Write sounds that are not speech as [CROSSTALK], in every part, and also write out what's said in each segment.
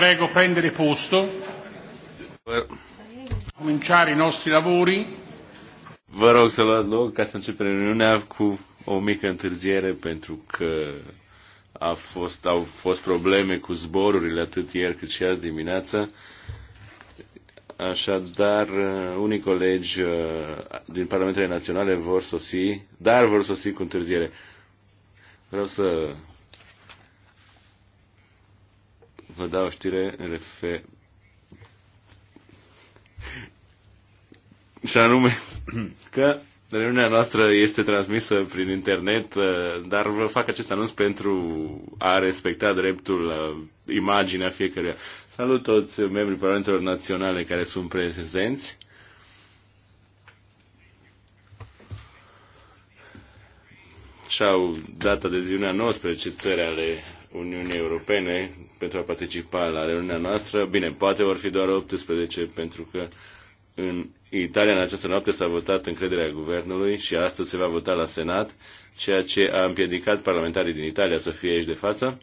Prego prendere posto. Cominciare i nostri lavori. Vă rog să luați loc ca să începem reuniunea cu o mică întârziere pentru că a fost, au fost probleme cu zborurile atât ieri cât și azi dimineața. Așadar, uh, unii colegi uh, din Parlamentele Naționale vor sosi, dar vor sosi cu întârziere. Vreau să vă dau o știre refer... și anume că reuniunea noastră este transmisă prin internet, uh, dar vă fac acest anunț pentru a respecta dreptul la uh, imaginea fiecăruia. Salut toți membrii Parlamentelor Naționale care sunt prezenți. și au data de ziunea 19 țări ale Uniunii Europene pentru a participa la reuniunea noastră. Bine, poate vor fi doar 18 pentru că în Italia în această noapte s-a votat încrederea guvernului și astăzi se va vota la Senat, ceea ce a împiedicat parlamentarii din Italia să fie aici de față.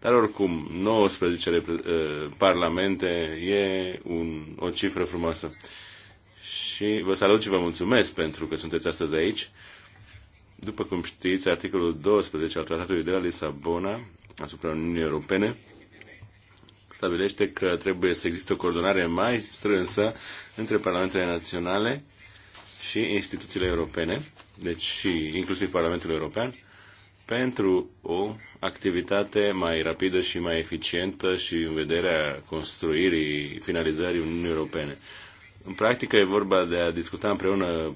Dar oricum, 19 eh, parlamente e un, o cifră frumoasă. Și vă salut și vă mulțumesc pentru că sunteți astăzi aici. După cum știți, articolul 12 al Tratatului de la Lisabona asupra Uniunii Europene stabilește că trebuie să existe o coordonare mai strânsă între parlamentele naționale și instituțiile europene, deci și inclusiv Parlamentul European, pentru o activitate mai rapidă și mai eficientă și în vederea construirii, finalizării Uniunii Europene. În practică e vorba de a discuta împreună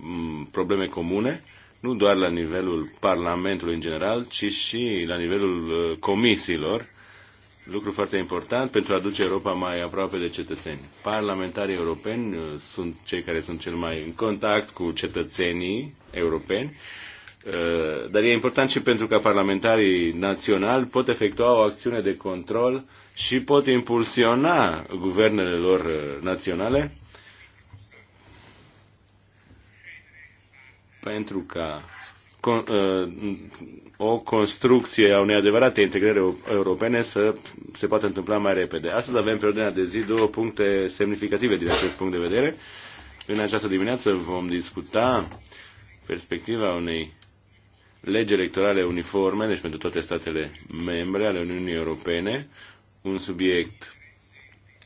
probleme comune, nu doar la nivelul Parlamentului în general, ci și la nivelul uh, comisiilor lucru foarte important pentru a aduce Europa mai aproape de cetățeni. Parlamentarii europeni uh, sunt cei care sunt cel mai în contact cu cetățenii europeni, uh, dar e important și pentru că parlamentarii naționali pot efectua o acțiune de control și pot impulsiona guvernele lor uh, naționale pentru ca Uh, o construcție a unei adevărate integrări europene să se poată întâmpla mai repede. Astăzi avem pe ordinea de zi două puncte semnificative din acest punct de vedere. În această dimineață vom discuta perspectiva unei legi electorale uniforme, deci pentru toate statele membre ale Uniunii Europene, un subiect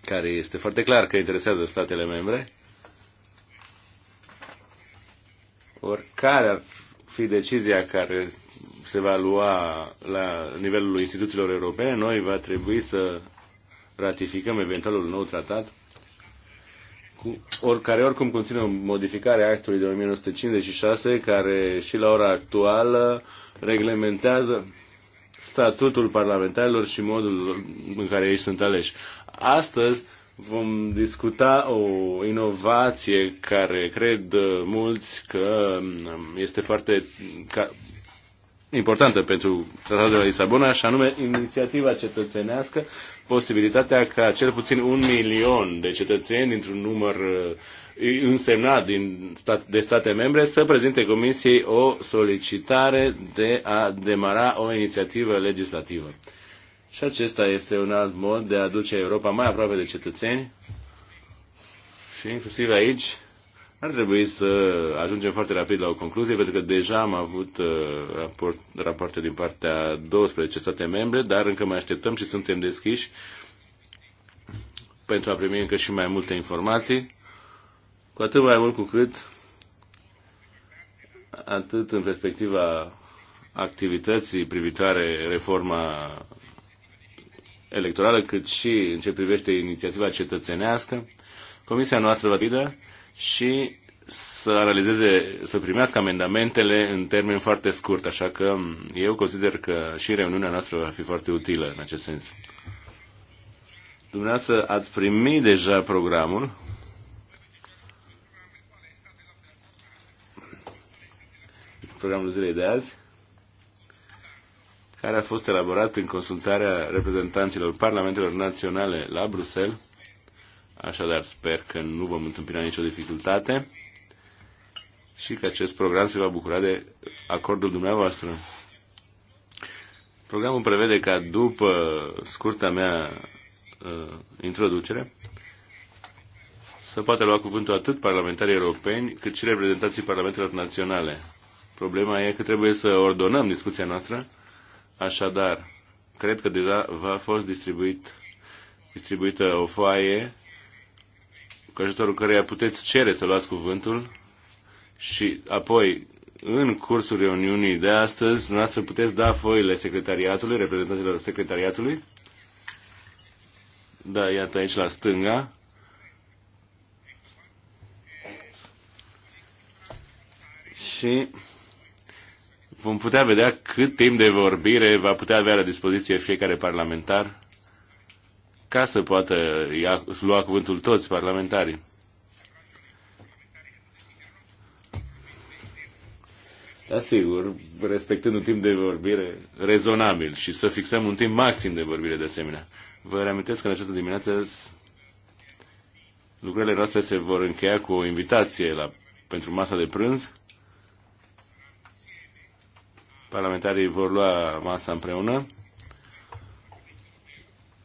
care este foarte clar că interesează statele membre, oricare ar fi decizia care se va lua la nivelul instituțiilor europene, noi va trebui să ratificăm eventualul nou tratat, cu, or, care oricum conține o modificare a actului de 1956, care și la ora actuală reglementează statutul parlamentarilor și modul în care ei sunt aleși. Astăzi, vom discuta o inovație care cred mulți că um, este foarte importantă pentru Tratatul de la Lisabona, și anume inițiativa cetățenească, posibilitatea ca cel puțin un milion de cetățeni dintr-un număr uh, însemnat din stat, de state membre să prezinte Comisiei o solicitare de a demara o inițiativă legislativă. Și acesta este un alt mod de a duce Europa mai aproape de cetățeni și inclusiv aici ar trebui să ajungem foarte rapid la o concluzie, pentru că deja am avut uh, raport, rapoarte din partea 12 state membre, dar încă mai așteptăm și suntem deschiși pentru a primi încă și mai multe informații, cu atât mai mult cu cât atât în perspectiva activității privitoare reforma electorală, cât și în ce privește inițiativa cetățenească, comisia noastră va vedea și să analizeze, să primească amendamentele în termen foarte scurt, așa că eu consider că și reuniunea noastră va fi foarte utilă în acest sens. Dumneavoastră ați primit deja programul. Programul zilei de azi care a fost elaborat în consultarea reprezentanților parlamentelor naționale la Bruxelles. Așadar, sper că nu vom întâmpina nicio dificultate și că acest program se va bucura de acordul dumneavoastră. Programul prevede ca după scurta mea uh, introducere să poată lua cuvântul atât parlamentarii europeni cât și reprezentanții parlamentelor naționale. Problema e că trebuie să ordonăm discuția noastră Așadar, cred că deja v-a fost distribuit, distribuită o foaie cu ajutorul căreia puteți cere să luați cuvântul și apoi în cursul reuniunii de astăzi să puteți da foile secretariatului, reprezentanților secretariatului. Da, iată aici la stânga. Și vom putea vedea cât timp de vorbire va putea avea la dispoziție fiecare parlamentar ca să poată ia, lua cuvântul toți parlamentarii. Da, sigur, respectând un timp de vorbire rezonabil și să fixăm un timp maxim de vorbire de asemenea. Vă reamintesc că în această dimineață lucrările noastre se vor încheia cu o invitație la, pentru masa de prânz Parlamentarii vor lua masa împreună.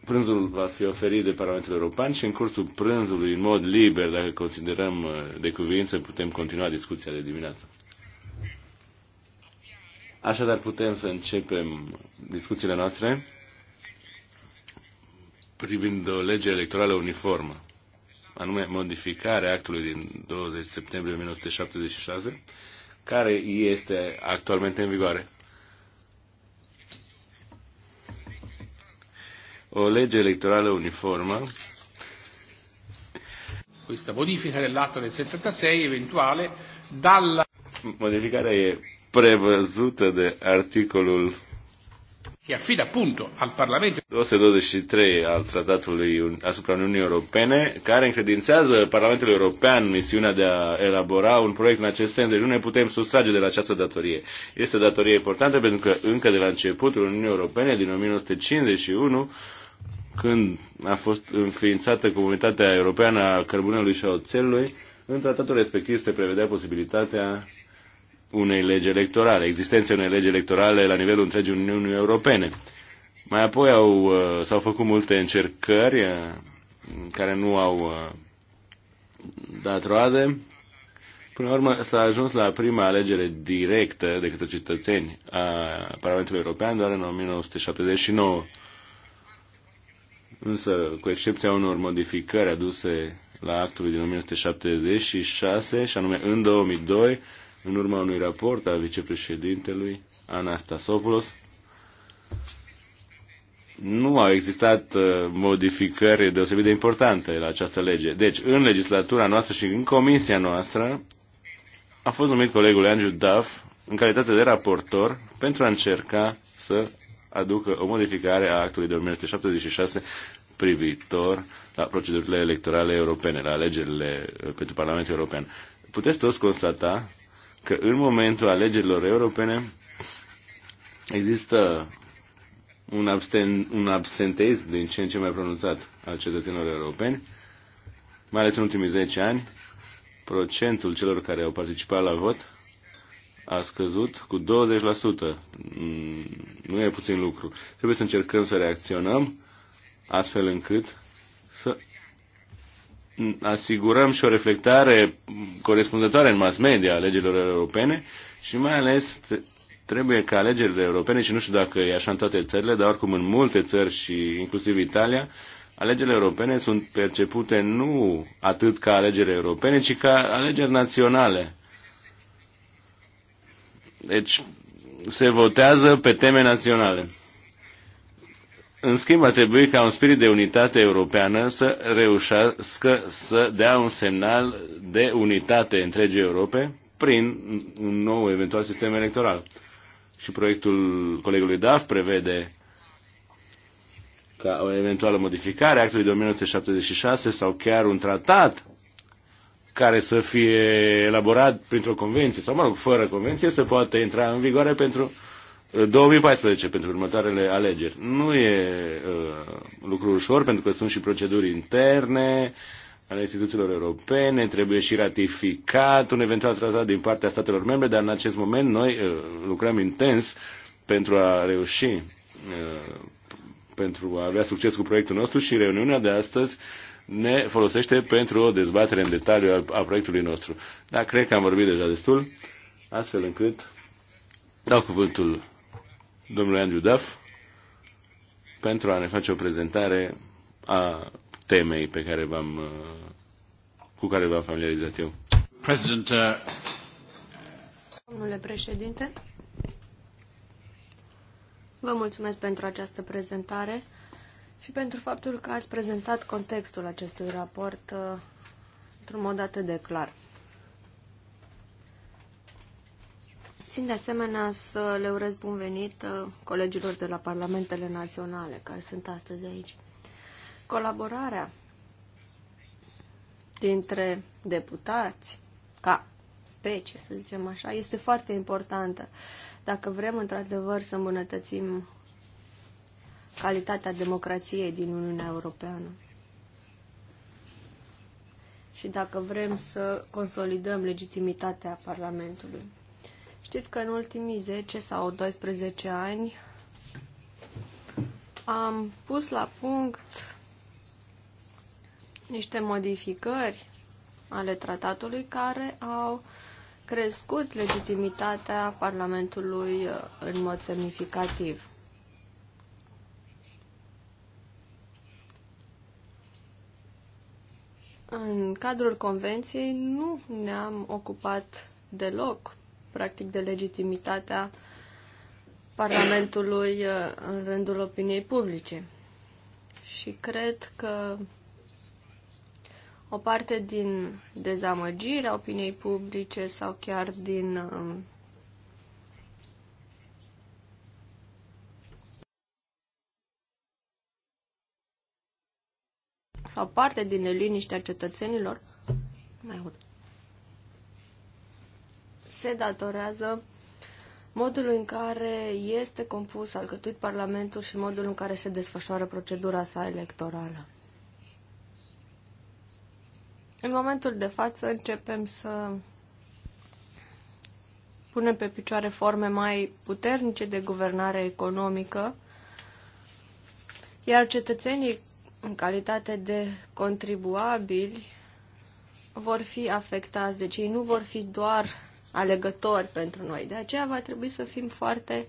Prânzul va fi oferit de Parlamentul European și în cursul prânzului, în mod liber, dacă considerăm uh, de cuvință, putem continua discuția de dimineață. Așadar putem să începem discuțiile noastre privind o lege electorală uniformă, anume modificarea actului din 20 septembrie 1976, care este actualmente în vigoare. o legge elettorale uniforme. Questa modifica dell'atto del 76 eventuale dalla... Modificare è prevăzută dell'articolo... che affida appunto al Parlamento 223 al Trattato asupra Uniunii Europene, care încredințează Parlamentului European misiunea de a elabora un proiect în acest sens. Deci nu ne putem sustrage de la această datorie. Este datorie importantă pentru că încă de la începutul Uniunii Europene, din 1951, când a fost înființată Comunitatea Europeană a Cărbunelui și a Oțelului, în tratatul respectiv se prevedea posibilitatea unei legi electorale, existenței unei legi electorale la nivelul întregii Uniunii Europene. Mai apoi au, uh, s-au făcut multe încercări uh, care nu au uh, dat roade. Până la urmă s-a ajuns la prima alegere directă de către cetățeni a Parlamentului European doar în 1979. Însă, cu excepția unor modificări aduse la actul din 1976, și anume în 2002, în urma unui raport al vicepreședintelui Anastasopoulos, nu au existat uh, modificări deosebit de importante la această lege. Deci, în legislatura noastră și în comisia noastră, a fost numit colegul Andrew Duff, în calitate de raportor, pentru a încerca să aducă o modificare a actului de 1976 privitor la procedurile electorale europene, la alegerile uh, pentru Parlamentul European. Puteți toți constata că în momentul alegerilor europene există un, absten, un absenteism din ce în ce mai pronunțat al cetățenilor europeni, mai ales în ultimii 10 ani, procentul celor care au participat la vot a scăzut cu 20%. Mm, nu e puțin lucru. Trebuie să încercăm să reacționăm astfel încât să asigurăm și o reflectare corespunzătoare în mass media legilor europene și mai ales trebuie ca alegerile europene, și nu știu dacă e așa în toate țările, dar oricum în multe țări și inclusiv Italia, alegerile europene sunt percepute nu atât ca alegeri europene, ci ca alegeri naționale. Deci se votează pe teme naționale. În schimb, a trebuit ca un spirit de unitate europeană să reușească să dea un semnal de unitate întregii Europe prin un nou eventual sistem electoral. Și proiectul colegului DAF prevede ca o eventuală modificare a actului 1976 sau chiar un tratat care să fie elaborat printr-o convenție sau, mă rog, fără convenție, să poată intra în vigoare pentru 2014, uh, pentru următoarele alegeri. Nu e uh, lucru ușor, pentru că sunt și proceduri interne ale instituțiilor europene, trebuie și ratificat un eventual tratat din partea statelor membre, dar în acest moment noi uh, lucrăm intens pentru a reuși, uh, pentru a avea succes cu proiectul nostru și reuniunea de astăzi uh, ne folosește pentru o dezbatere în detaliu a, a proiectului nostru. Dar cred că am vorbit deja destul, astfel încât dau cuvântul domnului Andrew Duff pentru a ne face o prezentare a temei pe care v-am, uh, cu care v-am familiarizat eu. President, uh... Domnule președinte, vă mulțumesc pentru această prezentare și pentru faptul că ați prezentat contextul acestui raport uh, într-un mod atât de clar. Țin de asemenea să le urez bun venit uh, colegilor de la Parlamentele Naționale care sunt astăzi aici. Colaborarea dintre deputați, ca specie, să zicem așa, este foarte importantă. Dacă vrem într-adevăr să îmbunătățim calitatea democrației din Uniunea Europeană. Și dacă vrem să consolidăm legitimitatea Parlamentului. Știți că în ultimii 10 sau 12 ani am pus la punct niște modificări ale tratatului care au crescut legitimitatea Parlamentului uh, în mod semnificativ. În cadrul convenției nu ne-am ocupat deloc, practic, de legitimitatea Parlamentului uh, în rândul opiniei publice. Și cred că o parte din dezamăgirea opiniei publice sau chiar din uh, sau parte din neliniștea cetățenilor mai aud, se datorează modul în care este compus, alcătuit Parlamentul și modul în care se desfășoară procedura sa electorală. În momentul de față începem să punem pe picioare forme mai puternice de guvernare economică, iar cetățenii în calitate de contribuabili vor fi afectați, deci ei nu vor fi doar alegători pentru noi. De aceea va trebui să fim foarte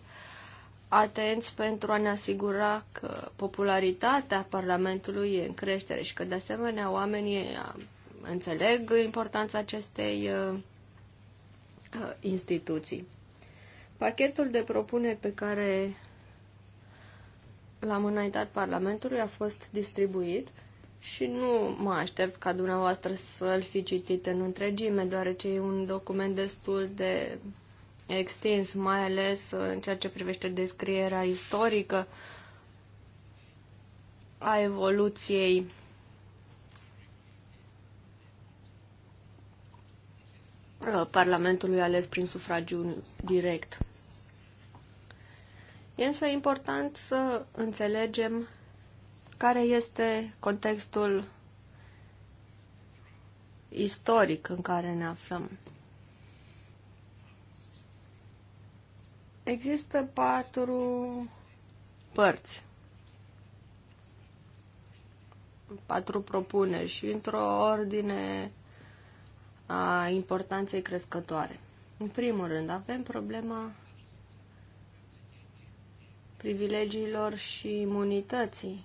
atenți pentru a ne asigura că popularitatea Parlamentului e în creștere și că de asemenea oamenii înțeleg importanța acestei instituții. Pachetul de propuneri pe care l-am înaintat Parlamentului, a fost distribuit și nu mă aștept ca dumneavoastră să-l fi citit în întregime, deoarece e un document destul de extins, mai ales în ceea ce privește descrierea istorică a evoluției Parlamentului ales prin sufragiu direct. E însă important să înțelegem care este contextul istoric în care ne aflăm. Există patru părți, patru propuneri și într-o ordine a importanței crescătoare. În primul rând, avem problema privilegiilor și imunității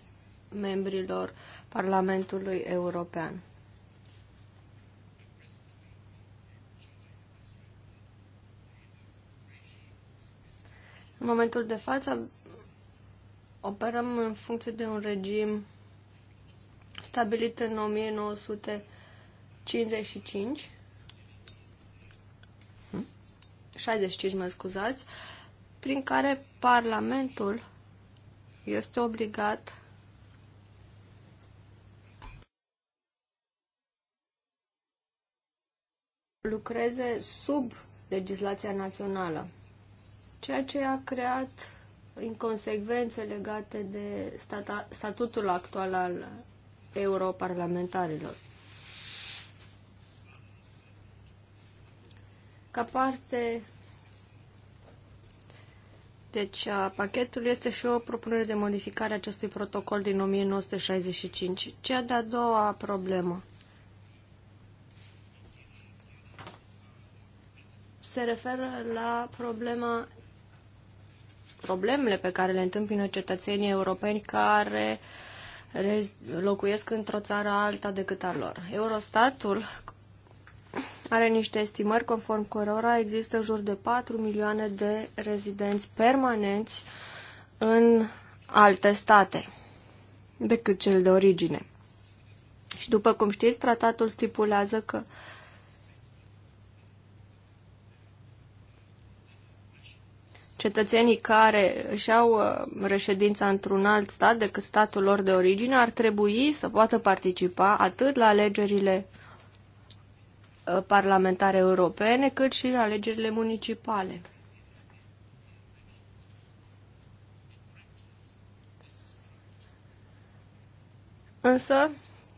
membrilor Parlamentului European. În momentul de față operăm în funcție de un regim stabilit în 1955 65, mă scuzați, prin care Parlamentul este obligat lucreze sub legislația națională, ceea ce a creat inconsecvențe legate de stata, statutul actual al europarlamentarilor. Ca parte deci, pachetul este și o propunere de modificare a acestui protocol din 1965. Cea de-a doua problemă se referă la problema problemele pe care le întâmpină cetățenii europeni care locuiesc într-o țară alta decât a lor. Eurostatul are niște estimări conform cărora există jur de 4 milioane de rezidenți permanenți în alte state decât cel de origine. Și după cum știți, tratatul stipulează că cetățenii care își au uh, reședința într-un alt stat decât statul lor de origine ar trebui să poată participa atât la alegerile uh, Uh, parlamentare europene, cât și alegerile municipale. Însă,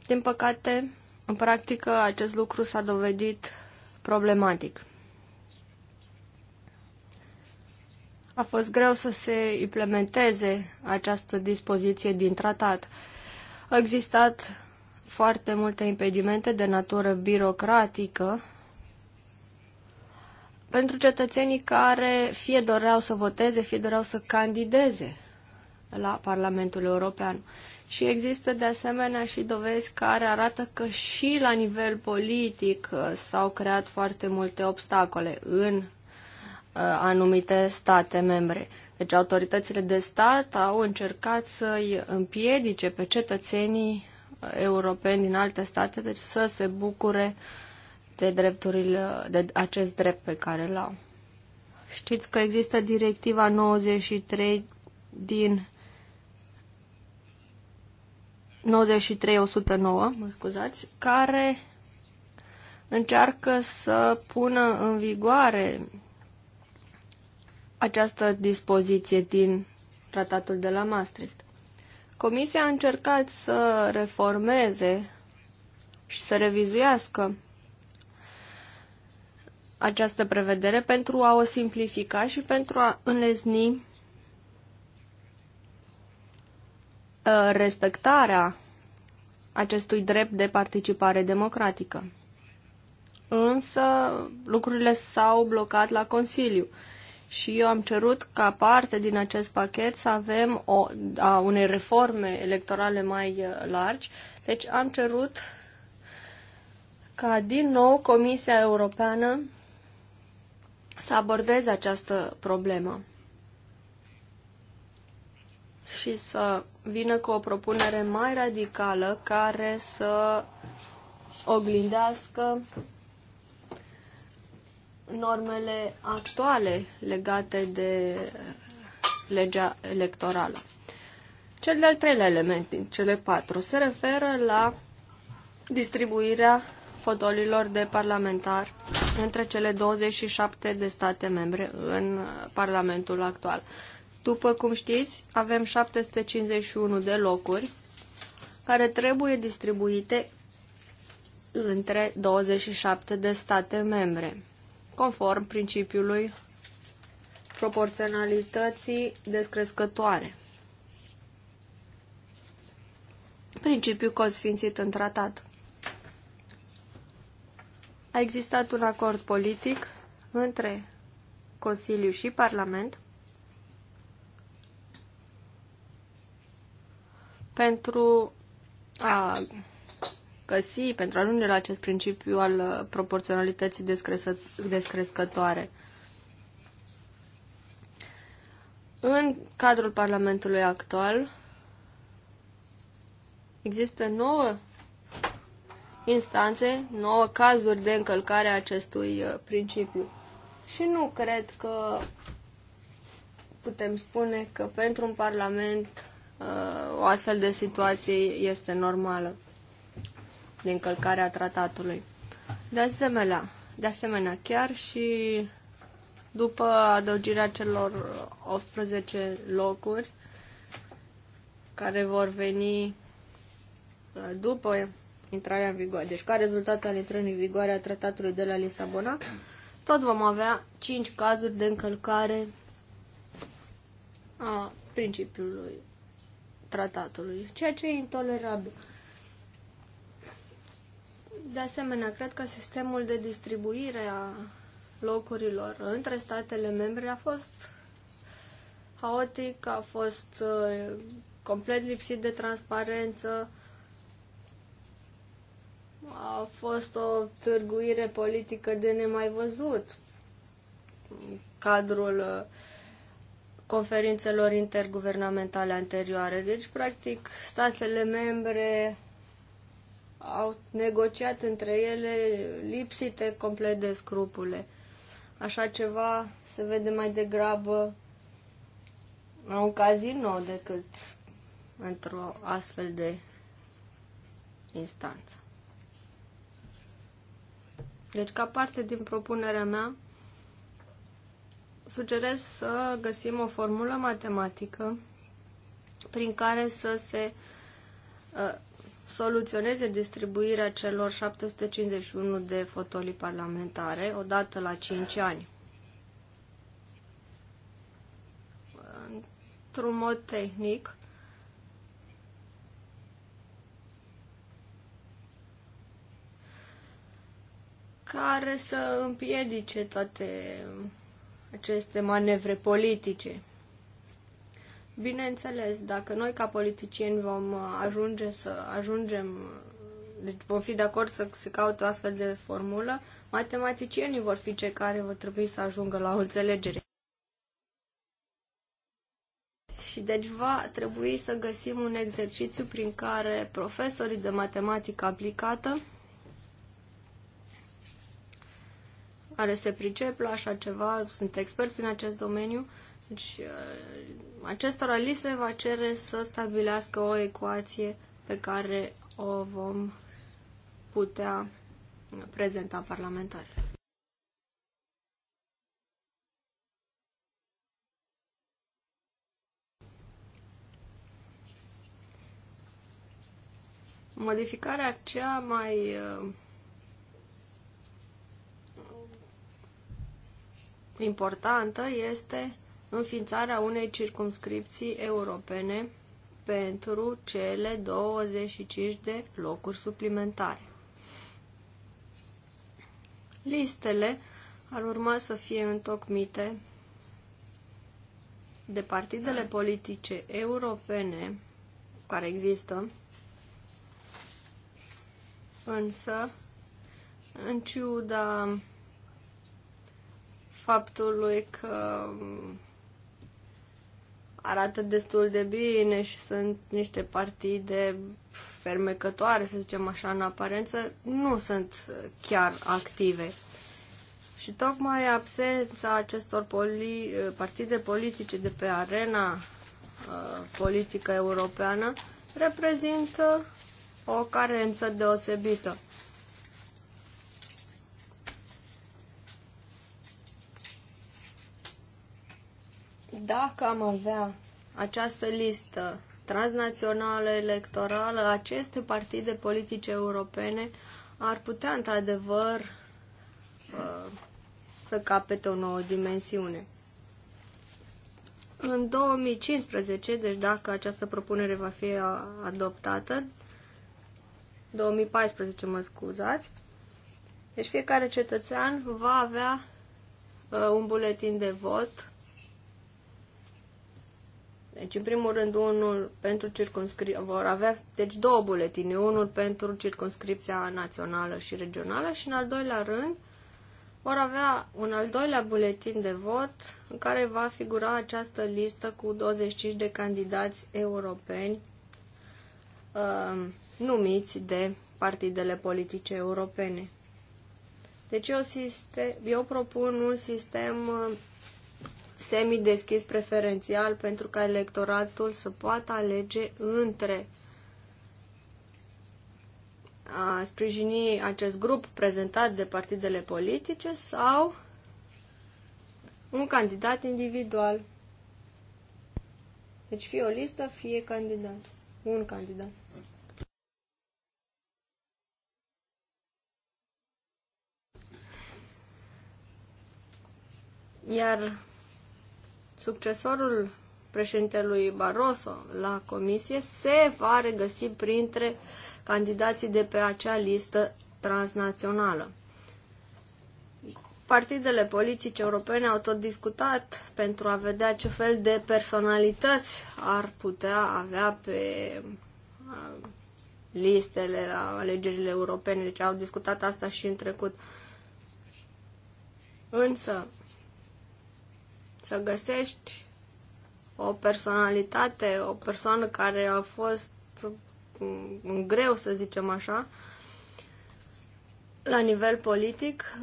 din păcate, în practică, acest lucru s-a dovedit problematic. A fost greu să se implementeze această dispoziție din tratat. A existat foarte multe impedimente de natură birocratică pentru cetățenii care fie doreau să voteze, fie doreau să candideze la Parlamentul European. Și există de asemenea și dovezi care arată că și la nivel politic uh, s-au creat foarte multe obstacole în uh, anumite state membre. Deci autoritățile de stat au încercat să-i împiedice pe cetățenii europeni din alte state, deci să se bucure de drepturile, de acest drept pe care îl au. Știți că există directiva 93 din 93109, mă scuzați, care încearcă să pună în vigoare această dispoziție din tratatul de la Maastricht. Comisia a încercat să reformeze și să revizuiască această prevedere pentru a o simplifica și pentru a înlezni ă, respectarea acestui drept de participare democratică. Însă lucrurile s-au blocat la Consiliu și eu am cerut ca parte din acest pachet să avem o, a unei reforme electorale mai uh, largi. Deci am cerut ca din nou Comisia Europeană să abordeze această problemă și să vină cu o propunere mai radicală care să oglindească normele actuale legate de eh, legea electorală. Cel de-al treilea element din cele patru se referă la distribuirea fotolilor de parlamentar între cele 27 de state membre în Parlamentul actual. După cum știți, avem 751 de locuri care trebuie distribuite între 27 de state membre conform principiului proporționalității descrescătoare. Principiul consfințit în tratat. A existat un acord politic între Consiliu și Parlament pentru a găsi pentru a ajunge la acest principiu al uh, proporționalității descrescătoare. În cadrul Parlamentului actual există nouă instanțe, nouă cazuri de încălcare a acestui uh, principiu. Și nu cred că putem spune că pentru un Parlament uh, o astfel de situație este normală de încălcare a tratatului. De asemenea, de asemenea, chiar și după adăugirea celor 18 locuri care vor veni uh, după intrarea în vigoare, deci ca rezultat al intrării în vigoare a tratatului de la Lisabona, tot vom avea 5 cazuri de încălcare a principiului tratatului, ceea ce e intolerabil. De asemenea, cred că sistemul de distribuire a locurilor între statele membre a fost haotic, a fost uh, complet lipsit de transparență, a fost o târguire politică de nemai văzut în cadrul uh, conferințelor interguvernamentale anterioare. Deci, practic, statele membre au negociat între ele lipsite complet de scrupule. Așa ceva se vede mai degrabă la un casino decât într-o astfel de instanță. Deci, ca parte din propunerea mea, sugerez să găsim o formulă matematică prin care să se uh, soluționeze distribuirea celor 751 de fotolii parlamentare odată la 5 ani. Într-un mod tehnic, care să împiedice toate aceste manevre politice. Bineînțeles, dacă noi ca politicieni vom uh, ajunge să ajungem, deci vom fi de acord să se caute o astfel de formulă, matematicienii vor fi cei care vor trebui să ajungă la o înțelegere. Și deci va trebui să găsim un exercițiu prin care profesorii de matematică aplicată care se pricep la așa ceva, sunt experți în acest domeniu, deci uh, Acestora li se va cere să stabilească o ecuație pe care o vom putea prezenta parlamentar. Modificarea cea mai uh, importantă este înființarea unei circumscripții europene pentru cele 25 de locuri suplimentare. Listele ar urma să fie întocmite de partidele politice europene care există, însă, în ciuda faptului că arată destul de bine și sunt niște partide fermecătoare, să zicem așa, în aparență, nu sunt chiar active. Și tocmai absența acestor poli, partide politice de pe arena uh, politică europeană reprezintă o carență deosebită. dacă am avea această listă transnațională electorală, aceste partide politice europene ar putea într-adevăr uh, să capete o nouă dimensiune. În 2015, deci dacă această propunere va fi uh, adoptată, 2014, mă scuzați, deci fiecare cetățean va avea uh, un buletin de vot deci, în primul rând, unul pentru circunscripția, vor avea deci două buletine, unul pentru circunscripția națională și regională și, în al doilea rând, vor avea un al doilea buletin de vot în care va figura această listă cu 25 de candidați europeni uh, numiți de partidele politice europene. Deci eu, sistem, eu propun un sistem uh, semideschis preferențial pentru ca electoratul să poată alege între a sprijini acest grup prezentat de partidele politice sau un candidat individual. Deci fie o listă, fie candidat. Un candidat. Iar succesorul președintelui Barroso la comisie se va regăsi printre candidații de pe acea listă transnațională. Partidele politice europene au tot discutat pentru a vedea ce fel de personalități ar putea avea pe listele la alegerile europene, deci au discutat asta și în trecut. Însă, să găsești o personalitate, o persoană care a fost în mm, mm, greu, să zicem așa, la nivel politic,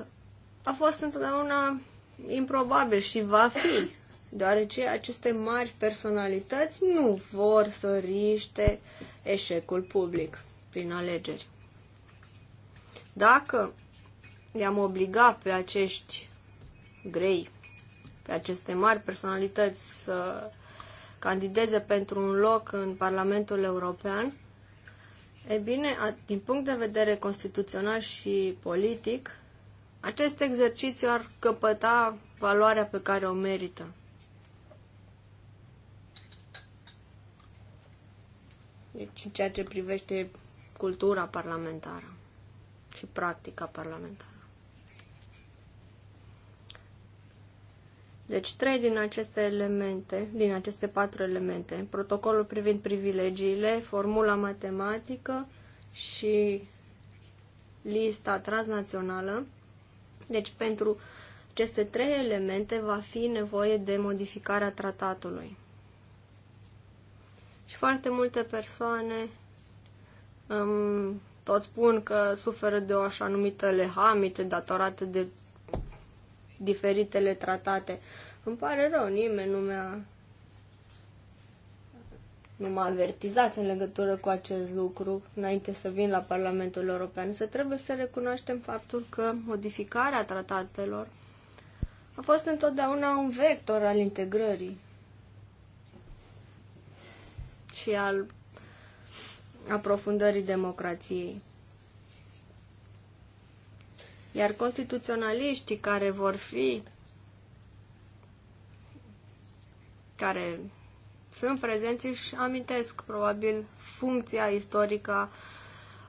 a fost întotdeauna improbabil și va fi, deoarece aceste mari personalități nu vor să riște eșecul public prin alegeri. Dacă i-am obligat pe acești grei pe aceste mari personalități să candideze pentru un loc în Parlamentul European, e bine, din punct de vedere constituțional și politic, acest exercițiu ar căpăta valoarea pe care o merită. Deci, în ceea ce privește cultura parlamentară și practica parlamentară. Deci trei din aceste elemente, din aceste patru elemente, protocolul privind privilegiile, formula matematică și lista transnațională. Deci pentru aceste trei elemente va fi nevoie de modificarea tratatului. Și foarte multe persoane um, tot spun că suferă de o așa numită lehamite datorată de diferitele tratate. Îmi pare rău, nimeni nu mi-a nu m-a avertizat în legătură cu acest lucru înainte să vin la Parlamentul European. Să trebuie să recunoaștem faptul că modificarea tratatelor a fost întotdeauna un vector al integrării și al aprofundării democrației. Iar constituționaliștii care vor fi, care sunt prezenți, își amintesc probabil funcția istorică a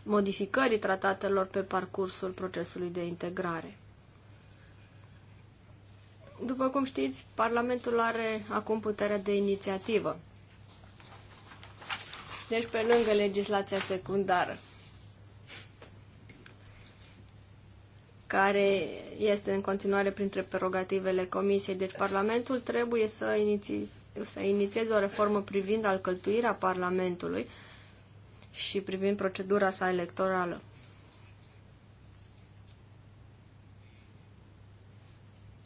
modificării tratatelor pe parcursul procesului de integrare. După cum știți, Parlamentul are acum puterea de inițiativă. Deci pe lângă legislația secundară. care este în continuare printre prerogativele Comisiei. Deci Parlamentul trebuie să, iniți, să inițieze o reformă privind alcăltuirea Parlamentului și privind procedura sa electorală.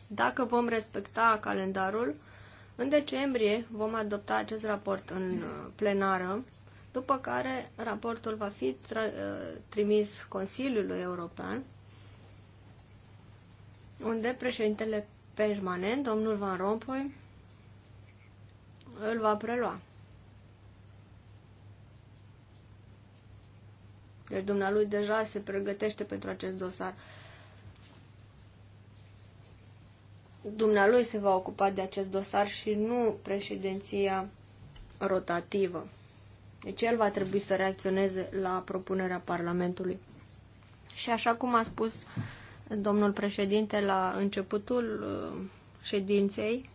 Dacă vom respecta calendarul, în decembrie vom adopta acest raport în uh, plenară, după care raportul va fi uh, trimis Consiliului European unde președintele permanent, domnul Van Rompuy, îl va prelua. Deci dumnealui deja se pregătește pentru acest dosar. Dumnealui se va ocupa de acest dosar și nu președinția rotativă. Deci el va trebui să reacționeze la propunerea Parlamentului. Și așa cum a spus uh, domnul președinte la începutul uh, ședinței,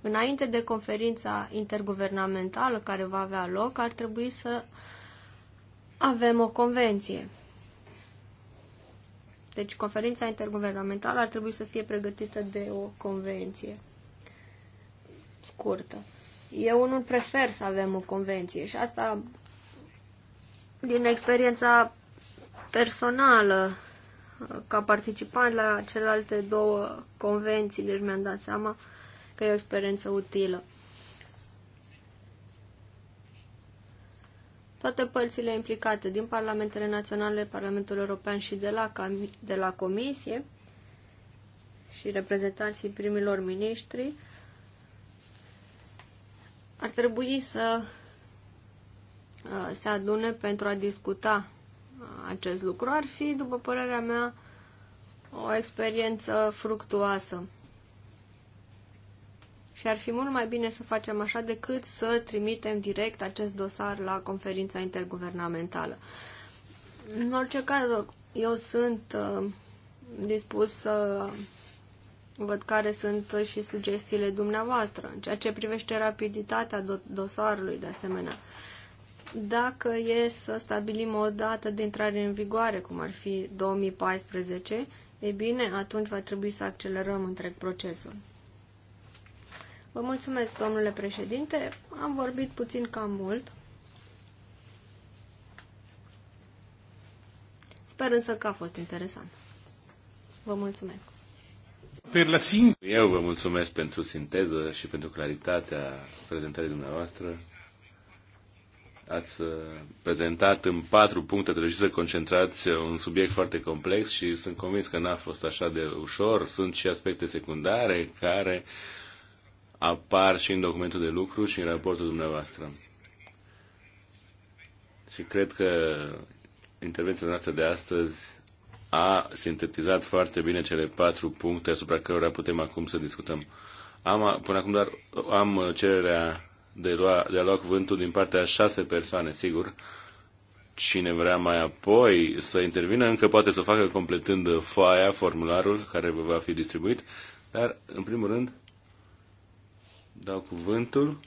înainte de conferința interguvernamentală care va avea loc, ar trebui să avem o convenție. Deci conferința interguvernamentală ar trebui să fie pregătită de o convenție scurtă. Eu nu prefer să avem o convenție și asta din experiența personală ca participant la celelalte două convenții, deci mi-am dat seama că e o experiență utilă. Toate părțile implicate din Parlamentele Naționale, Parlamentul European și de la, de la Comisie și reprezentanții primilor miniștri ar trebui să uh, se adune pentru a discuta acest lucru. Ar fi, după părerea mea, o experiență fructuoasă. Și ar fi mult mai bine să facem așa decât să trimitem direct acest dosar la conferința interguvernamentală. În orice caz, eu sunt uh, dispus să văd care sunt și sugestiile dumneavoastră, în ceea ce privește rapiditatea dosarului, de asemenea. Dacă e să stabilim o dată de intrare în vigoare, cum ar fi 2014, e bine, atunci va trebui să accelerăm întreg procesul. Vă mulțumesc, domnule președinte. Am vorbit puțin cam mult. Sper însă că a fost interesant. Vă mulțumesc. Per la Eu vă mulțumesc pentru sinteză și pentru claritatea prezentării dumneavoastră. Ați uh, prezentat în patru puncte, trebuie să concentrați uh, un subiect foarte complex și sunt convins că n-a fost așa de ușor. Sunt și aspecte secundare care apar și în documentul de lucru și în raportul dumneavoastră. Și cred că intervenția noastră de astăzi a sintetizat foarte bine cele patru puncte asupra cărora putem acum să discutăm. Am, până acum doar am uh, cererea de, lua, de a lua cuvântul din partea a șase persoane, sigur. Cine vrea mai apoi să intervină, încă poate să o facă completând foaia, formularul care vă va fi distribuit. Dar, în primul rând, dau cuvântul.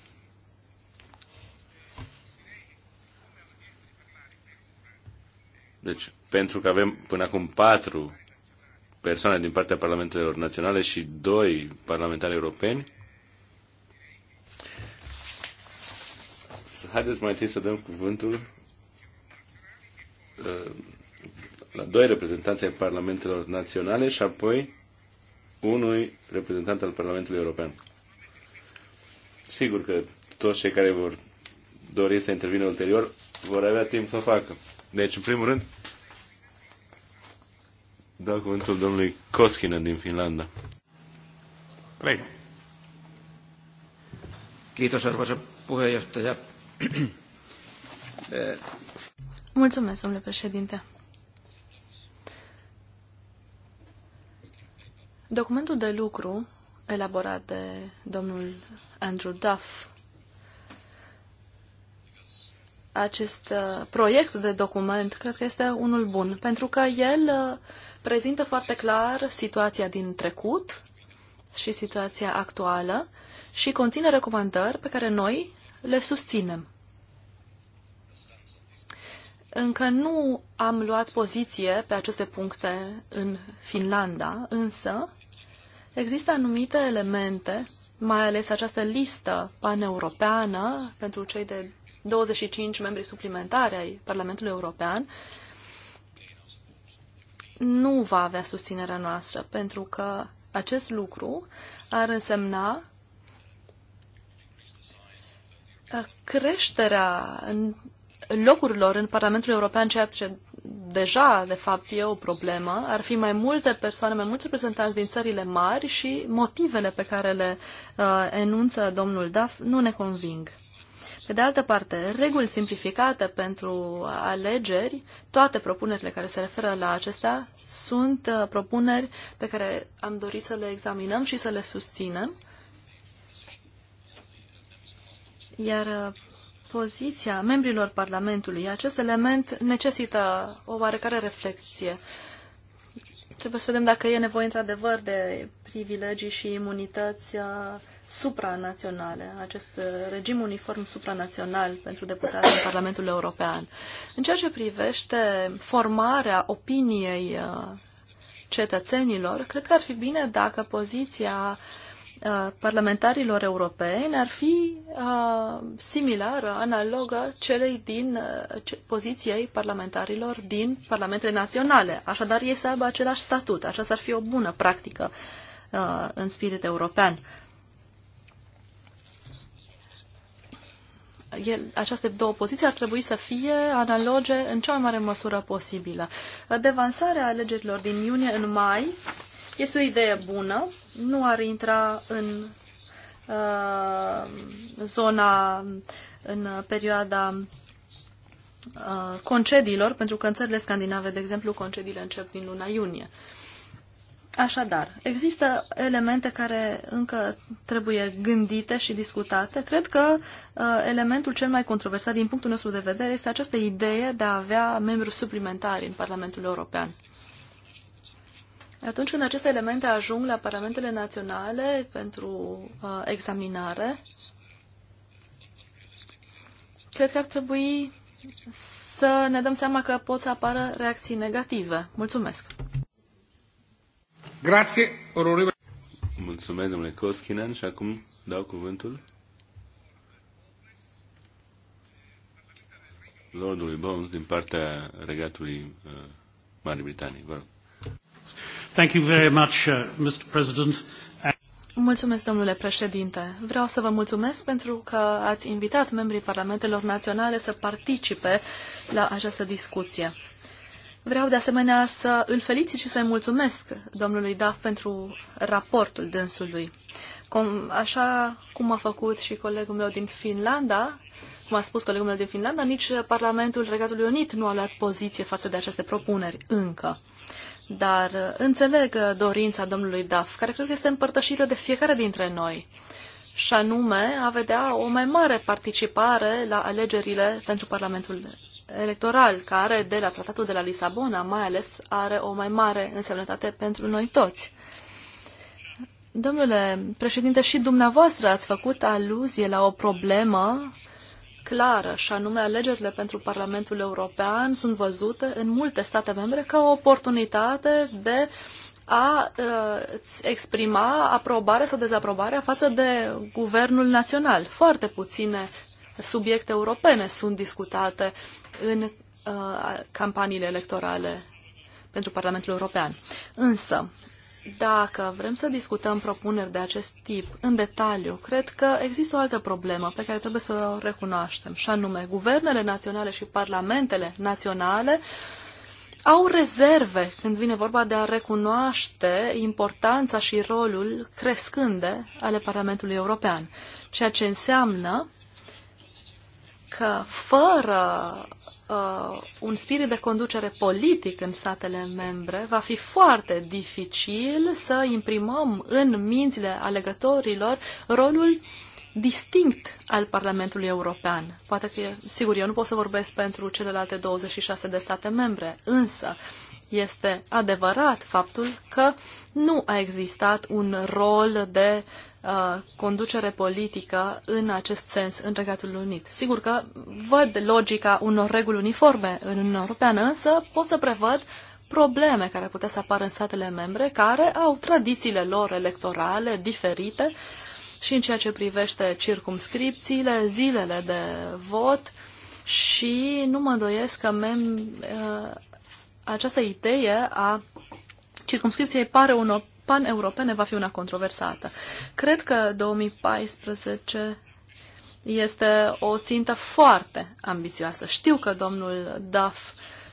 Deci, pentru că avem până acum patru persoane din partea parlamentelor naționale și doi parlamentari europeni, haideți mai întâi să dăm cuvântul uh, la doi reprezentanți ai Parlamentelor Naționale și apoi unui reprezentant al Parlamentului European. Sigur că toți cei care vor dori să intervină ulterior vor avea timp să o facă. Deci, în primul rând, dau cuvântul domnului Koskinen din Finlanda. Prego. Kiitos, arvoisa puheenjohtaja președinte. Documentul de lucru elaborat de domnul Andrew Duff, acest uh, proiect de document, cred că este unul bun, pentru că el uh, prezintă foarte clar situația din trecut și situația actuală și conține recomandări pe care noi le susținem. Încă nu am luat poziție pe aceste puncte în Finlanda, însă există anumite elemente, mai ales această listă paneuropeană pentru cei de 25 membri suplimentari ai Parlamentului European, nu va avea susținerea noastră, pentru că acest lucru ar însemna creșterea locurilor în Parlamentul European, ceea ce deja, de fapt, e o problemă. Ar fi mai multe persoane, mai mulți reprezentanți din țările mari și motivele pe care le uh, enunță domnul Daf nu ne conving. Pe de altă parte, reguli simplificate pentru alegeri, toate propunerile care se referă la acestea sunt uh, propuneri pe care am dorit să le examinăm și să le susținem. Iar uh, poziția membrilor Parlamentului. Acest element necesită o oarecare reflexie. Trebuie să vedem dacă e nevoie într-adevăr de privilegii și imunități uh, supranaționale, acest uh, regim uniform supranațional pentru deputați în Parlamentul European. În ceea ce privește formarea opiniei uh, cetățenilor, cred că ar fi bine dacă poziția uh, Uh, parlamentarilor europeni ar fi uh, similară, analogă celei din uh, poziției parlamentarilor din parlamentele naționale. Așadar, ei să aibă același statut. Aceasta ar fi o bună practică în spirit european. el, aceste două poziții ar trebui să fie analoge în cea mai mare măsură posibilă. Devansarea alegerilor din iunie în mai este o idee bună nu ar intra în uh, zona, în perioada uh, concediilor, pentru că în țările scandinave, de exemplu, concediile încep din luna iunie. Așadar, există elemente care încă trebuie gândite și discutate. Cred că uh, elementul cel mai controversat din punctul nostru de vedere este această idee de a avea membri suplimentari în Parlamentul European. Atunci când aceste elemente ajung la parlamentele naționale pentru uh, examinare, cred că ar trebui să ne dăm seama că pot să apară reacții negative. Mulțumesc! Grație, ororibile. Mulțumesc, domnule Koskinen, și acum dau cuvântul Lordului Bones din partea regatului uh, Marii Britanii. Vă rog. Uh, mulțumesc, domnule președinte. Vreau să vă mulțumesc pentru că ați invitat membrii Parlamentelor Naționale să participe la această discuție. Vreau de asemenea să îl felicit și să-i mulțumesc domnului Daf pentru raportul dânsului. Com, așa cum a făcut și colegul meu din Finlanda, cum a spus colegul meu din Finlanda, nici Parlamentul Regatului Unit nu a luat poziție față de aceste propuneri încă dar uh, înțeleg uh, dorința domnului Daf, care cred că este împărtășită de fiecare dintre noi, și anume a vedea o mai mare participare la alegerile pentru Parlamentul electoral, care de la tratatul de la Lisabona mai ales are o mai mare însemnătate pentru noi toți. Domnule președinte, și dumneavoastră ați făcut aluzie la o problemă clară, și anume alegerile pentru Parlamentul European sunt văzute în multe state membre ca o oportunitate de a uh, exprima aprobarea sau dezaprobarea față de guvernul național. Foarte puține subiecte europene sunt discutate în uh, campaniile electorale pentru Parlamentul European. Însă, dacă vrem să discutăm propuneri de acest tip în detaliu, cred că există o altă problemă pe care trebuie să o recunoaștem, și anume, guvernele naționale și parlamentele naționale au rezerve când vine vorba de a recunoaște importanța și rolul crescânde ale Parlamentului European, ceea ce înseamnă că fără uh, un spirit de conducere politic în statele membre, va fi foarte dificil să imprimăm în mințile alegătorilor rolul distinct al Parlamentului European. Poate că, sigur, eu nu pot să vorbesc pentru celelalte 26 de state membre, însă este adevărat faptul că nu a existat un rol de uh, Uh, conducere politică în acest sens în Regatul Unit. Sigur că văd logica unor reguli uniforme în Uniunea Europeană, însă pot să prevăd probleme care putea să apară în statele membre, care au tradițiile lor electorale diferite și în ceea ce privește circumscripțiile, zilele de vot și nu mă îndoiesc că mem, uh, această idee a circumscripției pare op- paneuropene va fi una controversată. Cred că 2014 este o țintă foarte ambițioasă. Știu că domnul Duff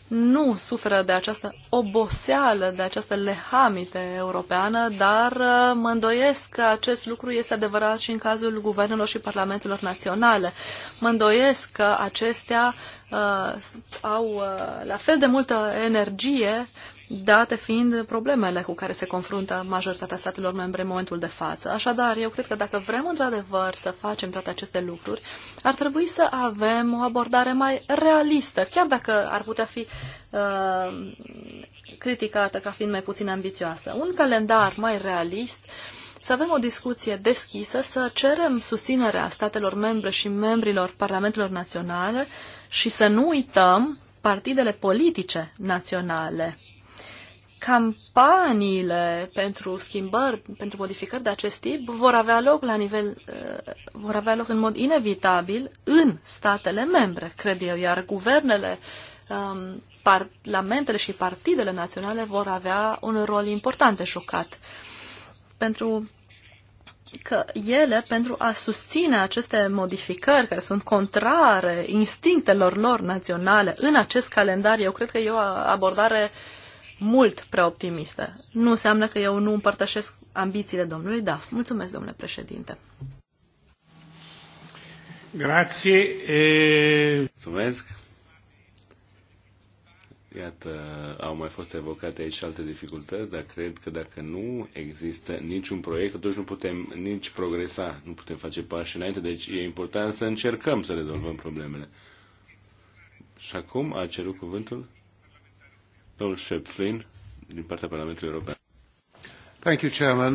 nu suferă de această oboseală, de această lehamite europeană, dar uh, mă îndoiesc că acest lucru este adevărat și în cazul guvernelor și parlamentelor naționale. Mă îndoiesc că acestea uh, au uh, la fel de multă energie date fiind problemele cu care se confruntă majoritatea statelor membre în momentul de față. Așadar, eu cred că dacă vrem într-adevăr să facem toate aceste lucruri, ar trebui să avem o abordare mai realistă, chiar dacă ar putea fi uh, criticată ca fiind mai puțin ambițioasă. Un calendar mai realist să avem o discuție deschisă, să cerem susținerea statelor membre și membrilor parlamentelor naționale și să nu uităm partidele politice naționale campaniile pentru schimbări, pentru modificări de acest tip vor avea loc la nivel, uh, vor avea loc în mod inevitabil în statele membre, cred eu, iar guvernele, um, parlamentele și partidele naționale vor avea un rol important de jucat. Pentru că ele, pentru a susține aceste modificări care sunt contrare instinctelor lor naționale în acest calendar, eu cred că e o abordare uh, mult prea optimistă. Nu înseamnă că eu nu împărtășesc ambițiile domnului Daf. Mulțumesc, domnule președinte. Grazie. E... Mulțumesc. Iată, au mai fost evocate aici alte dificultăți, dar cred că dacă nu există niciun proiect, atunci nu putem nici progresa, nu putem face pași înainte, deci e important să încercăm să rezolvăm problemele. Și acum a cerut cuvântul Domnul Șepflin, din partea Parlamentului European. Thank you, Chairman.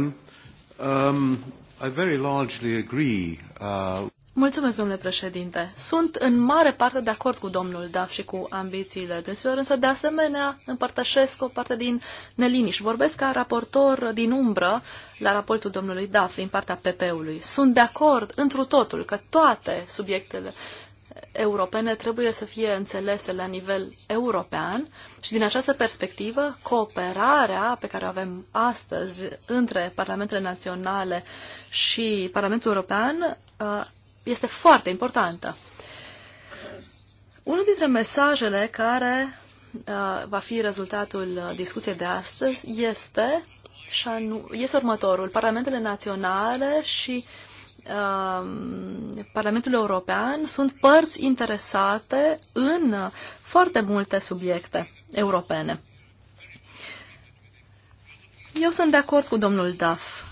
Um, I very largely agree uh... Mulțumesc, domnule președinte. Sunt în mare parte de acord cu domnul Daf și cu ambițiile dânsurilor, însă de asemenea împărtășesc o parte din neliniști. Vorbesc ca raportor din umbră la raportul domnului Daf din partea PP-ului. Sunt de acord întru totul că toate subiectele europene trebuie să fie înțelese la nivel european și din această perspectivă, cooperarea pe care o avem astăzi între Parlamentele Naționale și Parlamentul European uh, este foarte importantă. Unul dintre mesajele care uh, va fi rezultatul discuției de astăzi este, și este următorul. Parlamentele Naționale și uh, Um, Parlamentul European sunt părți interesate în foarte multe subiecte europene. Eu sunt de acord cu domnul Duff.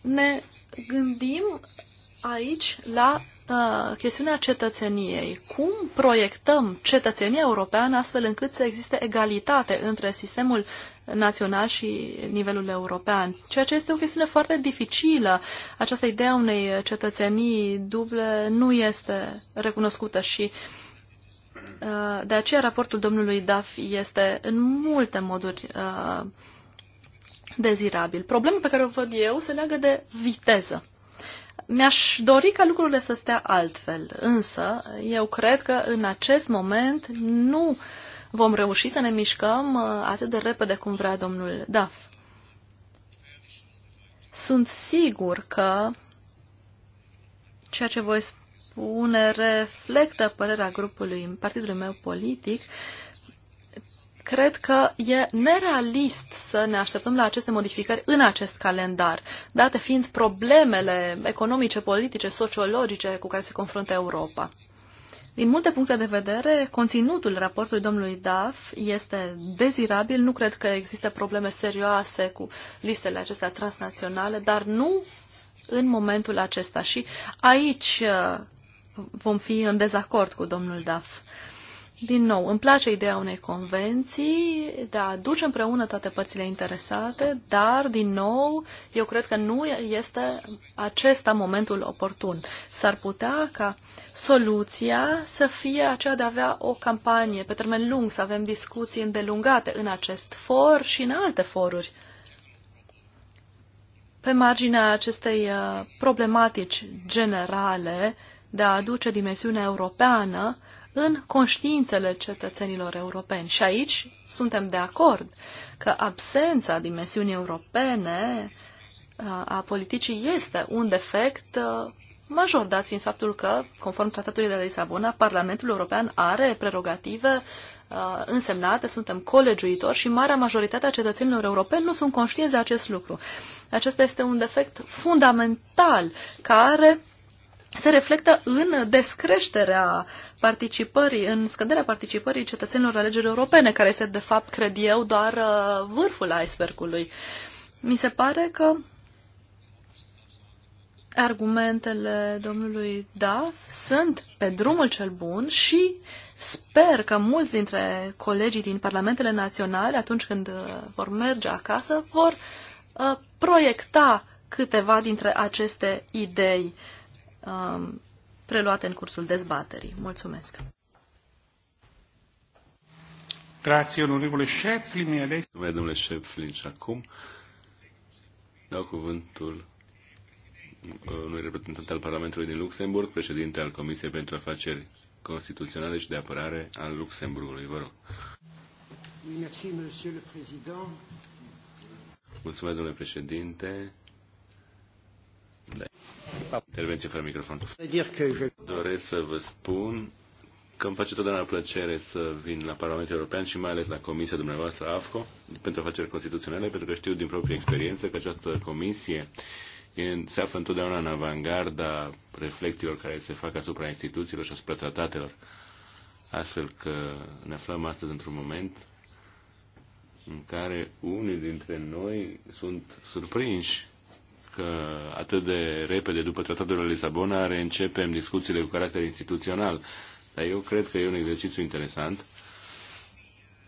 Ne gândim aici la uh, chestiunea cetățeniei. Cum proiectăm cetățenia europeană astfel încât să existe egalitate între sistemul național și nivelul european, ceea ce este o chestiune foarte dificilă. Această idee a unei cetățenii duble nu este recunoscută și uh, de aceea raportul domnului Daf este în multe moduri uh, dezirabil. Problema pe care o văd eu se leagă de viteză. Mi-aș dori ca lucrurile să stea altfel, însă eu cred că în acest moment nu uh, vom reuși să ne mișcăm uh, atât de repede cum vrea domnul Duff. Sunt sigur că ceea ce voi spune reflectă părerea grupului, în partidul meu politic. Cred că e nerealist să ne așteptăm la aceste modificări în acest calendar, date fiind problemele economice, politice, sociologice cu care se confruntă Europa. Din multe puncte de vedere, conținutul raportului domnului DAF este dezirabil. Nu cred că există probleme serioase cu listele acestea transnaționale, dar nu în momentul acesta. Și aici uh, vom fi în dezacord cu domnul DAF. Din nou, îmi place ideea unei convenții, de a aduce împreună toate părțile interesate, dar, din nou, eu cred că nu este acesta momentul oportun. S-ar putea ca soluția să fie aceea de a avea o campanie pe termen lung, să avem discuții îndelungate în acest for și în alte foruri. Pe marginea acestei uh, problematici generale de a aduce dimensiunea europeană, în conștiințele cetățenilor europeni. Și aici suntem de acord că absența dimensiunii europene a politicii este un defect major, dat fiind faptul că, conform tratatului de la Lisabona, Parlamentul European are prerogative însemnate, suntem colegiuitori și marea majoritate a cetățenilor europeni nu sunt conștienți de acest lucru. Acesta este un defect fundamental care se reflectă în descreșterea participării, în scăderea participării cetățenilor alegerilor europene, care este, de fapt, cred eu, doar uh, vârful icebergului. Mi se pare că argumentele domnului Daf sunt pe drumul cel bun și sper că mulți dintre colegii din parlamentele naționale, atunci când uh, vor merge acasă, vor uh, proiecta câteva dintre aceste idei uh, um, preluate în cursul dezbaterii. Mulțumesc! Grazie, onorevole Șeflin. Mulțumesc, domnule Șeflin. Și acum dau cuvântul uh, unui reprezentant al Parlamentului din Luxemburg, președinte al Comisiei pentru Afaceri Constituționale și de Apărare al Luxemburgului. Vă rog. Mulțumesc, domnule președinte. Da. Intervenție fără microfon. Doresc să vă spun că îmi face totdeauna plăcere să vin la Parlamentul European și mai ales la Comisia dumneavoastră AFCO pentru afaceri constituționale, pentru că știu din proprie experiență că această comisie se află întotdeauna în avangarda reflecțiilor care se fac asupra instituțiilor și asupra tratatelor. Astfel că ne aflăm astăzi într-un moment în care unii dintre noi sunt surprinși că uh, atât de repede după tratatul de Lisabona reîncepem discuțiile cu caracter instituțional. Dar eu cred că e un exercițiu interesant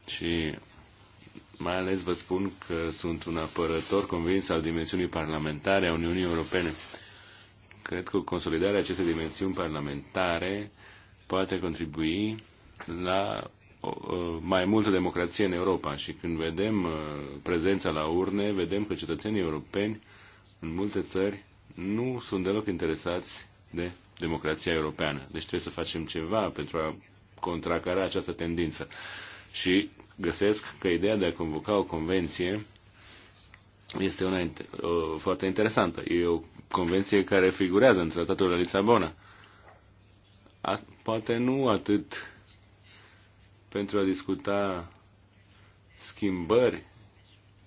și mai ales vă spun că sunt un apărător convins al dimensiunii parlamentare a Uniunii Europene. Cred că consolidarea acestei dimensiuni parlamentare poate contribui la mai multă democrație în Europa și când vedem uh, prezența la urne, vedem că cetățenii europeni în multe țări nu sunt deloc interesați de democrația europeană. Deci trebuie să facem ceva pentru a contracara această tendință. Și găsesc că ideea de a convoca o convenție este una o, foarte interesantă. E o convenție care figurează în tratatul de Lisabona. A, poate nu atât pentru a discuta schimbări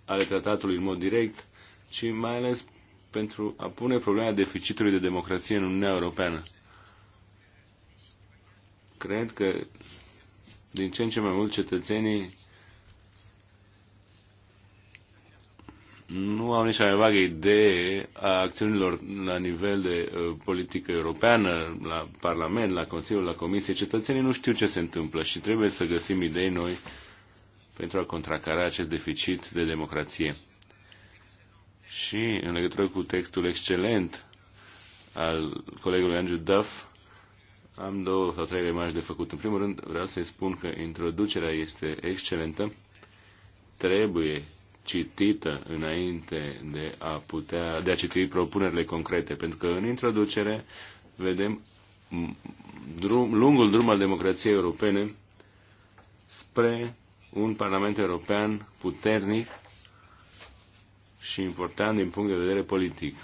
ale tratatului în mod direct, ci mai ales pentru a pune problema deficitului de democrație în Uniunea Europeană. Cred că din ce în ce mai mult cetățenii nu au nici mai vagă idee a acțiunilor la nivel de uh, politică europeană, la Parlament, la Consiliu, la Comisie. Cetățenii nu știu ce se întâmplă și trebuie să găsim idei noi pentru a contracara acest deficit de democrație și în legătură cu textul excelent al colegului Andrew Duff, am două sau trei remarci de făcut. În primul rând, vreau să-i spun că introducerea este excelentă, trebuie citită înainte de a putea, de a citi propunerile concrete, pentru că în introducere vedem drum, lungul drum al democrației europene spre un Parlament European puternic și important din punct de vedere politic.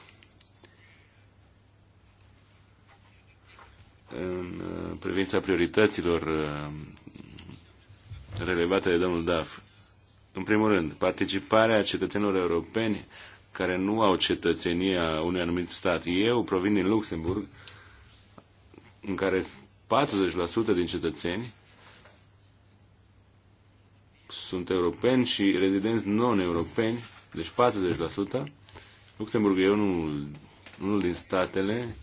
În uh, privința priorităților uh, relevate de domnul Daf, în primul rând, participarea cetățenilor europeni care nu au cetățenia unui anumit stat. Eu provin din Luxemburg, în care 40% din cetățeni sunt europeni și rezidenți non-europeni deci 40%. Luxemburg e unul, unul din statele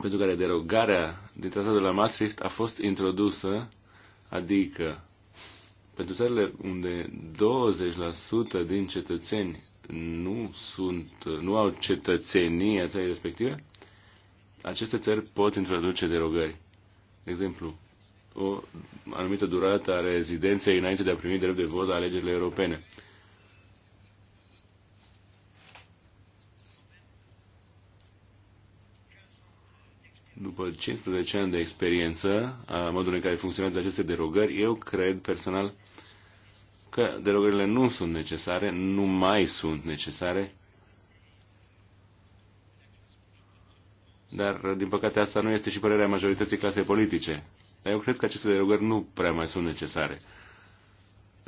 pentru care derogarea din tratatul de la Maastricht a fost introdusă, adică pentru țările unde 20% din cetățeni nu, sunt, nu au cetățenie a țării respective, aceste țări pot introduce derogări. De exemplu, o anumită durată a rezidenței înainte de a primi drept de vot la alegerile europene. după 15 ani de experiență a modului în care funcționează aceste derogări, eu cred personal că derogările nu sunt necesare, nu mai sunt necesare, dar, din păcate, asta nu este și părerea majorității clasei politice. Dar eu cred că aceste derogări nu prea mai sunt necesare.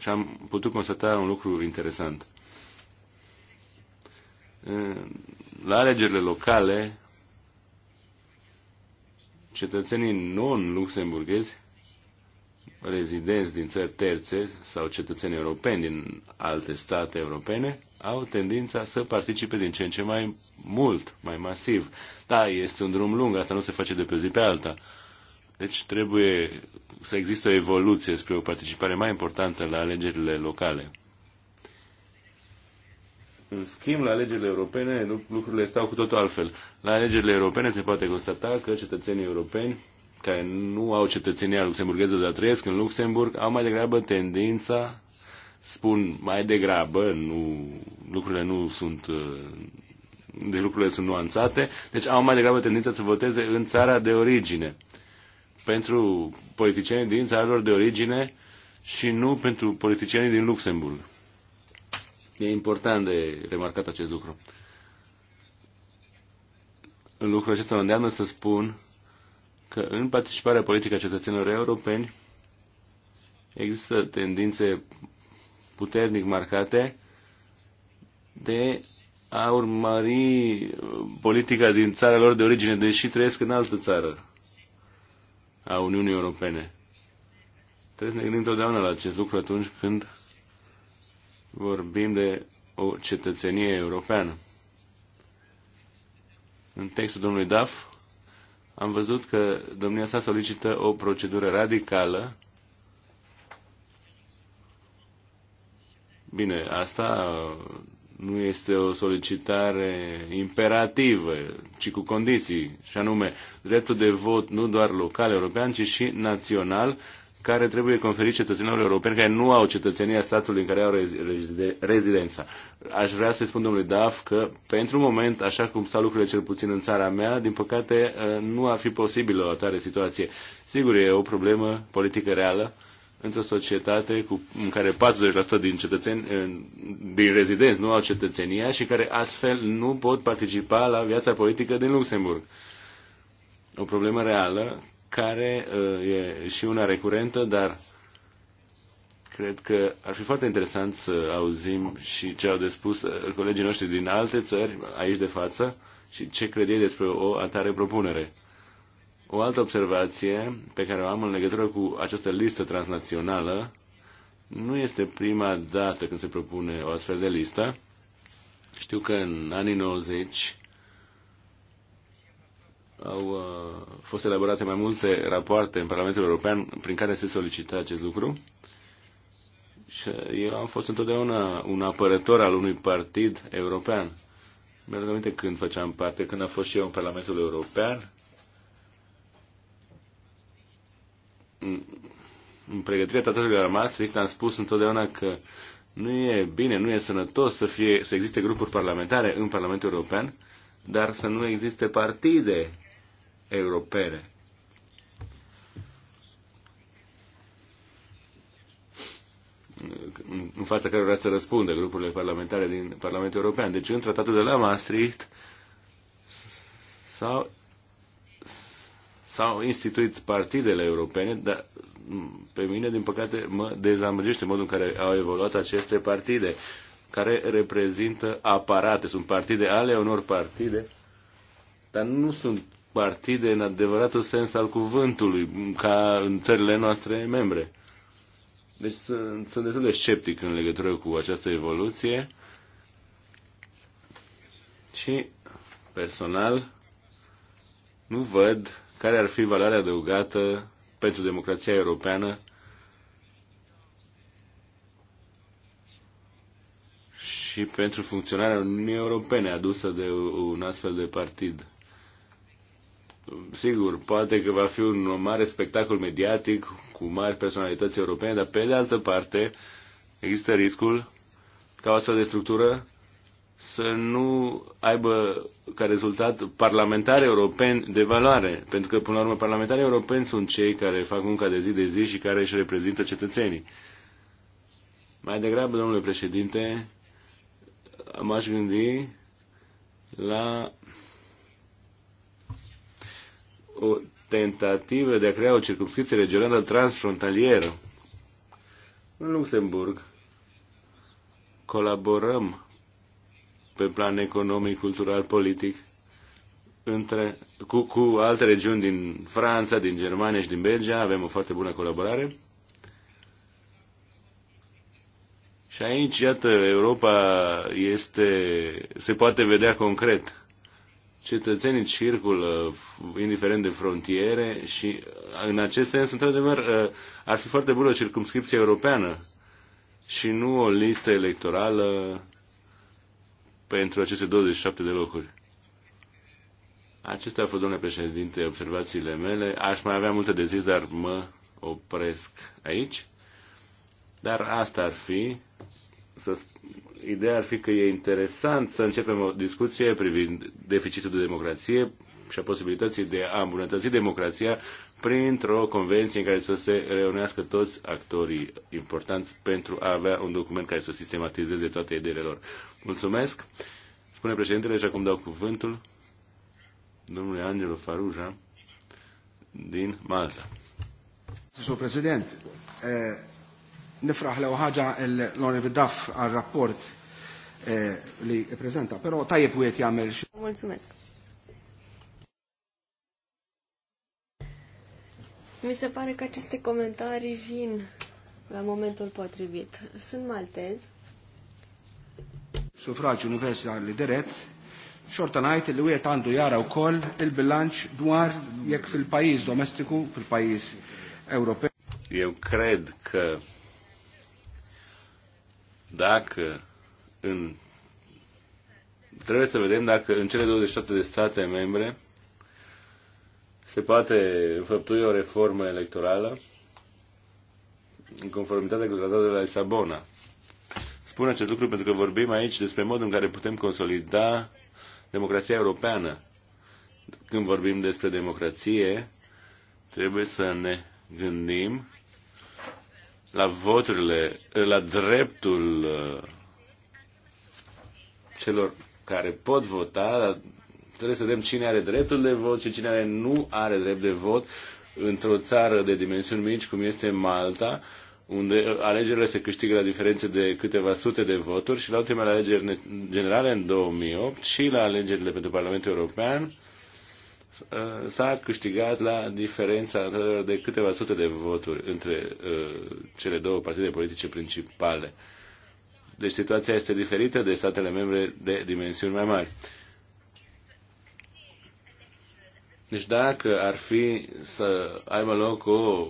Și am putut constata un lucru interesant. La alegerile locale, cetățenii non-luxemburghezi rezidenți din țări terțe sau cetățeni europeni din alte state europene au tendința să participe din ce în ce mai mult, mai masiv. Da, este un drum lung, asta nu se face de pe zi pe alta. Deci trebuie să existe o evoluție spre o participare mai importantă la alegerile locale. În schimb, la alegerile europene lucrurile stau cu totul altfel. La alegerile europene se poate constata că cetățenii europeni care nu au cetățenia luxemburgheză, dar trăiesc în Luxemburg, au mai degrabă tendința, spun mai degrabă, nu, lucrurile nu sunt uh, deci lucrurile sunt nuanțate, deci au mai degrabă tendința să voteze în țara de origine. Pentru politicienii din țara lor de origine și nu pentru politicienii din Luxemburg. E important de remarcat acest lucru. În lucrul acesta mă îndeamnă să spun că în participarea politică a cetățenilor europeni există tendințe puternic marcate de a urmări politica din țara lor de origine, deși trăiesc în altă țară a Uniunii Europene. Trebuie să ne gândim totdeauna la acest lucru atunci când vorbim de o cetățenie europeană. În textul domnului Daf am văzut că domnia sa solicită o procedură radicală. Bine, asta nu este o solicitare imperativă, ci cu condiții, și anume dreptul de vot nu doar local european, ci și național care trebuie conferit cetățenilor europeni care nu au cetățenia statului în care au rezidența. Aș vrea să spun domnului Daf că, pentru moment, așa cum stau lucrurile cel puțin în țara mea, din păcate uh, nu ar fi posibilă o atare situație. Sigur, e o problemă politică reală într-o societate cu, în care 40% din cetățeni, uh, din rezidenți nu au cetățenia și care astfel nu pot participa la viața politică din Luxemburg. O problemă reală care uh, e și una recurentă, dar cred că ar fi foarte interesant să auzim și ce au de spus uh, colegii noștri din alte țări aici de față și ce cred ei despre o atare propunere. O altă observație pe care o am în legătură cu această listă transnațională nu este prima dată când se propune o astfel de listă. Știu că în anii 90 au uh, fost elaborate mai multe rapoarte în Parlamentul European prin care se solicita acest lucru. Și eu am fost întotdeauna un apărător al unui partid european. Mi-aduc aminte când făceam parte, când am fost și eu în Parlamentul European, în pregătirea tatălui de la Maastricht am spus întotdeauna că nu e bine, nu e sănătos să, fie, să existe grupuri parlamentare în Parlamentul European, dar să nu existe partide europene. în fața vrea să răspundă grupurile parlamentare din Parlamentul European. Deci în tratatul de la Maastricht s-au, s-au instituit partidele europene, dar pe mine, din păcate, mă dezamăgește modul în care au evoluat aceste partide, care reprezintă aparate, sunt partide ale unor partide, dar nu sunt partide în adevăratul sens al cuvântului, ca în țările noastre membre. Deci sunt, sunt destul de sceptic în legătură cu această evoluție și personal nu văd care ar fi valoarea adăugată pentru democrația europeană și pentru funcționarea Uniunii Europene adusă de un astfel de partid sigur, poate că va fi un mare spectacol mediatic cu mari personalități europene, dar pe de altă parte există riscul ca o astfel de structură să nu aibă ca rezultat parlamentari europeni de valoare, pentru că, până la urmă, parlamentarii europeni sunt cei care fac munca de zi de zi și care își reprezintă cetățenii. Mai degrabă, domnule președinte, m-aș gândi la o tentativă de a crea o circunscripție regională transfrontalieră. În Luxemburg colaborăm pe plan economic, cultural, politic între, cu, cu alte regiuni din Franța, din Germania și din Belgia. Avem o foarte bună colaborare. Și aici, iată, Europa este, se poate vedea concret cetățenii circulă indiferent de frontiere și în acest sens, într-adevăr, uh, ar fi foarte bună o circumscripție europeană și nu o listă electorală pentru aceste 27 de locuri. Acestea au fost, domnule președinte, observațiile mele. Aș mai avea multe de zis, dar mă opresc aici. Dar asta ar fi să, ideea ar fi că e interesant să începem o discuție privind deficitul de democrație și a posibilității de a îmbunătăți democrația printr-o convenție în care să se reunească toți actorii importanți pentru a avea un document care să sistematizeze toate ideile lor. Mulțumesc! Spune președintele și acum dau cuvântul domnului Angelo Faruja din Malta. Domnul președinte, nifraħ lew ħaġa l-Onevi Daff għal-rapport eh, li prezenta, pero tajjeb u għet jgħamil xie. Mulțumesc. Mi se pare că aceste comentarii vin la momentul potrivit. Sunt maltez. universal universali dirett, xorta ngħid li wieħed għandu jara wkoll il-bilanċ dwar jekk fil-pajjiż domestiku, fil-pajjiż Ewropew. Eu cred că dacă în, trebuie să vedem dacă în cele 27 de state membre se poate înfăptui o reformă electorală în conformitate cu tratatul de la Lisabona. Spun acest lucru pentru că vorbim aici despre modul în care putem consolida democrația europeană. Când vorbim despre democrație, trebuie să ne gândim la voturile, la dreptul uh, celor care pot vota, trebuie să vedem cine are dreptul de vot și cine are, nu are drept de vot într-o țară de dimensiuni mici cum este Malta, unde alegerile se câștigă la diferențe de câteva sute de voturi și la ultimele alegeri generale în 2008 și la alegerile pentru Parlamentul European, Uh, s-a câștigat la diferența de câteva sute de voturi între uh, cele două partide politice principale. Deci situația este diferită de statele membre de dimensiuni mai mari. Deci dacă ar fi să aibă loc o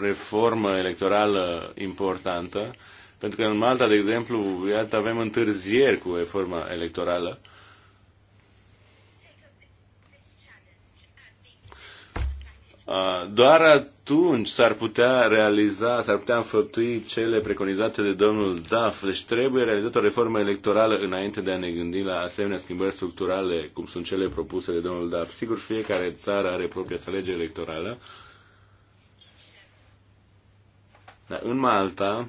reformă electorală importantă, pentru că în Malta, de exemplu, iată, avem întârzieri cu reforma electorală, doar atunci s-ar putea realiza, s-ar putea înfăptui cele preconizate de domnul Duff. Deci trebuie realizată o reformă electorală înainte de a ne gândi la asemenea schimbări structurale, cum sunt cele propuse de domnul Duff. Sigur, fiecare țară are propria sa lege electorală. Dar în Malta,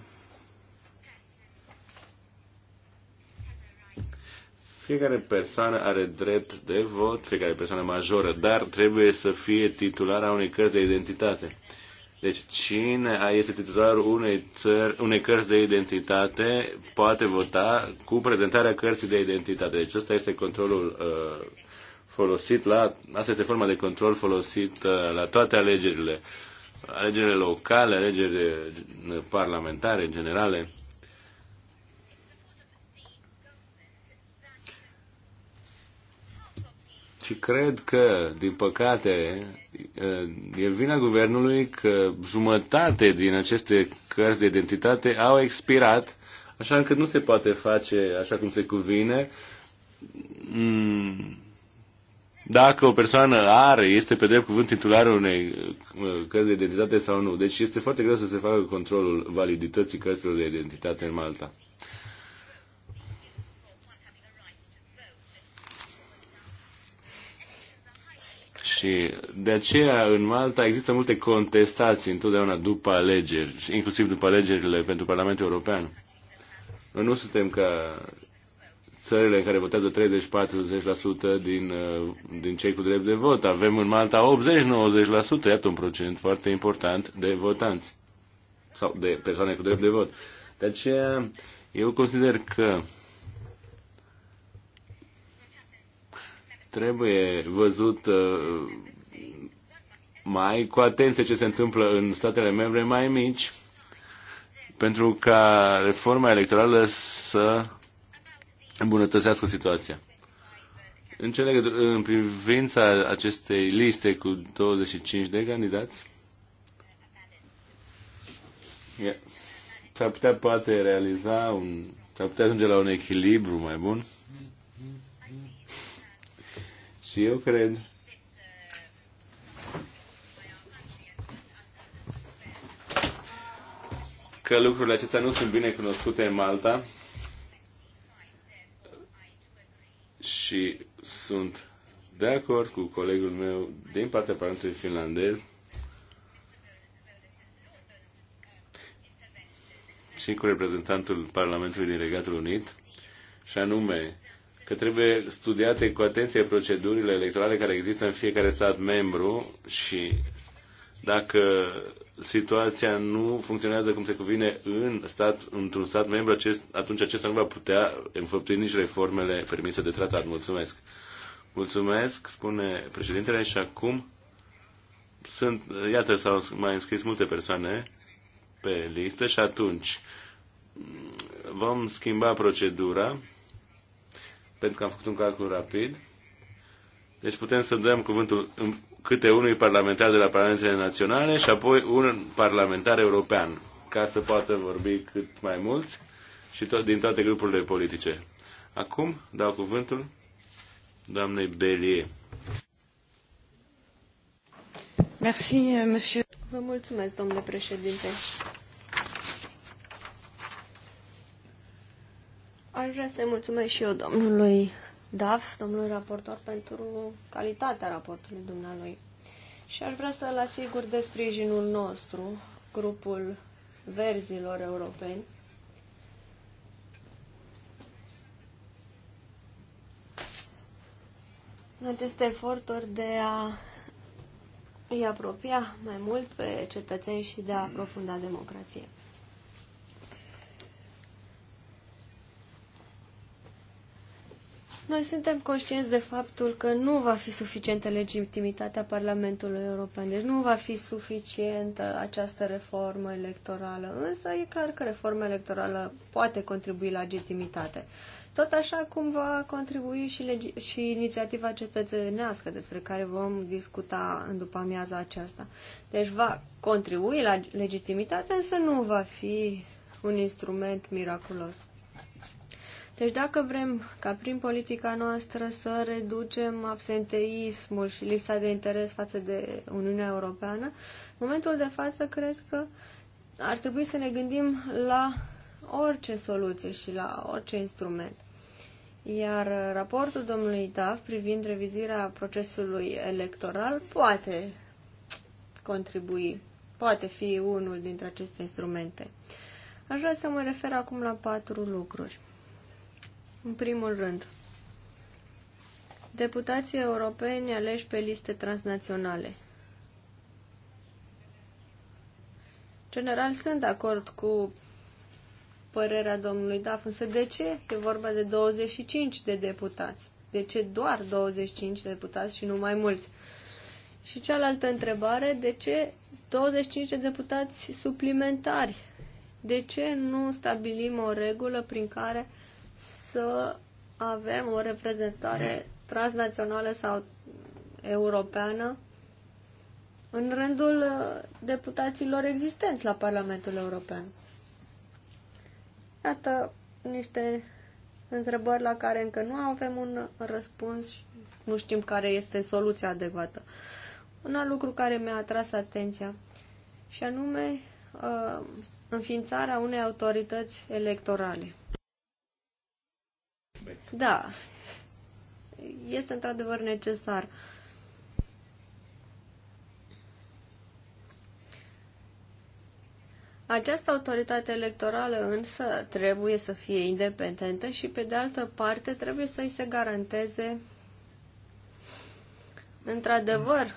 Fiecare persoană are drept de vot, fiecare persoană majoră, dar trebuie să fie a unei cărți de identitate. Deci cine este titularul unei, țări, unei cărți de identitate poate vota cu prezentarea cărții de identitate. Deci ăsta este controlul uh, folosit la, asta este forma de control folosit uh, la toate alegerile. Alegerile locale, alegerile uh, parlamentare, în generale. Și cred că, din păcate, e vina guvernului că jumătate din aceste cărți de identitate au expirat, așa că nu se poate face așa cum se cuvine. Mm, dacă o persoană are, este pe drept cuvânt titularul unei uh, cărți de identitate sau nu. Deci este foarte greu să se facă controlul validității cărților de identitate în Malta. Și de aceea în Malta există multe contestații întotdeauna după alegeri, inclusiv după alegerile pentru Parlamentul European. Noi nu suntem ca țările în care votează 30-40% din, uh, din cei cu drept de vot. Avem în Malta 80-90%, iată un procent foarte important de votanți sau de persoane cu drept de vot. De aceea eu consider că trebuie văzut uh, mai cu atenție ce se întâmplă în statele membre mai mici, pentru ca reforma electorală să îmbunătățească situația. În, ce legătură, în privința acestei liste cu 25 de candidați, s-ar putea poate realiza s-ar putea ajunge la un echilibru mai bun și eu cred că lucrurile acestea nu sunt bine cunoscute în Malta și sunt de acord cu colegul meu din partea Parlamentului finlandez și cu reprezentantul Parlamentului din Regatul Unit, și anume că trebuie studiate cu atenție procedurile electorale care există în fiecare stat membru și dacă situația nu funcționează cum se cuvine în stat, într-un stat membru, acest, atunci acesta nu va putea înfăptui nici reformele permise de tratat. Mulțumesc. Mulțumesc, spune președintele, și acum sunt, iată, s-au mai înscris multe persoane pe listă și atunci vom schimba procedura pentru că am făcut un calcul rapid. Deci putem să dăm cuvântul în câte unui parlamentar de la Parlamentele Naționale și apoi un parlamentar european, ca să poată vorbi cât mai mulți și tot, din toate grupurile politice. Acum dau cuvântul doamnei Belie. Merci, monsieur. Vă mulțumesc, domnule președinte. Aș vrea să-i mulțumesc și eu domnului DAF, domnului raportor, pentru calitatea raportului dumnealui. Și aș vrea să-l asigur de sprijinul nostru, grupul verzilor europeni, în aceste eforturi de a îi apropia mai mult pe cetățeni și de a aprofunda democrația. Noi suntem conștienți de faptul că nu va fi suficientă legitimitatea Parlamentului European, deci nu va fi suficientă această reformă electorală, însă e clar că reforma electorală poate contribui la legitimitate. Tot așa cum va contribui și, legi- și inițiativa cetățenească despre care vom discuta în după amiaza aceasta. Deci va contribui la legitimitate, însă nu va fi un instrument miraculos. Deci dacă vrem ca prin politica noastră să reducem absenteismul și lipsa de interes față de Uniunea Europeană, în momentul de față cred că ar trebui să ne gândim la orice soluție și la orice instrument. Iar raportul domnului Taf privind revizuirea procesului electoral poate contribui, poate fi unul dintre aceste instrumente. Aș vrea să mă refer acum la patru lucruri. În primul rând, deputații europeni aleși pe liste transnaționale. General, sunt de acord cu părerea domnului Daf, însă de ce e vorba de 25 de deputați? De ce doar 25 de deputați și nu mai mulți? Și cealaltă întrebare, de ce 25 de deputați suplimentari? De ce nu stabilim o regulă prin care să avem o reprezentare transnațională sau europeană în rândul uh, deputaților existenți la Parlamentul European. Iată niște întrebări la care încă nu avem un răspuns și nu știm care este soluția adecvată. Un alt lucru care mi-a atras atenția și anume uh, înființarea unei autorități electorale. Da, este într-adevăr necesar. Această autoritate electorală însă trebuie să fie independentă și pe de altă parte trebuie să i se garanteze într-adevăr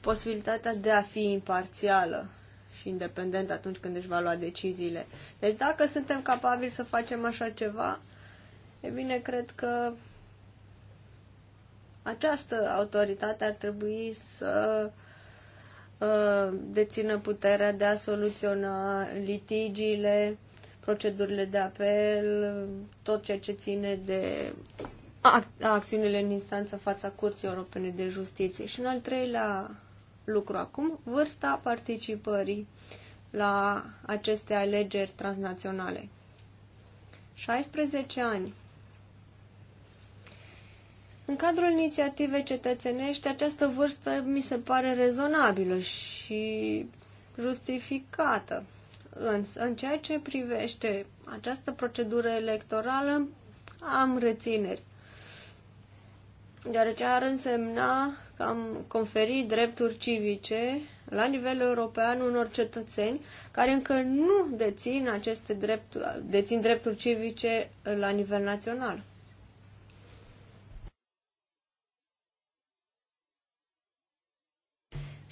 posibilitatea de a fi imparțială și independentă atunci când își va lua deciziile. Deci dacă suntem capabili să facem așa ceva, E bine, cred că această autoritate ar trebui să ă, dețină puterea de a soluționa litigiile, procedurile de apel, tot ceea ce ține de acțiunile în instanță fața Curții Europene de Justiție. Și în al treilea lucru acum, vârsta participării la aceste alegeri transnaționale. 16 ani în cadrul inițiativei cetățenești, această vârstă mi se pare rezonabilă și justificată. Însă, în ceea ce privește această procedură electorală, am rețineri. Deoarece ar însemna că am conferit drepturi civice la nivel european unor cetățeni care încă nu dețin aceste drepturi, dețin drepturi civice la nivel național.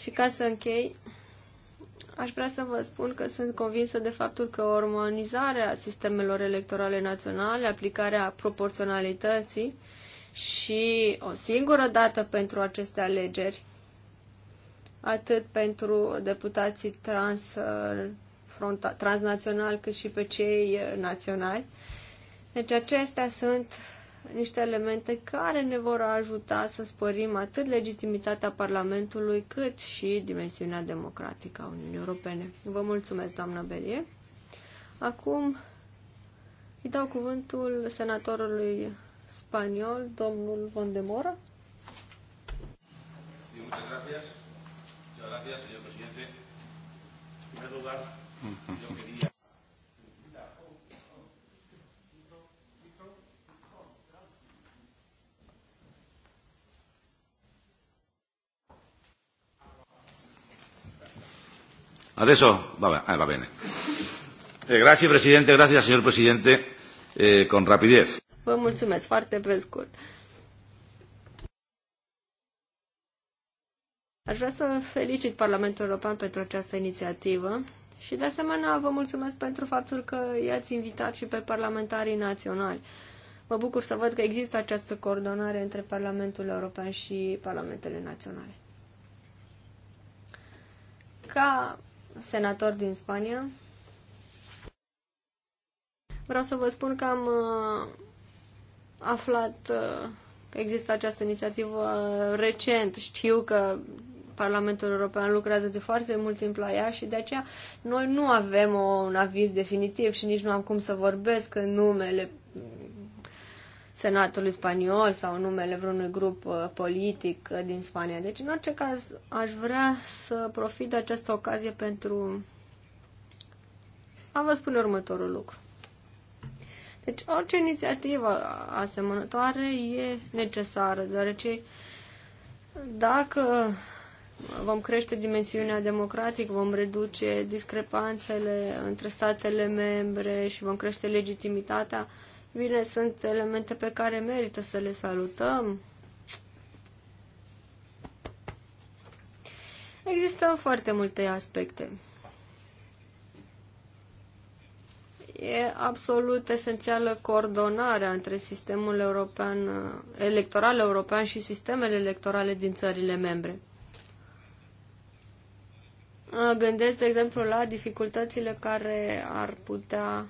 Și ca să închei, aș vrea să vă spun că sunt convinsă de faptul că ormonizarea sistemelor electorale naționale, aplicarea proporționalității și o singură dată pentru aceste alegeri, atât pentru deputații trans, transnaționali cât și pe cei naționali. Deci acestea sunt niște elemente care ne vor ajuta să spărim atât legitimitatea Parlamentului, cât și dimensiunea democratică a Uniunii Europene. Vă mulțumesc, doamna Belie. Acum îi dau cuvântul senatorului spaniol, domnul Vondemora. Sí, muchas gracias. Muchas gracias, señor presidente. En primer lugar, yo quería... Adesso va, ah, eh, va bene. Eh, grazie Presidente, grazie signor Presidente, eh, con rapidez. Vă mulțumesc, foarte pe scurt. Aș vrea să felicit Parlamentul European pentru această inițiativă și de asemenea vă mulțumesc pentru faptul că i-ați invitat și pe parlamentarii naționali. Mă bucur să văd că există această coordonare între Parlamentul European și Parlamentele Naționale. Ca senator din Spania. Vreau să vă spun că am uh, aflat uh, că există această inițiativă uh, recent. Știu că Parlamentul European lucrează de foarte mult timp la ea și de aceea noi nu avem o, un aviz definitiv și nici nu am cum să vorbesc în numele Senatul spaniol sau numele vreunui grup uh, politic uh, din Spania. Deci, în orice caz, aș vrea să profit de această ocazie pentru a vă spune următorul lucru. Deci, orice inițiativă asemănătoare e necesară, deoarece dacă vom crește dimensiunea democratică, vom reduce discrepanțele între statele membre și vom crește legitimitatea Bine, sunt elemente pe care merită să le salutăm. Există foarte multe aspecte. E absolut esențială coordonarea între sistemul european, electoral european și sistemele electorale din țările membre. Gândesc, de exemplu, la dificultățile care ar putea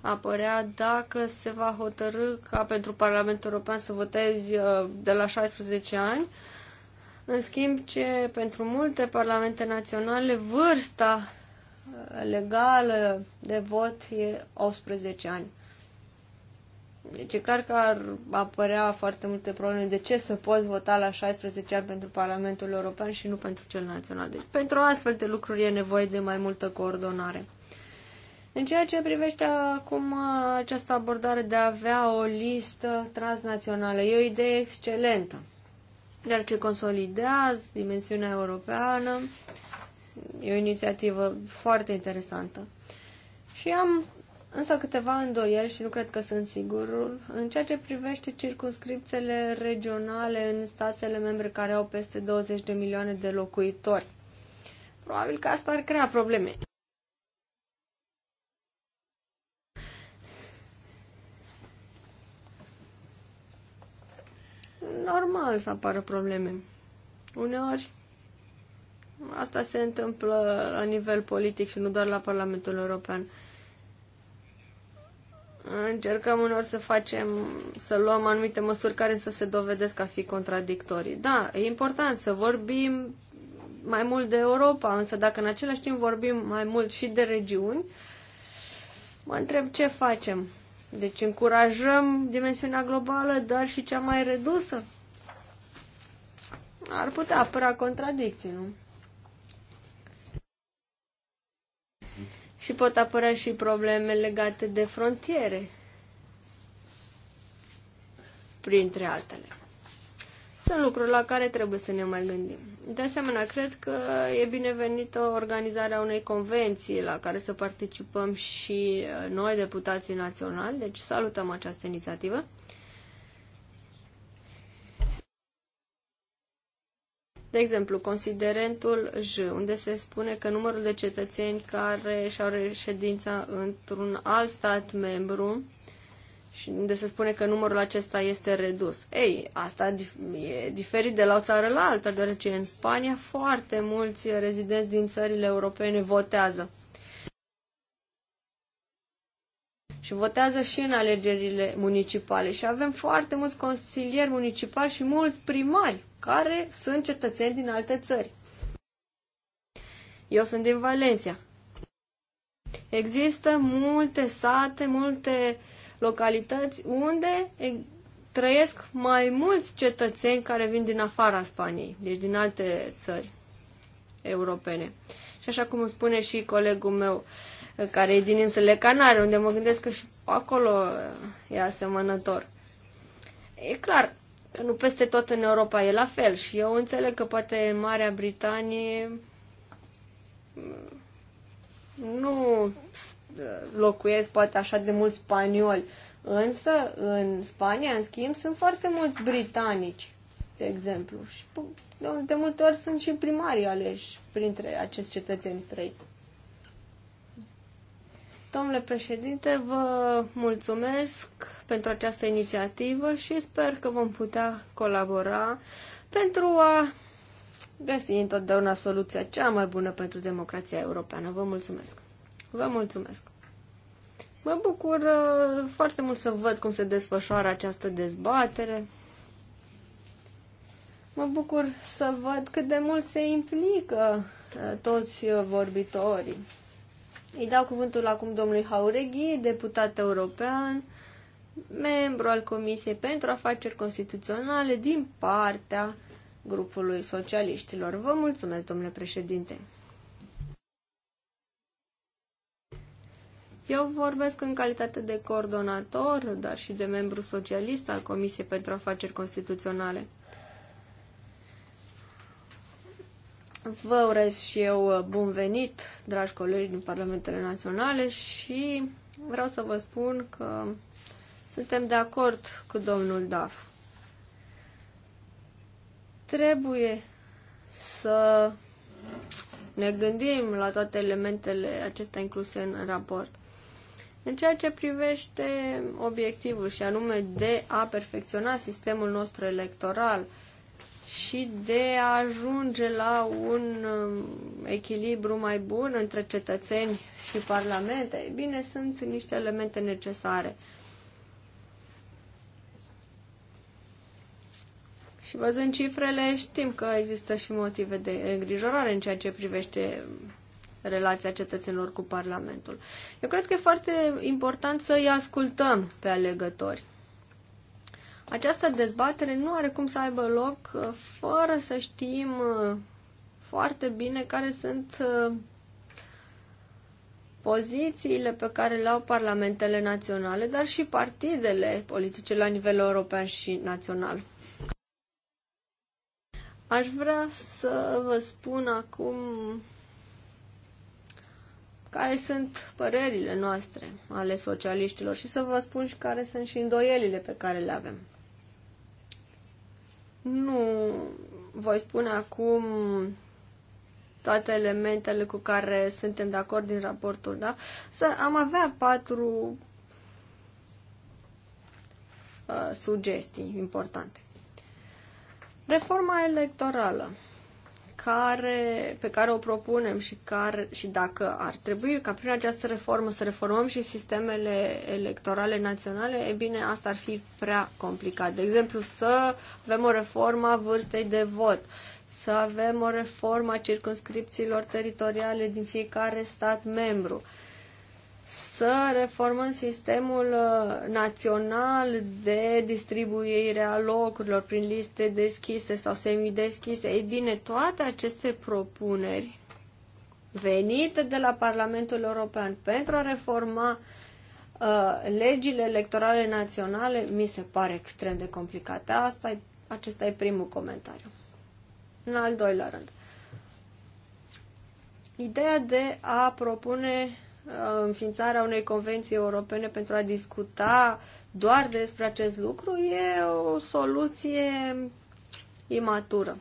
apărea dacă se va hotărâ ca pentru Parlamentul European să votezi uh, de la 16 ani. În schimb ce pentru multe parlamente naționale vârsta uh, legală de vot e 18 ani. Deci e clar că ar apărea foarte multe probleme de ce să poți vota la 16 ani pentru Parlamentul European și nu pentru cel național. Deci pentru astfel de lucruri e nevoie de mai multă coordonare. În ceea ce privește acum uh, această abordare de a avea o listă transnațională, e o idee excelentă, dar ce consolidează dimensiunea europeană, e o inițiativă foarte interesantă. Și am însă câteva îndoieli și nu cred că sunt sigurul în ceea ce privește circunscripțiile regionale în statele membre care au peste 20 de milioane de locuitori. Probabil că asta ar crea probleme. normal să apară probleme. Uneori, asta se întâmplă la nivel politic și nu doar la Parlamentul European. Încercăm uneori să facem, să luăm anumite măsuri care să se dovedesc a fi contradictorii. Da, e important să vorbim mai mult de Europa, însă dacă în același timp vorbim mai mult și de regiuni, mă întreb ce facem. Deci încurajăm dimensiunea globală, dar și cea mai redusă. Ar putea apăra contradicții, nu? Și pot apărea și probleme legate de frontiere, printre altele sunt lucruri la care trebuie să ne mai gândim. De asemenea, cred că e binevenită organizarea unei convenții la care să participăm și uh, noi, deputații naționali, deci salutăm această inițiativă. De exemplu, considerentul J, unde se spune că numărul de cetățeni care și-au reședința într-un alt stat membru și unde se spune că numărul acesta este redus. Ei, asta e diferit de la o țară la alta, deoarece în Spania foarte mulți rezidenți din țările europene votează. Și votează și în alegerile municipale. Și avem foarte mulți consilieri municipali și mulți primari care sunt cetățeni din alte țări. Eu sunt din Valencia. Există multe sate, multe uh, localități unde trăiesc mai mulți cetățeni care vin din afara Spaniei, deci din alte țări europene. Și așa cum spune și colegul meu, care e din insulele Canare, unde mă gândesc că și acolo uh, e asemănător. E clar că nu peste tot în Europa e la fel și eu înțeleg că poate în Marea Britanie mm, nu locuiesc poate așa de mulți spanioli. Însă, în Spania, în schimb, sunt foarte mulți britanici, de exemplu. Și de multe ori sunt și primarii aleși printre acești cetățeni străini. Domnule președinte, vă mulțumesc pentru această inițiativă și sper că vom putea colabora pentru a găsi întotdeauna soluția cea mai bună pentru democrația europeană. Vă mulțumesc! Vă mulțumesc! Mă bucur uh, foarte mult să văd cum se desfășoară această dezbatere. Mă bucur să văd cât de mult se implică uh, toți vorbitorii. Îi dau cuvântul acum domnului Haureghi, deputat european, membru al Comisiei pentru Afaceri Constituționale din partea grupului socialiștilor. Vă mulțumesc, domnule președinte! Eu vorbesc în calitate de coordonator, dar și de membru socialist al Comisiei pentru Afaceri Constituționale. Vă urez și eu bun venit, dragi colegi din Parlamentele Naționale și vreau să vă spun că suntem de acord cu domnul Daf. Trebuie să ne gândim la toate elementele acestea incluse în raport. În ceea ce privește obiectivul și anume de a perfecționa sistemul nostru electoral și de a ajunge la un um, echilibru mai bun între cetățeni și parlamente, e bine, sunt niște elemente necesare. Și văzând cifrele, știm că există și motive de îngrijorare în ceea ce privește relația cetățenilor cu Parlamentul. Eu cred că e foarte important să îi ascultăm pe alegători. Această dezbatere nu are cum să aibă loc uh, fără să știm uh, foarte bine care sunt uh, pozițiile pe care le au parlamentele naționale, dar și partidele politice la nivel european și național. Aș vrea să vă spun acum care sunt părerile noastre ale socialiștilor și să vă spun și care sunt și îndoielile pe care le avem. Nu voi spune acum toate elementele cu care suntem de acord din raportul, da? Să am avea patru uh, sugestii importante. Reforma electorală care, pe care o propunem și, care, și dacă ar trebui ca prin această reformă să reformăm și sistemele electorale naționale, e bine, asta ar fi prea complicat. De exemplu, să avem o reformă a vârstei de vot, să avem o reformă a circunscripțiilor teritoriale din fiecare stat membru. Uh, să reformăm sistemul uh, național de distribuire a locurilor prin liste deschise sau semideschise. Ei bine, toate aceste propuneri venite de la Parlamentul European pentru a reforma uh, legile electorale naționale mi se pare extrem de complicate. Asta e, acesta e primul comentariu. În al doilea rând, ideea de a propune Uh, înființarea unei convenții europene pentru a discuta doar despre acest lucru e o soluție imatură.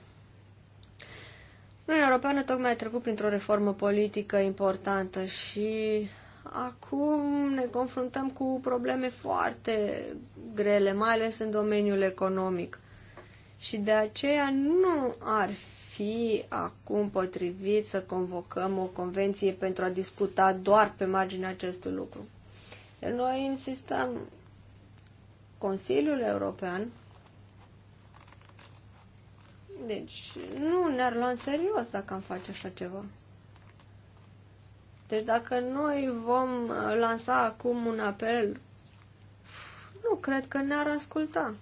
Uniunea Europeană tocmai a trecut printr-o reformă politică importantă și acum ne confruntăm cu probleme foarte grele, mai ales în domeniul economic. Și de aceea nu ar fi acum potrivit să convocăm o convenție pentru a discuta doar pe marginea acestui lucru. Noi insistăm, Consiliul European, deci nu ne-ar lua în serios dacă am face așa ceva. Deci dacă noi vom uh, lansa acum un apel, nu cred că ne-ar asculta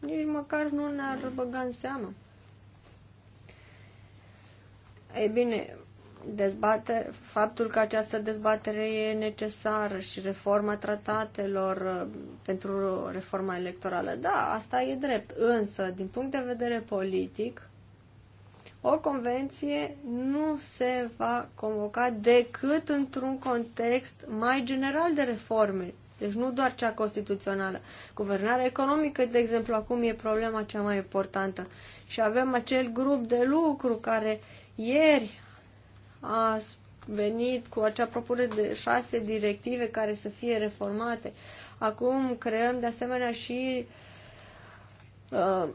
nici măcar nu ne-ar băga în seamă. Ei bine, dezbate, faptul că această dezbatere e necesară și reforma tratatelor uh, pentru reforma electorală, da, asta e drept. Însă, din punct de vedere politic, o convenție nu se va convoca decât într-un context mai general de reforme deci nu doar cea constituțională. Guvernarea economică, de exemplu, acum e problema cea mai importantă. Și avem acel grup de lucru care ieri a venit cu acea propunere de șase directive care să fie reformate. Acum creăm de asemenea și uh,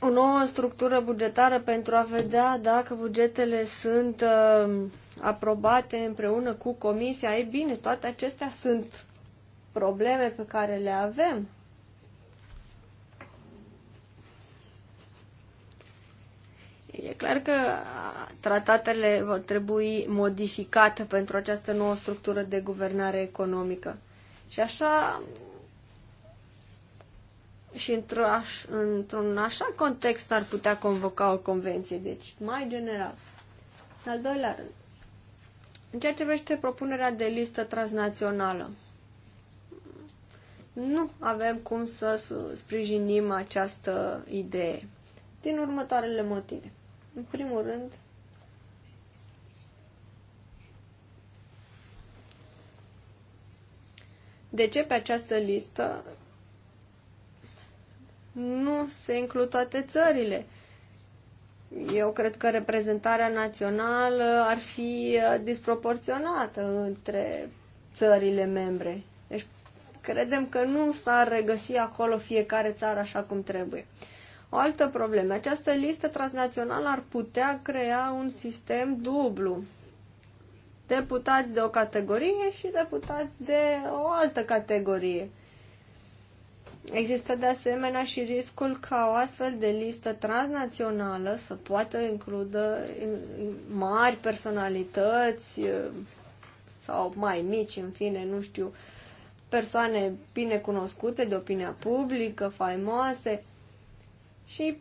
o nouă structură bugetară pentru a vedea dacă bugetele sunt uh, aprobate împreună cu comisia. Ei bine, toate acestea sunt probleme pe care le avem. E clar că tratatele vor trebui modificate pentru această nouă structură de guvernare economică. Și așa și într-un aș, într așa context ar putea convoca o convenție, deci mai general. În al doilea rând, în ceea ce privește propunerea de listă transnațională, nu avem cum să sprijinim această idee. Din următoarele motive. În primul rând, de ce pe această listă nu se includ toate țările? Eu cred că reprezentarea națională ar fi uh, disproporționată între țările membre Credem că nu s-ar regăsi acolo fiecare țară așa cum trebuie. O altă problemă. Această listă transnațională ar putea crea un sistem dublu. Deputați de o categorie și deputați de o altă categorie. Există de asemenea și riscul ca o astfel de listă transnațională să poată includă mari personalități sau mai mici, în fine, nu știu, persoane bine cunoscute de opinia publică, faimoase și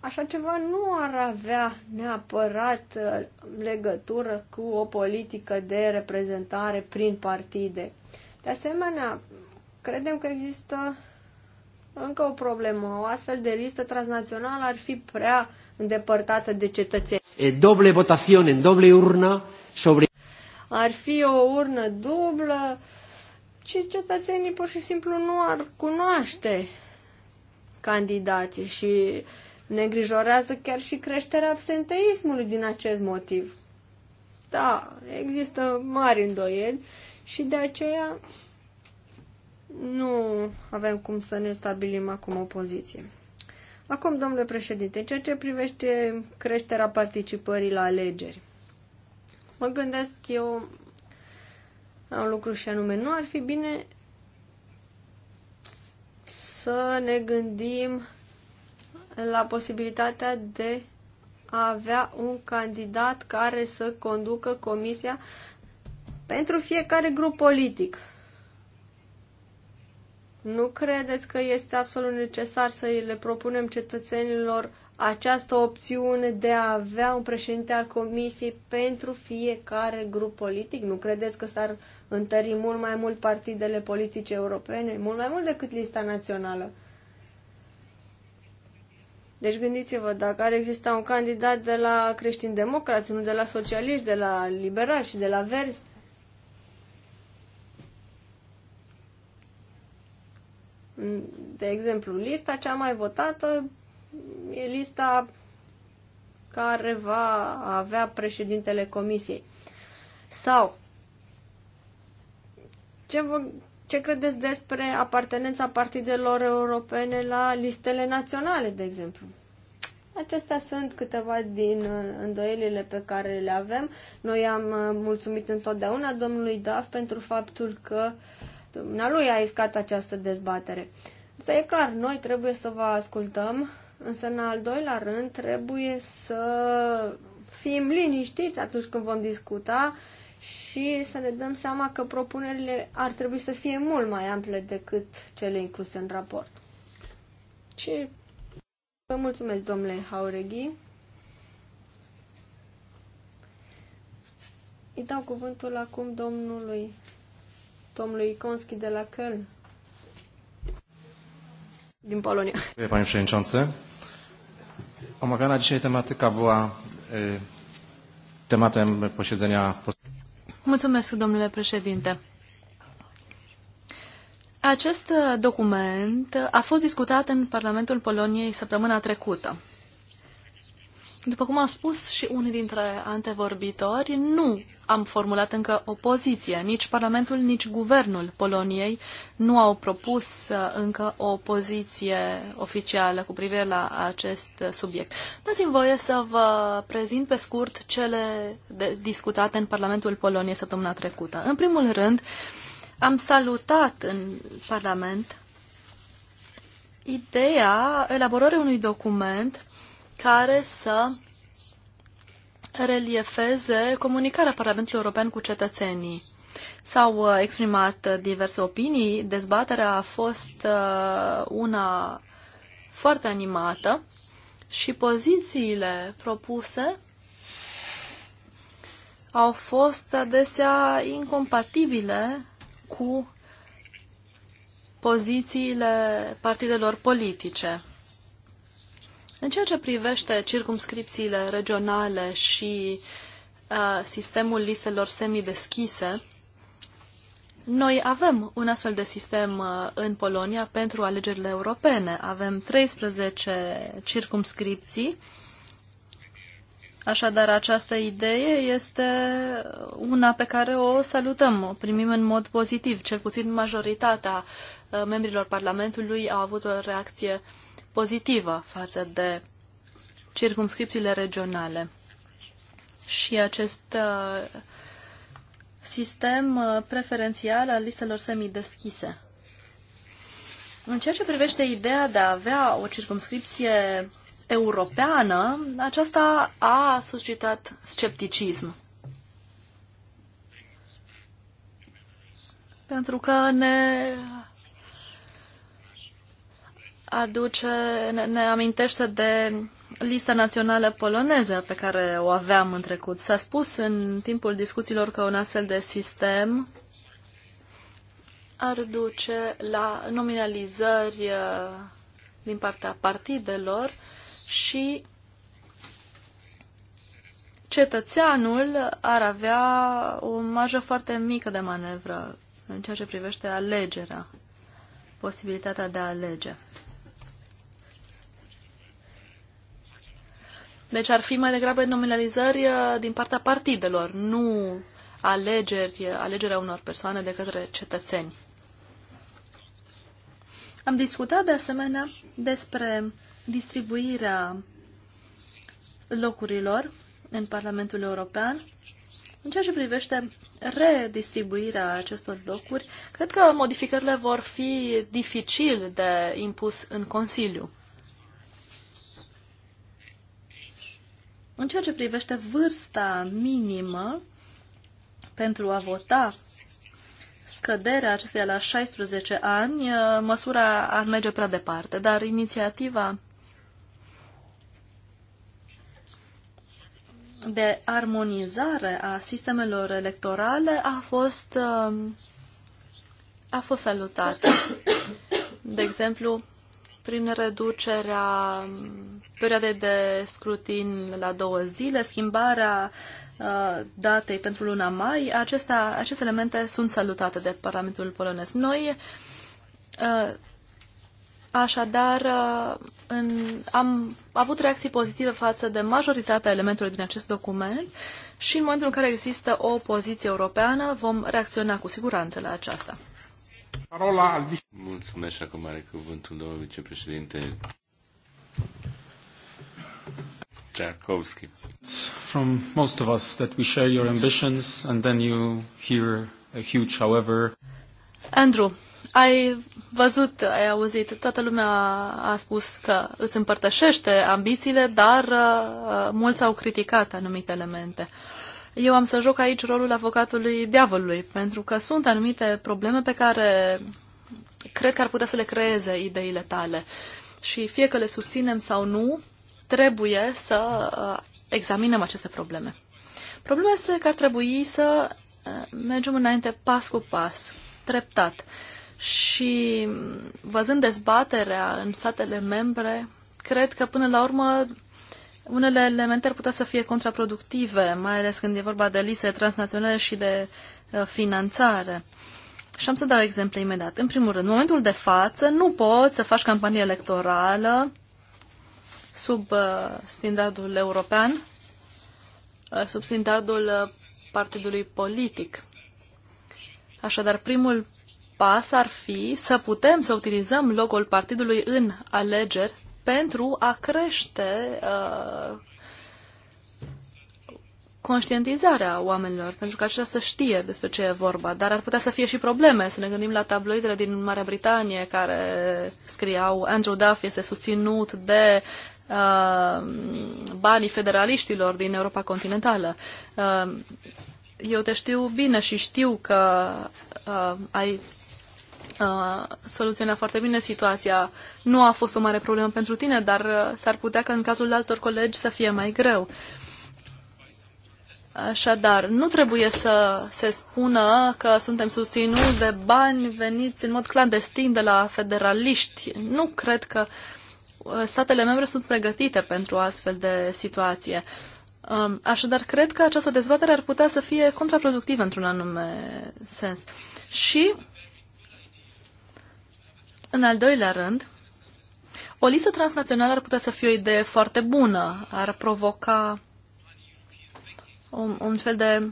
așa ceva nu ar avea neapărat uh, legătură cu o politică de reprezentare prin partide. De asemenea, credem că există încă o problemă. O astfel de listă transnațională ar fi prea îndepărtată de cetățeni. E doble votațiune, în doble urnă sobre... Ar fi o urnă dublă, și cetățenii pur și simplu nu ar cunoaște candidații și ne îngrijorează chiar și creșterea absenteismului din acest motiv. Da, există mari îndoieli și de aceea nu avem cum să ne stabilim acum o poziție. Acum, domnule președinte, ceea ce privește creșterea participării la alegeri, mă gândesc eu un lucru și anume, nu ar fi bine să ne gândim la posibilitatea de a avea un candidat care să conducă comisia pentru fiecare grup politic. Nu credeți că este absolut necesar să le propunem cetățenilor această opțiune de a avea un președinte al comisiei pentru fiecare grup politic? Nu credeți că s-ar întări mult mai mult partidele politice europene, mult mai mult decât lista națională? Deci gândiți-vă, dacă ar exista un candidat de la creștini-democrați, nu de la socialiști, de la liberali și de la verzi, de exemplu, lista cea mai votată e lista care va avea președintele comisiei. Sau, ce, vă, ce credeți despre apartenența partidelor europene la listele naționale, de exemplu? Acestea sunt câteva din uh, îndoielile pe care le avem. Noi am uh, mulțumit întotdeauna domnului Daf pentru faptul că dumnealui a iscat această dezbatere. Să e clar, noi trebuie să vă ascultăm Însă, în al doilea rând, trebuie să fim liniștiți atunci când vom discuta și să ne dăm seama că propunerile ar trebui să fie mult mai ample decât cele incluse în raport. Și vă mulțumesc, domnule Haureghi. Îi dau cuvântul acum domnului, domnului Iconski de la Köln, din Polonia. Panie Przewodniczący, Omawiana dzisiaj tematyka była tematem posiedzenia... Mulțumesc, domnule președinte. Acest document a fost discutat în Parlamentul Poloniei săptămâna trecută. După cum a spus și unii dintre antevorbitori, nu am formulat încă o poziție. Nici Parlamentul, nici Guvernul Poloniei nu au propus uh, încă o poziție oficială cu privire la acest subiect. Dați-mi voie să vă prezint pe scurt cele discutate în Parlamentul Poloniei săptămâna trecută. În primul rând, am salutat în Parlament ideea elaborării unui document care să reliefeze comunicarea Parlamentului European cu cetățenii. S-au uh, exprimat uh, diverse opinii, dezbaterea a fost uh, una foarte animată și pozițiile propuse au fost adesea incompatibile cu pozițiile partidelor politice. În ceea ce privește circumscripțiile regionale și uh, sistemul listelor semideschise, noi avem un astfel de sistem uh, în Polonia pentru alegerile europene. Avem 13 circumscripții. Așadar, această idee este una pe care o salutăm, o primim în mod pozitiv. Cel puțin majoritatea uh, membrilor Parlamentului au avut o reacție uh, pozitivă față de circumscripțiile regionale. Și acest uh, sistem uh, preferențial al listelor semideschise. În ceea ce privește ideea de a avea o circumscripție europeană, aceasta a suscitat scepticism. Pentru că ne aduce, ne, ne amintește de lista națională poloneză pe care o aveam în trecut. S-a spus în timpul discuțiilor că un astfel de sistem ar duce la nominalizări uh, din partea partidelor și cetățeanul ar avea o marjă foarte mică de manevră în ceea ce privește alegerea, posibilitatea de a alege. Deci ar fi mai degrabă nominalizări uh, din partea partidelor, nu alegeri, uh, alegerea unor persoane de către cetățeni. Am discutat de asemenea despre distribuirea locurilor în Parlamentul European. În ceea ce privește redistribuirea acestor locuri, cred că modificările vor fi dificil de impus în Consiliu. În ceea ce privește vârsta minimă pentru a vota, scăderea acesteia la 16 ani, uh, măsura ar merge prea departe, dar inițiativa de armonizare a sistemelor electorale a fost, uh, a fost salutată. De exemplu, prin reducerea perioadei de scrutin la două zile, schimbarea uh, datei pentru luna mai, acestea, aceste elemente sunt salutate de Parlamentul polonez. Noi, uh, așadar, uh, în, am avut reacții pozitive față de majoritatea elementelor din acest document și în momentul în care există o poziție europeană, vom reacționa cu siguranță la aceasta. Parola al Mulțumesc și acum are cuvântul domnul vicepreședinte Tchaikovsky. From most of us that we share your ambitions and then you hear a huge however. Andrew, ai văzut, ai auzit, toată lumea a spus că îți împărtășește ambițiile, dar uh, mulți au criticat anumite elemente. Uh, eu am să joc aici rolul avocatului diavolului, pentru că sunt anumite probleme pe care cred că ar putea să le creeze ideile tale. Și fie că le susținem sau nu, trebuie să uh, examinăm aceste probleme. Problema este că ar trebui să uh, mergem înainte pas cu pas, treptat. Și văzând dezbaterea în statele membre, cred că până la urmă unele elemente ar putea să fie contraproductive, mai ales când e vorba de liste transnaționale și de uh, finanțare. Și am să dau exemple imediat. În primul rând, în momentul de față, nu poți să faci campanie electorală sub uh, standardul european, uh, sub standardul partidului politic. Așadar, primul pas ar fi să putem să utilizăm logo-ul partidului în alegeri pentru a crește uh, conștientizarea oamenilor, pentru că aceștia să știe despre ce e vorba. Dar ar putea să fie și probleme. Să ne gândim la tabloidele din Marea Britanie care scriau Andrew Duff este susținut de uh, banii federaliștilor din Europa continentală. Uh, eu te știu bine și știu că uh, ai soluționa foarte bine situația. Nu a fost o mare problemă pentru tine, dar uh, s-ar putea că în cazul altor colegi să fie mai greu. Așadar, nu trebuie să se spună că suntem susținuți de bani veniți în mod clandestin de la federaliști. Nu cred că uh, statele membre sunt pregătite pentru astfel de situație. Um, așadar, cred că această dezbatere ar putea să fie contraproductivă într-un anume sens. Și în al doilea rând, o listă transnațională ar putea să fie o idee foarte bună, ar provoca un, un fel de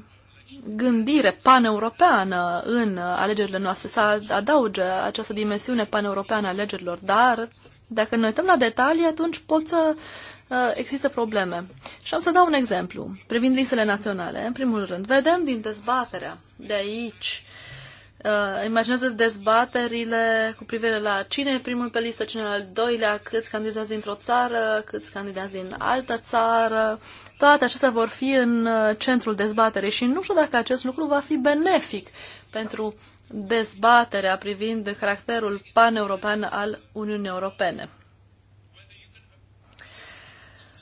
gândire paneuropeană în alegerile noastre, să adauge această dimensiune paneuropeană a alegerilor, dar dacă ne uităm la detalii, atunci pot să uh, există probleme. Și am să dau un exemplu privind listele naționale. În primul rând, vedem din dezbaterea de aici uh, uh, imaginează dezbaterile cu privire la cine e primul pe listă, cine e al doilea, câți candidați dintr-o țară, câți candidați din altă țară. Toate acestea vor fi în uh, centrul dezbaterii și nu știu dacă acest lucru va fi benefic pentru dezbaterea privind caracterul paneuropean al Uniunii Europene.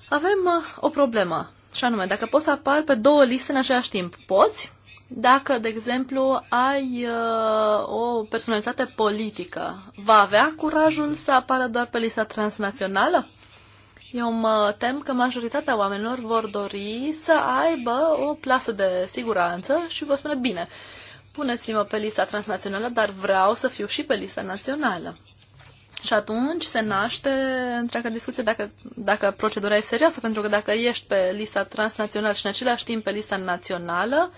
Avem uh, o problemă, și anume, dacă poți să apar pe două liste în același timp, poți? dacă, de exemplu, ai uh, o personalitate politică, va avea curajul să apară doar pe lista transnațională? Eu mă tem că majoritatea oamenilor vor dori să aibă o plasă de siguranță și vă spune, bine, puneți-mă pe lista transnațională, dar vreau să fiu și pe lista națională. Și atunci se naște întreaga discuție dacă, dacă procedura e serioasă, pentru că dacă ești pe lista transnațională și în același timp pe lista națională, uh,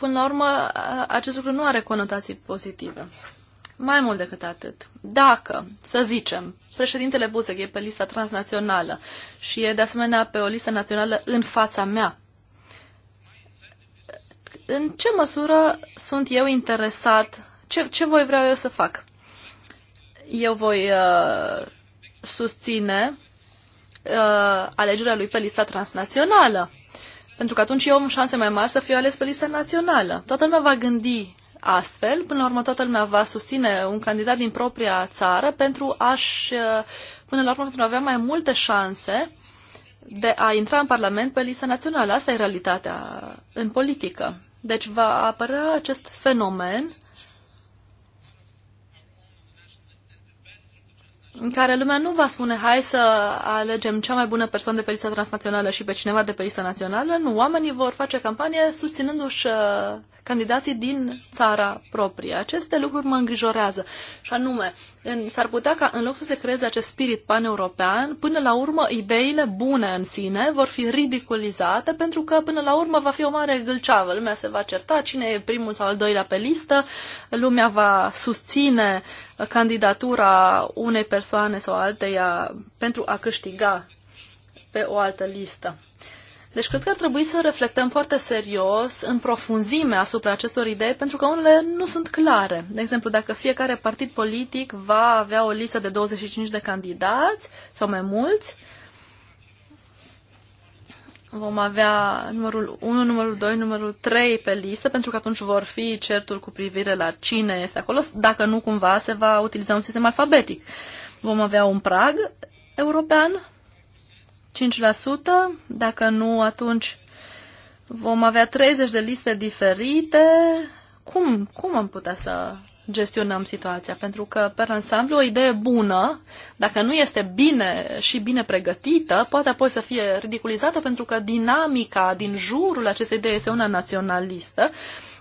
Până la urmă, acest lucru nu are conotații pozitive. Mai mult decât atât, dacă, să zicem, președintele Buzek e pe lista transnațională și e de asemenea pe o listă națională în fața mea, în ce măsură sunt eu interesat, ce, ce voi vreau eu să fac? Eu voi uh, susține uh, alegerea lui pe lista transnațională. Pentru că atunci eu am șanse mai mari să fiu ales pe lista națională. Toată lumea va gândi astfel, până la urmă toată lumea va susține un candidat din propria țară pentru a-și, uh, până la urmă, pentru a avea mai multe șanse de a intra în Parlament pe lista națională. Asta e realitatea în politică. Deci va apărea acest fenomen în care lumea nu va spune hai să alegem cea mai bună persoană de pe lista transnațională și pe cineva de pe lista națională, nu, oamenii vor face campanie susținându-și uh, candidații din țara proprie. Aceste lucruri mă îngrijorează. Și anume, în s-ar putea ca în loc să se creeze acest spirit paneuropean, până la urmă ideile bune în sine vor fi ridiculizate pentru că până la urmă va fi o mare gâlceavă. Lumea se va certa cine e primul sau al doilea pe listă, lumea va susține candidatura unei persoane sau alteia pentru a câștiga pe o altă listă. Deci cred că ar trebui să reflectăm foarte serios, în profunzime, asupra acestor idei, pentru că unele nu sunt clare. De exemplu, dacă fiecare partid politic va avea o listă de 25 de candidați sau mai mulți, vom avea numărul 1, numărul 2, numărul 3 pe listă, pentru că atunci vor fi certuri cu privire la cine este acolo, dacă nu cumva se va utiliza un sistem alfabetic. Vom avea un prag european dacă nu, atunci vom avea 30 de liste diferite. Cum, cum am putea să gestionăm situația? Pentru că, pe ansamblu, o idee bună, dacă nu este bine și bine pregătită, poate apoi să fie ridiculizată pentru că dinamica din jurul acestei idei este una naționalistă.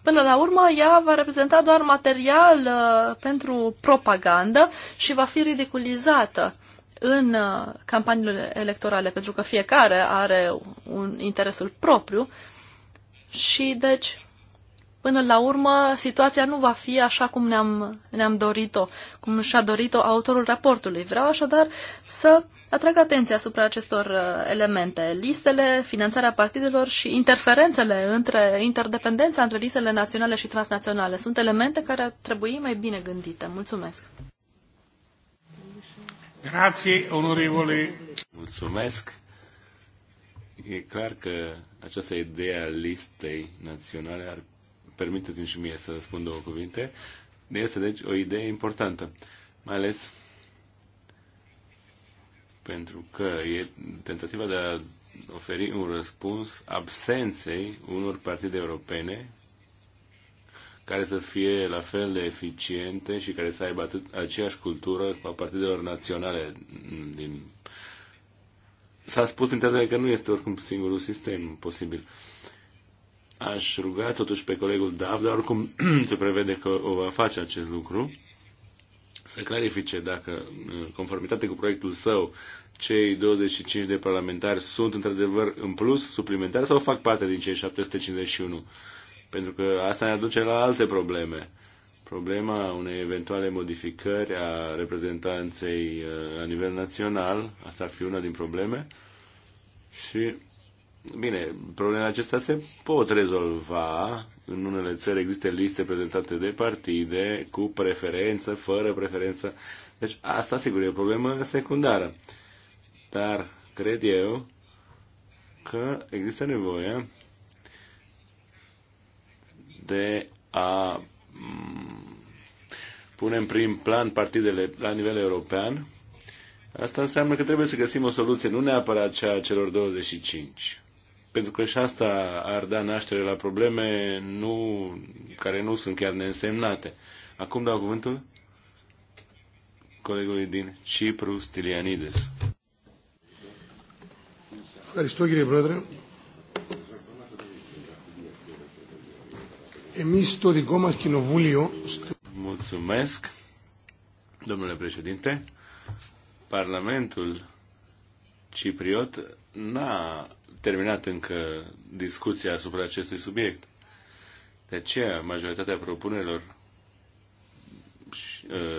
Până la urmă, ea va reprezenta doar material uh, pentru propagandă și va fi ridiculizată. Uh, în uh, campaniile electorale, pentru că fiecare are un interesul propriu și deci până la urmă situația nu va fi așa cum ne-am, ne-am dorit-o, cum și-a dorit-o autorul raportului. Vreau așadar să atrag atenția asupra acestor uh, elemente. Listele, finanțarea partidelor și interferențele între, interdependența între listele naționale și transnaționale sunt elemente care ar trebui mai bine gândite. Mulțumesc! Mulțumesc. E clar că această idee a listei naționale ar permiteți-mi și mie să spun două cuvinte. Este, deci, o idee importantă, mai ales pentru că e tentativa de a oferi un răspuns absenței unor partide europene care să fie la fel de eficiente și care să aibă atât aceeași cultură a partidelor naționale din S-a spus printre că nu este oricum singurul sistem posibil. Aș ruga totuși pe colegul Dav, dar oricum [CLEARS THROAT] se prevede că o va face acest lucru, să clarifice dacă, în conformitate cu proiectul său, cei 25 de parlamentari sunt într-adevăr în plus, suplimentari sau fac parte din cei 751 pentru că asta ne aduce la alte probleme. Problema unei eventuale modificări a reprezentanței uh, la nivel național, asta ar fi una din probleme, și Bine, problemele acestea se pot rezolva. În unele țări există liste prezentate de partide cu preferență, fără preferență. Deci asta, sigur, e o problemă secundară. Dar cred eu că există nevoie de a mm, pune în prim plan partidele la nivel european, asta înseamnă că trebuie să găsim o soluție, nu neapărat cea a celor 25. Pentru că și asta ar da naștere la probleme nu, care nu sunt chiar neînsemnate. Acum dau cuvântul colegului din Cipru, Stilianides. Aristoghile, brădre, εμείς στο δικό Mulțumesc, domnule președinte. Parlamentul cipriot n-a terminat încă discuția asupra acestui subiect. De aceea, majoritatea propunerilor ă,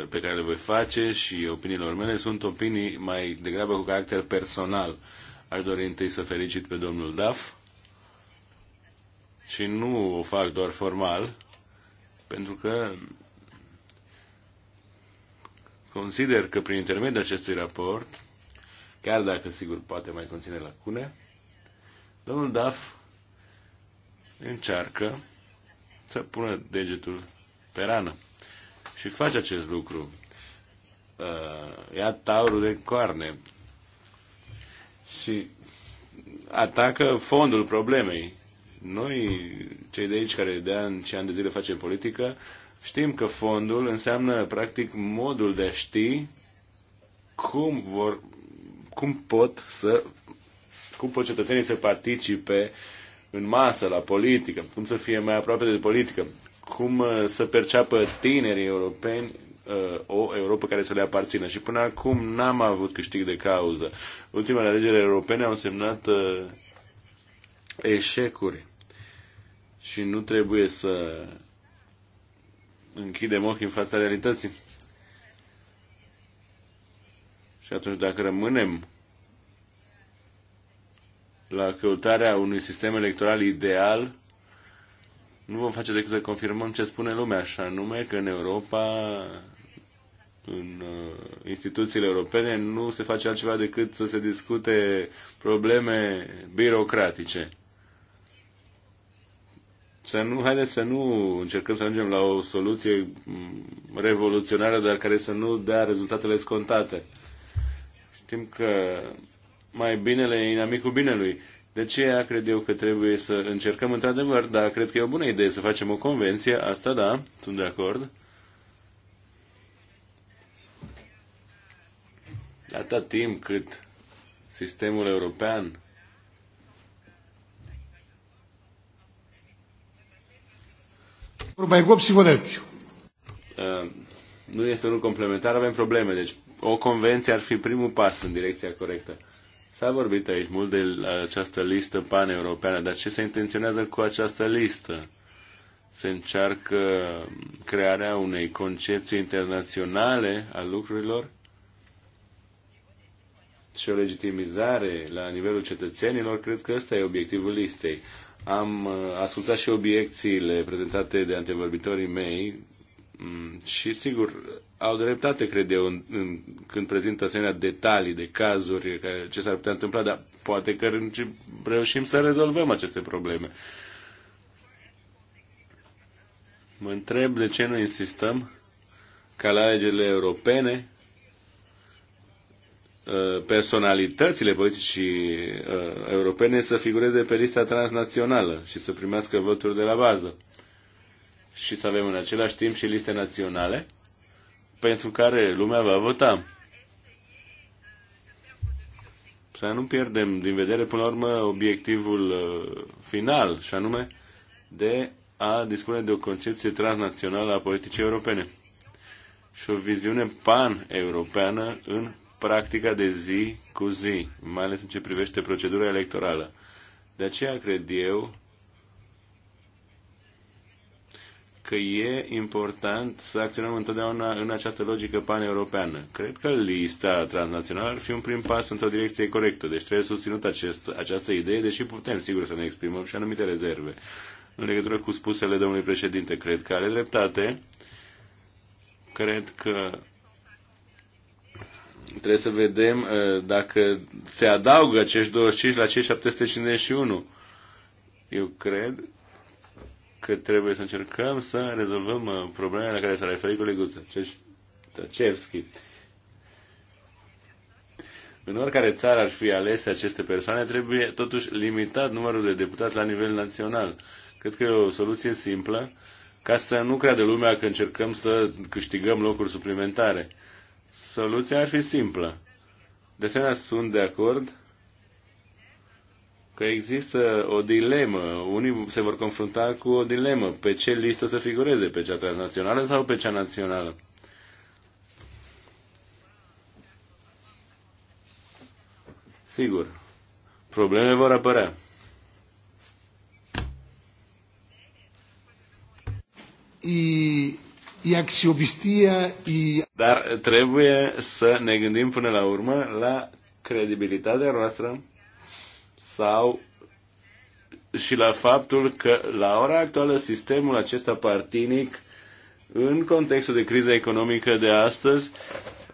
pe care le voi face și opiniilor mele sunt opinii mai degrabă cu caracter personal. Aș dori întâi să felicit pe domnul Daf și nu o fac doar formal, pentru că consider că prin intermediul acestui raport, chiar dacă sigur poate mai conține lacune, domnul Daf încearcă să pună degetul pe rană și face acest lucru. Uh, ia taurul de coarne și atacă fondul problemei noi, cei de aici care de ani și ani de zile facem politică, știm că fondul înseamnă practic modul de a ști cum vor, cum pot să, cum pot cetățenii să participe în masă la politică, cum să fie mai aproape de politică, cum uh, să perceapă tinerii europeni uh, o Europa care să le aparțină. Și până acum n-am avut câștig de cauză. Ultimele alegeri europene au semnat uh, eșecuri și nu trebuie să închidem ochii în fața realității. Și atunci dacă rămânem la căutarea unui sistem electoral ideal, nu vom face decât să confirmăm ce spune lumea, așa anume că în Europa, în uh, instituțiile europene, nu se face altceva decât să se discute probleme birocratice să nu, haideți să nu încercăm să ajungem la o soluție revoluționară, dar care să nu dea rezultatele scontate. Știm că mai binele e inamicul binelui. De aceea cred eu că trebuie să încercăm într-adevăr, dar cred că e o bună idee să facem o convenție, asta da, sunt de acord. Atât timp cât sistemul european Uh, nu este unul complementar, avem probleme, deci o convenție ar fi primul pas în direcția corectă. S-a vorbit aici mult de această listă paneuropeană, dar ce se intenționează cu această listă? Se încearcă crearea unei concepții internaționale a lucrurilor și o legitimizare la nivelul cetățenilor, cred că ăsta e obiectivul listei. Am uh, ascultat și obiecțiile prezentate de antevorbitorii mei mm, și, sigur, au dreptate, cred eu, în, în, când prezintă asemenea detalii de cazuri, ce s-ar putea întâmpla, dar poate că reușim să rezolvăm aceste probleme. Mă întreb de ce nu insistăm ca la alegerile europene Uh, personalitățile politicii uh, europene să figureze pe lista transnațională și să primească voturi de la bază. Și să avem în același timp și liste naționale pentru care lumea va vota. Să nu pierdem din vedere, până la urmă, obiectivul uh, final, și anume de a dispune de o concepție transnațională a politicii europene și o viziune pan-europeană în practica de zi cu zi, mai ales în ce privește procedura electorală. De aceea cred eu că e important să acționăm întotdeauna în această logică paneuropeană. Cred că lista transnațională ar fi un prim pas într-o direcție corectă, deci trebuie susținut acest, această idee, deși putem, sigur, să ne exprimăm și anumite rezerve. În legătură cu spusele domnului președinte, cred că are dreptate. Cred că Trebuie să vedem uh, dacă se adaugă acești 25 la cei 751. Eu cred că trebuie să încercăm să rezolvăm uh, problemele la care s-a referit colegul Tăcevski. În oricare țară ar fi alese aceste persoane, trebuie totuși limitat numărul de deputați la nivel național. Cred că e o soluție simplă ca să nu creadă lumea că încercăm să câștigăm locuri suplimentare. Soluția ar fi simplă. De asemenea, sunt de acord că există o dilemă. Unii se vor confrunta cu o dilemă. Pe ce listă să figureze? Pe cea transnațională sau pe cea națională? Sigur, probleme vor apărea. I e e... Dar trebuie să ne gândim până la urmă la credibilitatea noastră sau și la faptul că la ora actuală sistemul acesta partinic în contextul de criza economică de astăzi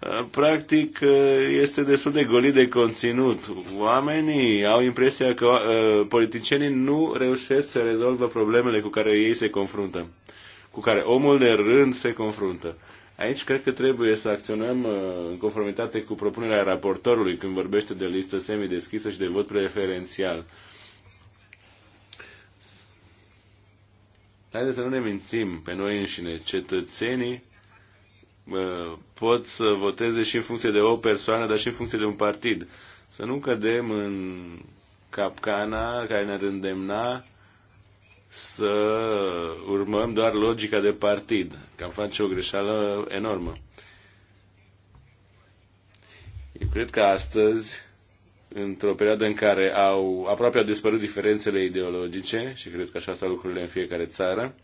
eh, practic eh, este destul de golit de conținut. Oamenii au impresia că eh, politicienii nu reușesc să rezolvă problemele cu care ei se confruntă cu care omul de rând se confruntă. Aici cred că trebuie să acționăm uh, în conformitate cu propunerea raportorului când vorbește de listă semideschisă și de vot preferențial. Haideți să nu ne mințim pe noi înșine. Cetățenii uh, pot să voteze și în funcție de o persoană, dar și în funcție de un partid. Să nu cădem în capcana care ne-ar îndemna să urmăm doar logica de partid, că am face o greșeală enormă. Eu cred că astăzi, într-o perioadă în care au aproape au dispărut diferențele ideologice, și cred că așa stau lucrurile în fiecare țară,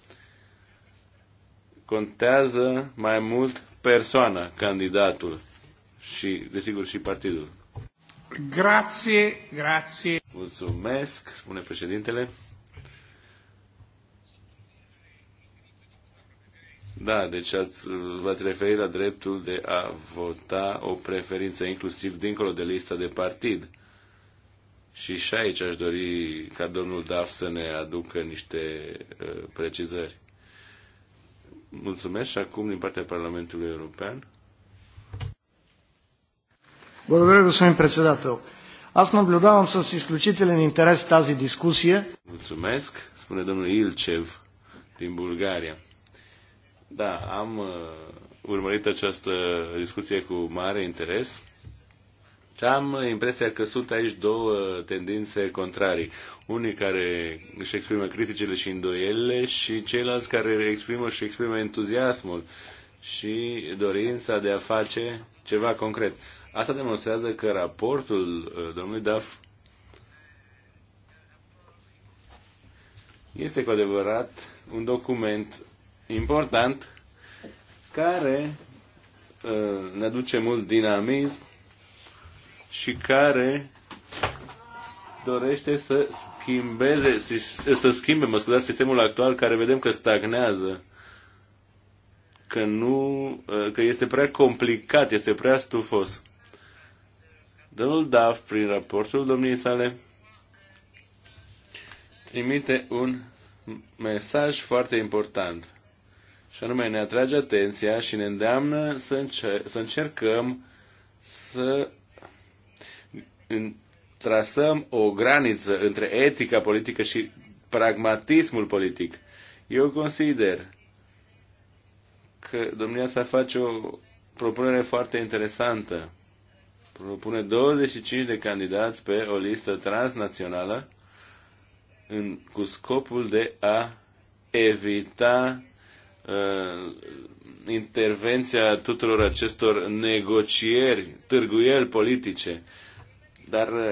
contează mai mult persoana, candidatul și, desigur, și partidul. Grazie, grazie. Mulțumesc, spune președintele. Da, deci ați, v-ați referit la dreptul de a vota o preferință, inclusiv dincolo de lista de partid. Și și aici aș dori ca domnul Daf să ne aducă niște uh, precizări. Mulțumesc și acum din partea Parlamentului European. Благодаря, господин председател. să se exclucite în interes tazi discuție. Mulțumesc, spune domnul Ilcev din Bulgaria. Da, am uh, urmărit această discuție cu mare interes. Am impresia că sunt aici două tendințe contrarii. Unii care își exprimă criticile și îndoielile și ceilalți care exprimă și exprimă entuziasmul și dorința de a face ceva concret. Asta demonstrează că raportul uh, domnului Duff este cu adevărat un document important care uh, ne aduce mult dinamism și care dorește să schimbeze, să schimbe, mă scuzați, sistemul actual care vedem că stagnează, că, nu, uh, că este prea complicat, este prea stufos. Domnul Daf, prin raportul domniei sale, trimite un mesaj foarte important și anume ne atrage atenția și ne îndeamnă să, încer- să încercăm să trasăm o graniță între etica politică și pragmatismul politic. Eu consider că domnia sa face o propunere foarte interesantă. Propune 25 de candidați pe o listă transnațională în, cu scopul de a evita Uh, intervenția tuturor acestor negocieri, târguieli politice. Dar uh,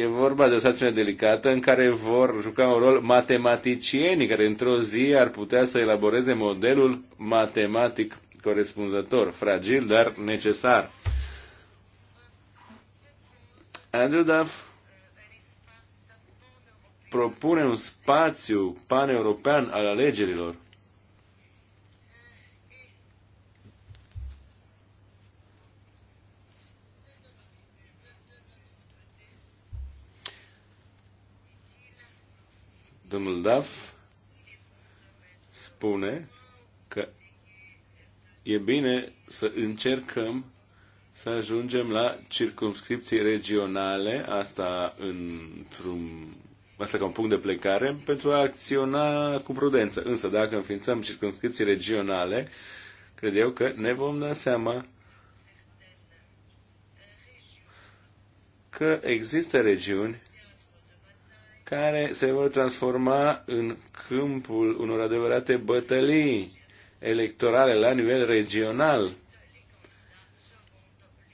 e vorba de o situație delicată în care vor juca un rol matematicienii care într-o zi ar putea să elaboreze modelul matematic corespunzător, fragil, dar necesar. Andrew Duff propune un spațiu paneuropean al alegerilor Domnul Daf spune că e bine să încercăm să ajungem la circumscripții regionale, asta într-un asta ca un punct de plecare, pentru a acționa cu prudență. Însă, dacă înființăm circumscripții regionale, cred eu că ne vom da seama că există regiuni care se vor transforma în câmpul unor adevărate bătălii electorale la nivel regional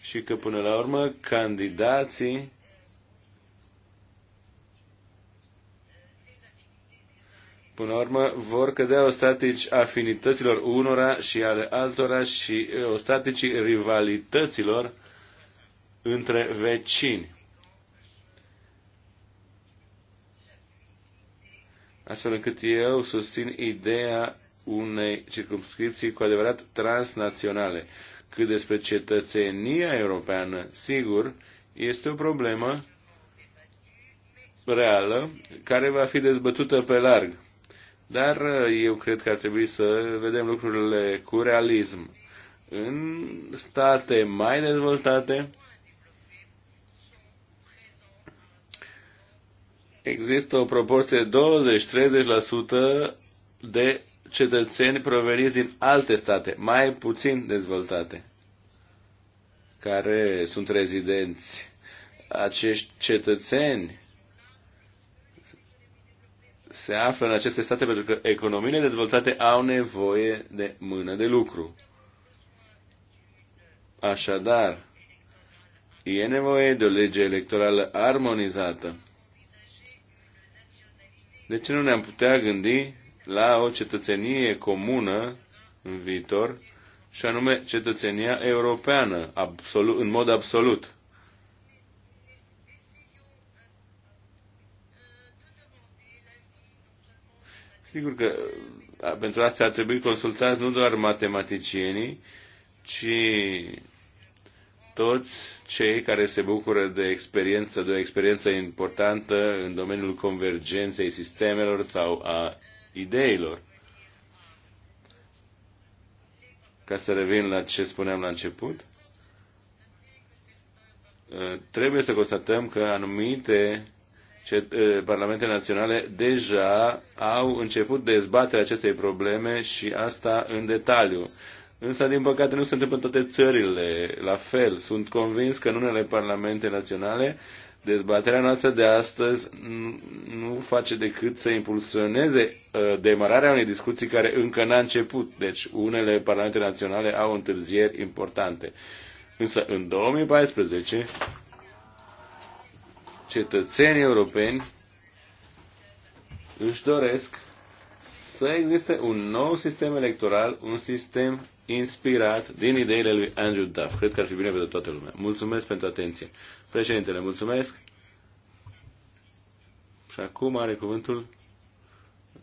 și că până la urmă candidații până la urmă vor cădea ostatici afinităților unora și ale altora și eh, ostaticii rivalităților între vecini. astfel încât eu susțin ideea unei circumscripții cu adevărat transnaționale. Cât despre cetățenia europeană, sigur, este o problemă reală care va fi dezbătută pe larg. Dar uh, eu cred că ar trebui să vedem lucrurile cu realism. În state mai dezvoltate, există o proporție de 20-30% de cetățeni proveniți din alte state, mai puțin dezvoltate, care sunt rezidenți. Acești cetățeni se află în aceste state pentru că economiile dezvoltate au nevoie de mână de lucru. Așadar, e nevoie de o lege electorală armonizată de ce nu ne-am putea gândi la o cetățenie comună în viitor, și anume cetățenia europeană, absolut, în mod absolut? Sigur că pentru asta ar trebui consultați nu doar matematicienii, ci toți cei care se bucură de experiență, de o experiență importantă în domeniul convergenței sistemelor sau a ideilor. Ca să revin la ce spuneam la început, eh, trebuie să constatăm că anumite eh, parlamente naționale deja au început dezbaterea acestei probleme și asta în detaliu. Însă, din păcate, nu se întâmplă în toate țările la fel. Sunt convins că în unele parlamente naționale dezbaterea noastră de astăzi nu face decât să impulsioneze uh, demararea unei discuții care încă n-a început. Deci, unele parlamente naționale au întârzieri importante. Însă, în 2014, cetățenii europeni își doresc să existe un nou sistem electoral, un sistem inspirat din ideile lui Andrew Duff. Cred că ar fi bine pentru toată lumea. Mulțumesc pentru atenție. Președintele, mulțumesc. Și acum are cuvântul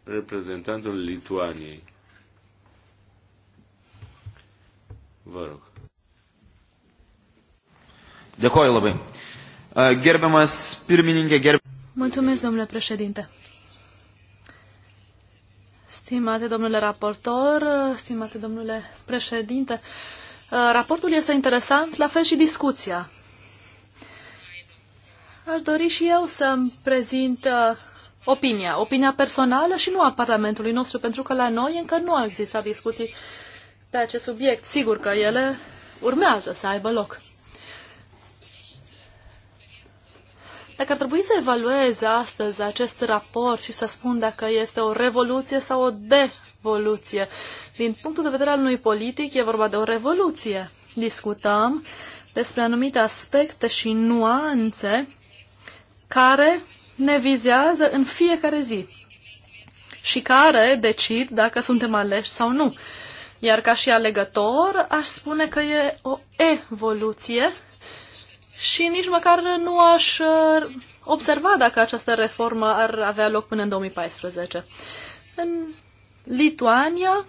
reprezentantul Lituaniei. Vă rog. Dėkoju labai. Gerbiamas pirmininkė, gerbiamas. Mulțumesc, domnule președinte. Stimate domnule raportor, stimate domnule președinte, uh, raportul este interesant, la fel și discuția. Aș dori și eu să-mi prezint uh, opinia, opinia personală și nu a Parlamentului nostru, pentru că la noi încă nu au existat discuții pe acest subiect. Sigur că ele urmează să aibă loc. Dacă ar trebui să evaluez astăzi acest raport și să spun dacă este o revoluție sau o devoluție, din punctul de vedere al unui politic e vorba de o revoluție. Discutăm despre anumite aspecte și nuanțe care ne vizează în fiecare zi și care decid dacă suntem aleși sau nu. Iar ca și alegător, aș spune că e o evoluție și nici măcar nu aș uh, observa dacă această reformă ar avea loc până în 2014. În Lituania,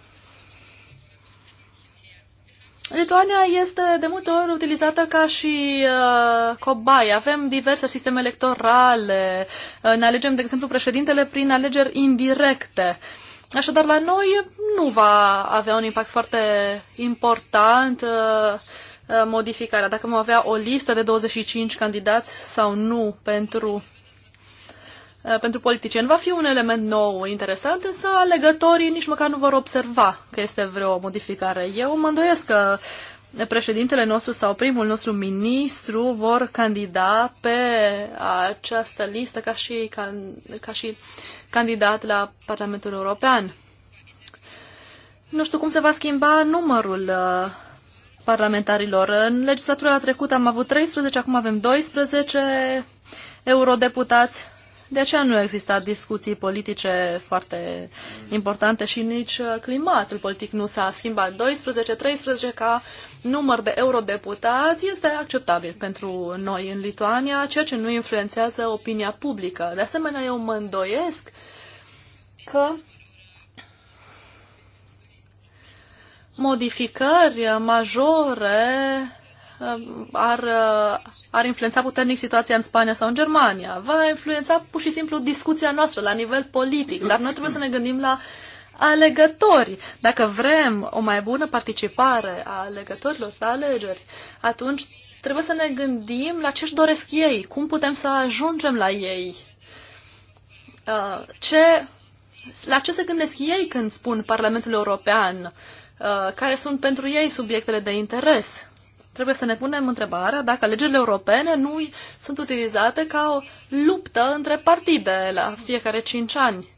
Lituania este de multe ori utilizată ca și uh, cobai. Avem diverse sisteme electorale. Uh, ne alegem, de exemplu, președintele prin alegeri indirecte. Așadar, la noi nu va avea un impact foarte important. Uh, Uh, modificarea, dacă vom avea o listă de 25 candidați sau nu pentru, uh, pentru politicieni. Va fi un element nou, interesant, însă alegătorii nici măcar nu vor observa că este vreo modificare. Eu mă îndoiesc că președintele nostru sau primul nostru ministru vor candida pe această listă ca și, ca, ca și candidat la Parlamentul European. Nu știu cum se va schimba numărul uh, parlamentarilor. În legislatura trecută am avut 13, acum avem 12 eurodeputați. De aceea nu exista discuții politice foarte importante și nici uh, climatul politic nu s-a schimbat. 12-13 ca număr de eurodeputați este acceptabil pentru noi în Lituania, ceea ce nu influențează opinia publică. De asemenea, eu mă îndoiesc că modificări majore uh, ar, uh, ar influența puternic situația în Spania sau în Germania. Va influența pur și simplu discuția noastră la nivel politic, dar noi trebuie să ne gândim la alegători. Dacă vrem o mai bună participare a alegătorilor la alegeri, atunci trebuie să ne gândim la ce își doresc ei, cum putem să ajungem la ei, uh, ce, la ce se gândesc ei când spun Parlamentul European, Uh, care sunt pentru ei subiectele de interes. Trebuie să ne punem întrebarea dacă legile europene nu sunt utilizate ca o luptă între partide la fiecare cinci ani.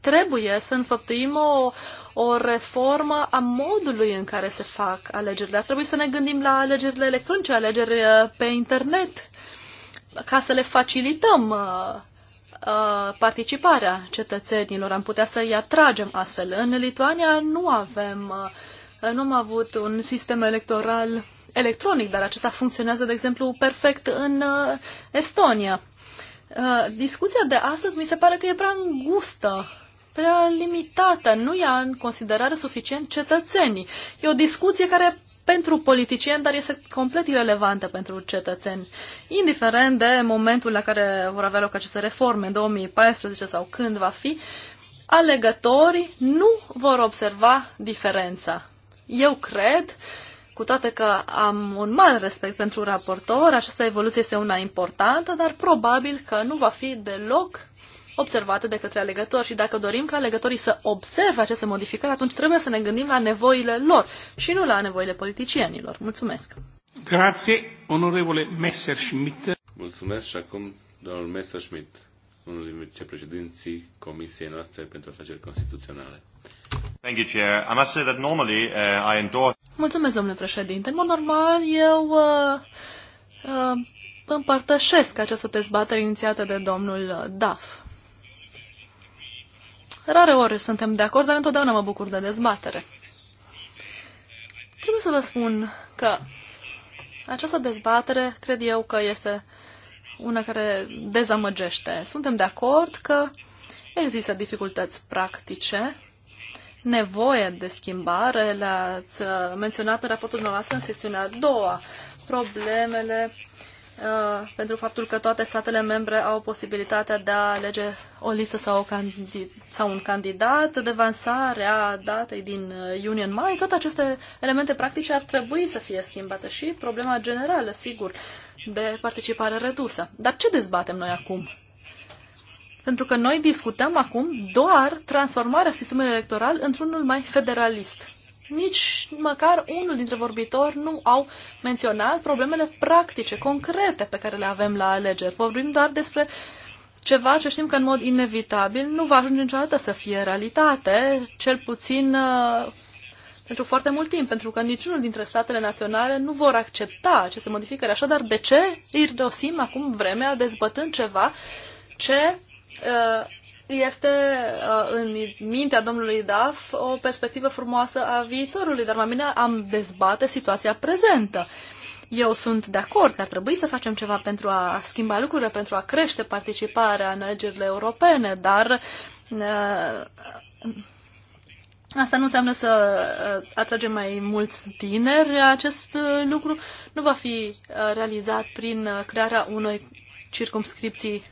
Trebuie să înfăptuim o, o reformă a modului în care se fac alegerile. Ar trebui să ne gândim la alegerile electronice, alegeri uh, pe internet, ca să le facilităm uh, Uh, participarea cetățenilor, am putea să-i atragem astfel. În Lituania nu avem, uh, nu am avut un sistem electoral electronic, dar acesta funcționează, de exemplu, perfect în uh, Estonia. Discuția de astăzi mi se pare că e prea îngustă, prea limitată, nu ia în considerare suficient cetățenii. E o discuție care pentru politicieni, dar este complet irelevantă pentru cetățeni, indiferent de momentul la care vor avea loc aceste reforme, în 2014 sau când va fi, alegătorii nu vor observa diferența. Eu cred, cu toate că am un mare respect pentru raportor, această evoluție este una importantă, dar probabil că nu va fi deloc observate de către alegători și dacă dorim ca alegătorii să observe aceste modificări, atunci trebuie să ne gândim la nevoile lor și nu la nevoile politicienilor. Mulțumesc! Grazie, onorevole Messerschmidt. Mulțumesc și acum domnul Messerschmidt, unul din vicepreședinții Comisiei noastre pentru afaceri constituționale. Thank you, Chair. I must say that normally uh, I endorse... Mulțumesc, domnule președinte. În mod normal, eu uh, uh, împărtășesc această dezbatere inițiată de domnul Duff. Rare ori suntem de acord, dar întotdeauna mă bucur de dezbatere. Trebuie să vă spun că această dezbatere cred eu că este una care dezamăgește. Suntem de acord că există dificultăți practice, nevoie de schimbare, le-ați menționat în raportul dumneavoastră în secțiunea a doua, problemele Uh, pentru faptul că toate statele membre au posibilitatea de a alege o listă sau, o candi- sau un candidat, devansarea datei din uh, iunie în mai, toate aceste elemente practice ar trebui să fie schimbate și problema generală, sigur, de participare redusă. Dar ce dezbatem noi acum? Pentru că noi discutăm acum doar transformarea sistemului electoral într-unul mai federalist nici măcar unul dintre vorbitori nu au menționat problemele practice, concrete pe care le avem la alegeri. Vorbim doar despre ceva ce știm că în mod inevitabil nu va ajunge niciodată să fie realitate, cel puțin uh, pentru foarte mult timp, pentru că niciunul dintre statele naționale nu vor accepta aceste modificări. Așadar, de ce dosim acum vremea dezbătând ceva ce uh, este uh, în mintea domnului Daf o perspectivă frumoasă a viitorului, dar mai bine am dezbate situația prezentă. Eu sunt de acord că ar trebui să facem ceva pentru a schimba lucrurile, pentru a crește participarea în alegerile europene, dar uh, Asta nu înseamnă să uh, atragem mai mulți tineri. Acest lucru nu va fi realizat prin crearea unei circumscripții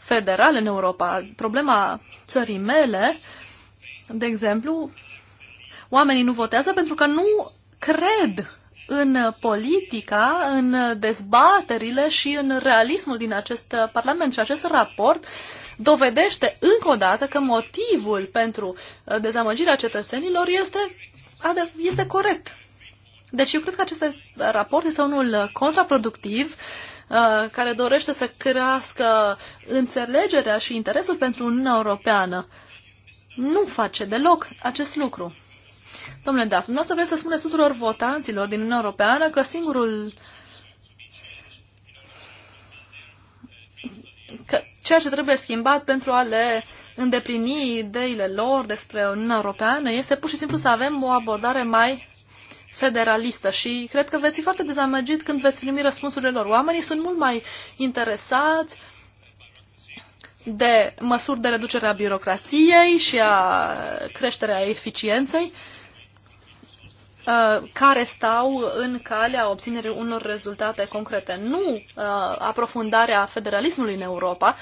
federal în Europa. Problema țării mele, de exemplu, oamenii nu votează pentru că nu cred în politica, în dezbaterile și în realismul din acest Parlament. Și acest raport dovedește încă o dată că motivul pentru uh, dezamăgirea cetățenilor este, este corect. Deci eu cred că acest raport este unul contraproductiv Uh, care dorește să crească înțelegerea și interesul pentru Uniunea Europeană. Nu face deloc acest lucru. Domnule Daf, dumneavoastră vreți să spuneți tuturor votanților din Uniunea Europeană că singurul că ceea ce trebuie schimbat pentru a le îndeplini ideile lor despre Uniunea Europeană este pur și simplu să avem o abordare mai federalistă și cred că veți fi foarte dezamăgit când veți primi răspunsurile lor. Oamenii sunt mult mai interesați de măsuri de reducere a birocrației și a creșterea eficienței uh, care stau în calea obținerii unor rezultate concrete, nu uh, aprofundarea federalismului în Europa.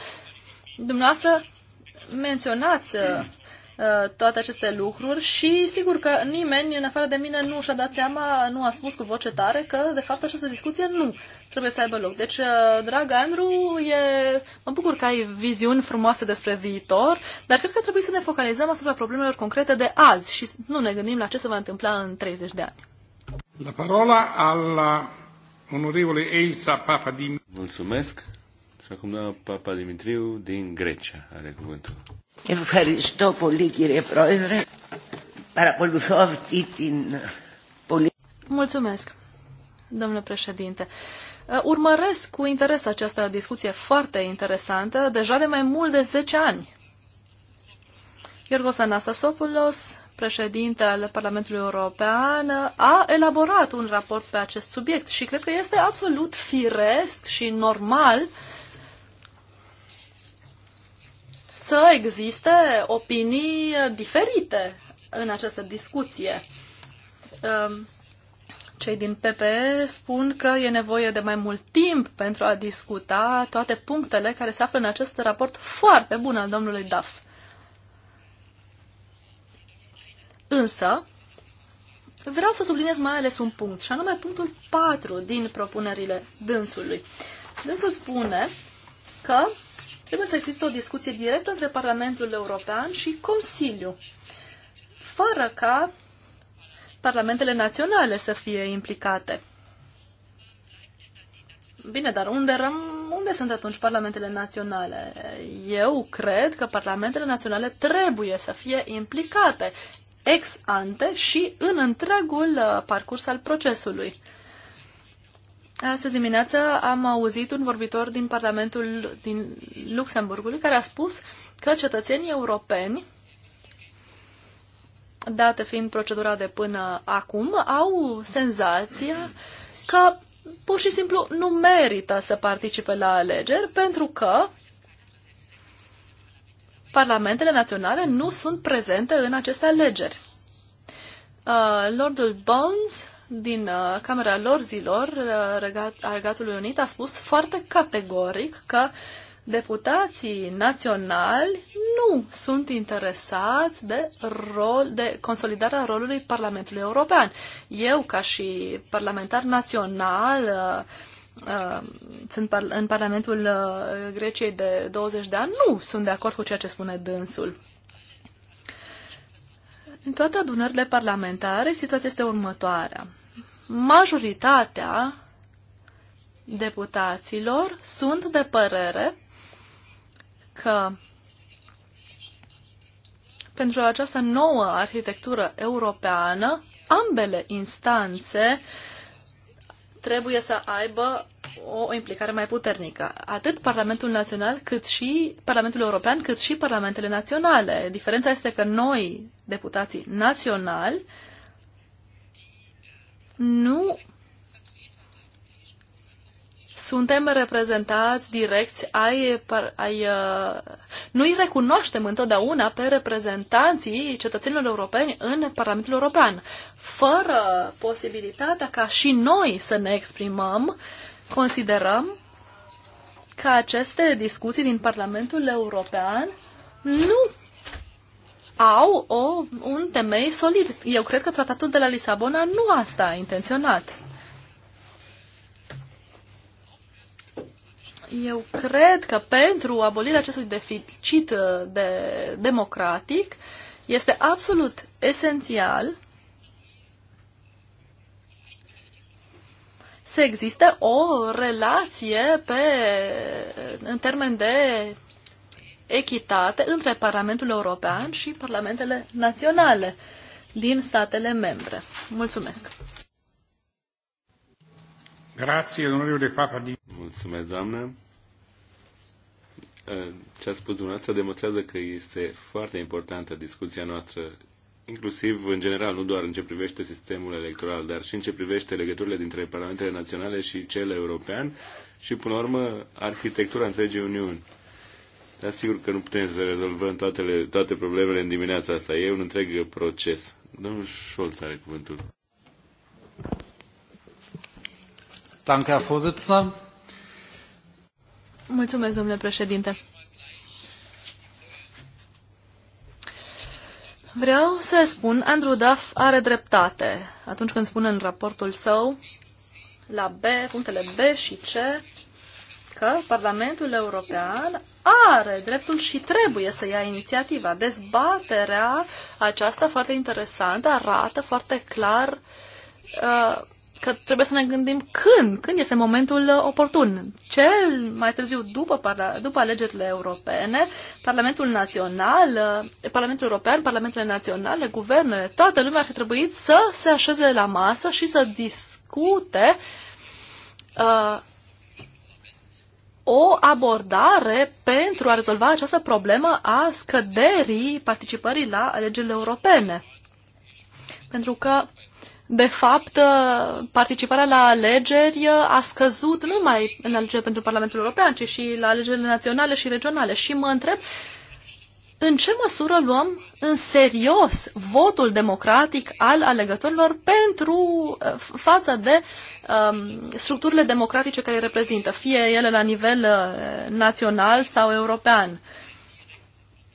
Dumneavoastră menționați uh, Uh, toate aceste lucruri și sigur că nimeni, în afară de mine, nu și-a dat seama, nu a spus cu voce tare că, de fapt, această discuție nu trebuie să aibă loc. Deci, uh, drag Andrew, e... mă bucur că ai viziuni frumoase despre viitor, dar cred că trebuie să ne focalizăm asupra problemelor concrete de azi și nu ne gândim la ce se va întâmpla în 30 de ani. La parola al onorevole Elsa Papadimitri. Mulțumesc. Și acum doamna Dimitriu din Grecia are cuvântul. Ευχαριστώ πολύ κύριε Πρόεδρε. Παρακολουθώ αυτή την πολύ... Mulțumesc, domnule președinte. Ă, urmăresc cu interes această discuție foarte interesantă, deja de mai mult de 10 ani. Iorgos Anastasopoulos, președinte al Parlamentului European, a elaborat un raport pe acest subiect și cred că este absolut firesc și normal uh, să existe opinii diferite în această discuție. Um, cei din PPE spun că e nevoie de mai mult timp pentru a discuta toate punctele care se află în acest raport foarte bun al domnului Duff. Însă, vreau să subliniez mai ales un punct, și anume punctul 4 din propunerile dânsului. Dânsul spune că trebuie să existe o discuție directă între Parlamentul European și Consiliu, fără ca parlamentele naționale să fie implicate. Bine, dar unde, răm, unde sunt atunci parlamentele naționale? Eu cred că parlamentele naționale trebuie să fie implicate ex ante și în întregul uh, parcurs al procesului. Astăzi dimineață am auzit un vorbitor din Parlamentul din Luxemburgului care a spus că cetățenii europeni, date fiind procedura de până acum, au senzația că pur și simplu nu merită să participe la alegeri pentru că parlamentele naționale nu sunt prezente în aceste alegeri. Uh, Lordul Bones din uh, Camera Lorzilor uh, a Regatului Unit a spus foarte categoric că deputații naționali nu sunt interesați de, rol, de consolidarea rolului Parlamentului European. Eu, ca și parlamentar național, uh, uh sunt par- în Parlamentul uh, Greciei de 20 de ani, nu sunt de acord cu ceea ce spune dânsul. În toate adunările parlamentare, situația este următoarea. Majoritatea deputaților sunt de părere că pentru această nouă arhitectură europeană, ambele instanțe trebuie să aibă o implicare mai puternică. Atât Parlamentul Național, cât și Parlamentul European, cât și Parlamentele Naționale. Diferența este că noi, deputații naționali nu suntem reprezentați direcți ai, ai uh, nu îi recunoaștem întotdeauna pe reprezentanții cetățenilor europeni în Parlamentul European, fără posibilitatea ca și noi să ne exprimăm, considerăm că aceste discuții din Parlamentul European nu au o, un temei solid. Eu cred că tratatul de la Lisabona nu asta a intenționat. Eu cred că pentru abolirea acestui deficit uh, de democratic este absolut esențial să existe o relație pe, în termen de echitate între Parlamentul European și parlamentele naționale din statele membre. Mulțumesc! Grazie, domnule Papa. Mulțumesc, doamnă. Ce a spus dumneavoastră demonstrează că este foarte importantă discuția noastră, inclusiv în general, nu doar în ce privește sistemul electoral, dar și în ce privește legăturile dintre parlamentele naționale și cele european și, până la urmă, arhitectura întregii Uniuni. Dar sigur că nu putem să rezolvăm toatele, toate problemele în dimineața asta. E un întreg proces. Domnul Scholz are cuvântul. Danke, Herr Vorsitzender. Mulțumesc, domnule președinte. Vreau să spun, Andrew Duff are dreptate atunci când spune în raportul său la B, punctele B și C, că Parlamentul European are dreptul și trebuie să ia inițiativa. Dezbaterea aceasta foarte interesantă arată foarte clar uh, că trebuie să ne gândim când, când este momentul uh, oportun. Cel mai târziu după, după alegerile europene, Parlamentul Național, uh, Parlamentul European, Parlamentele Naționale, guvernele, toată lumea ar fi trebuit să se așeze la masă și să discute uh, o abordare pentru a rezolva această problemă a scăderii participării la alegerile europene. Pentru că, de fapt, participarea la alegeri a scăzut nu numai în alegerile pentru Parlamentul European, ci și la alegerile naționale și regionale. Și mă întreb în ce măsură luăm în serios votul democratic al alegătorilor pentru uh, fața de um, structurile democratice care îi reprezintă, fie ele la nivel uh, național sau european.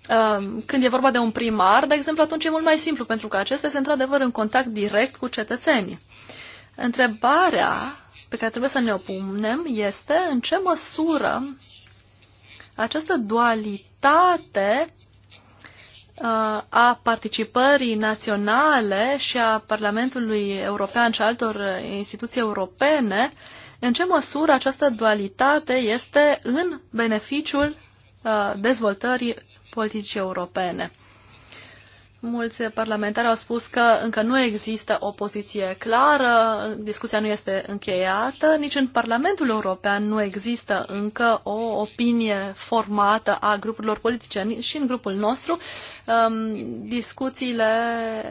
Um, când e vorba de un primar, de exemplu, atunci e mult mai simplu, pentru că acesta este într-adevăr în contact direct cu cetățenii. Întrebarea pe care trebuie să ne opunem este în ce măsură această dualitate a participării naționale și a Parlamentului European și altor instituții europene, în ce măsură această dualitate este în beneficiul dezvoltării politicii europene. Mulți parlamentari au spus că încă nu există o poziție clară, discuția nu este încheiată, nici în Parlamentul European nu există încă o opinie formată a grupurilor politice și în grupul nostru. Um, discuțiile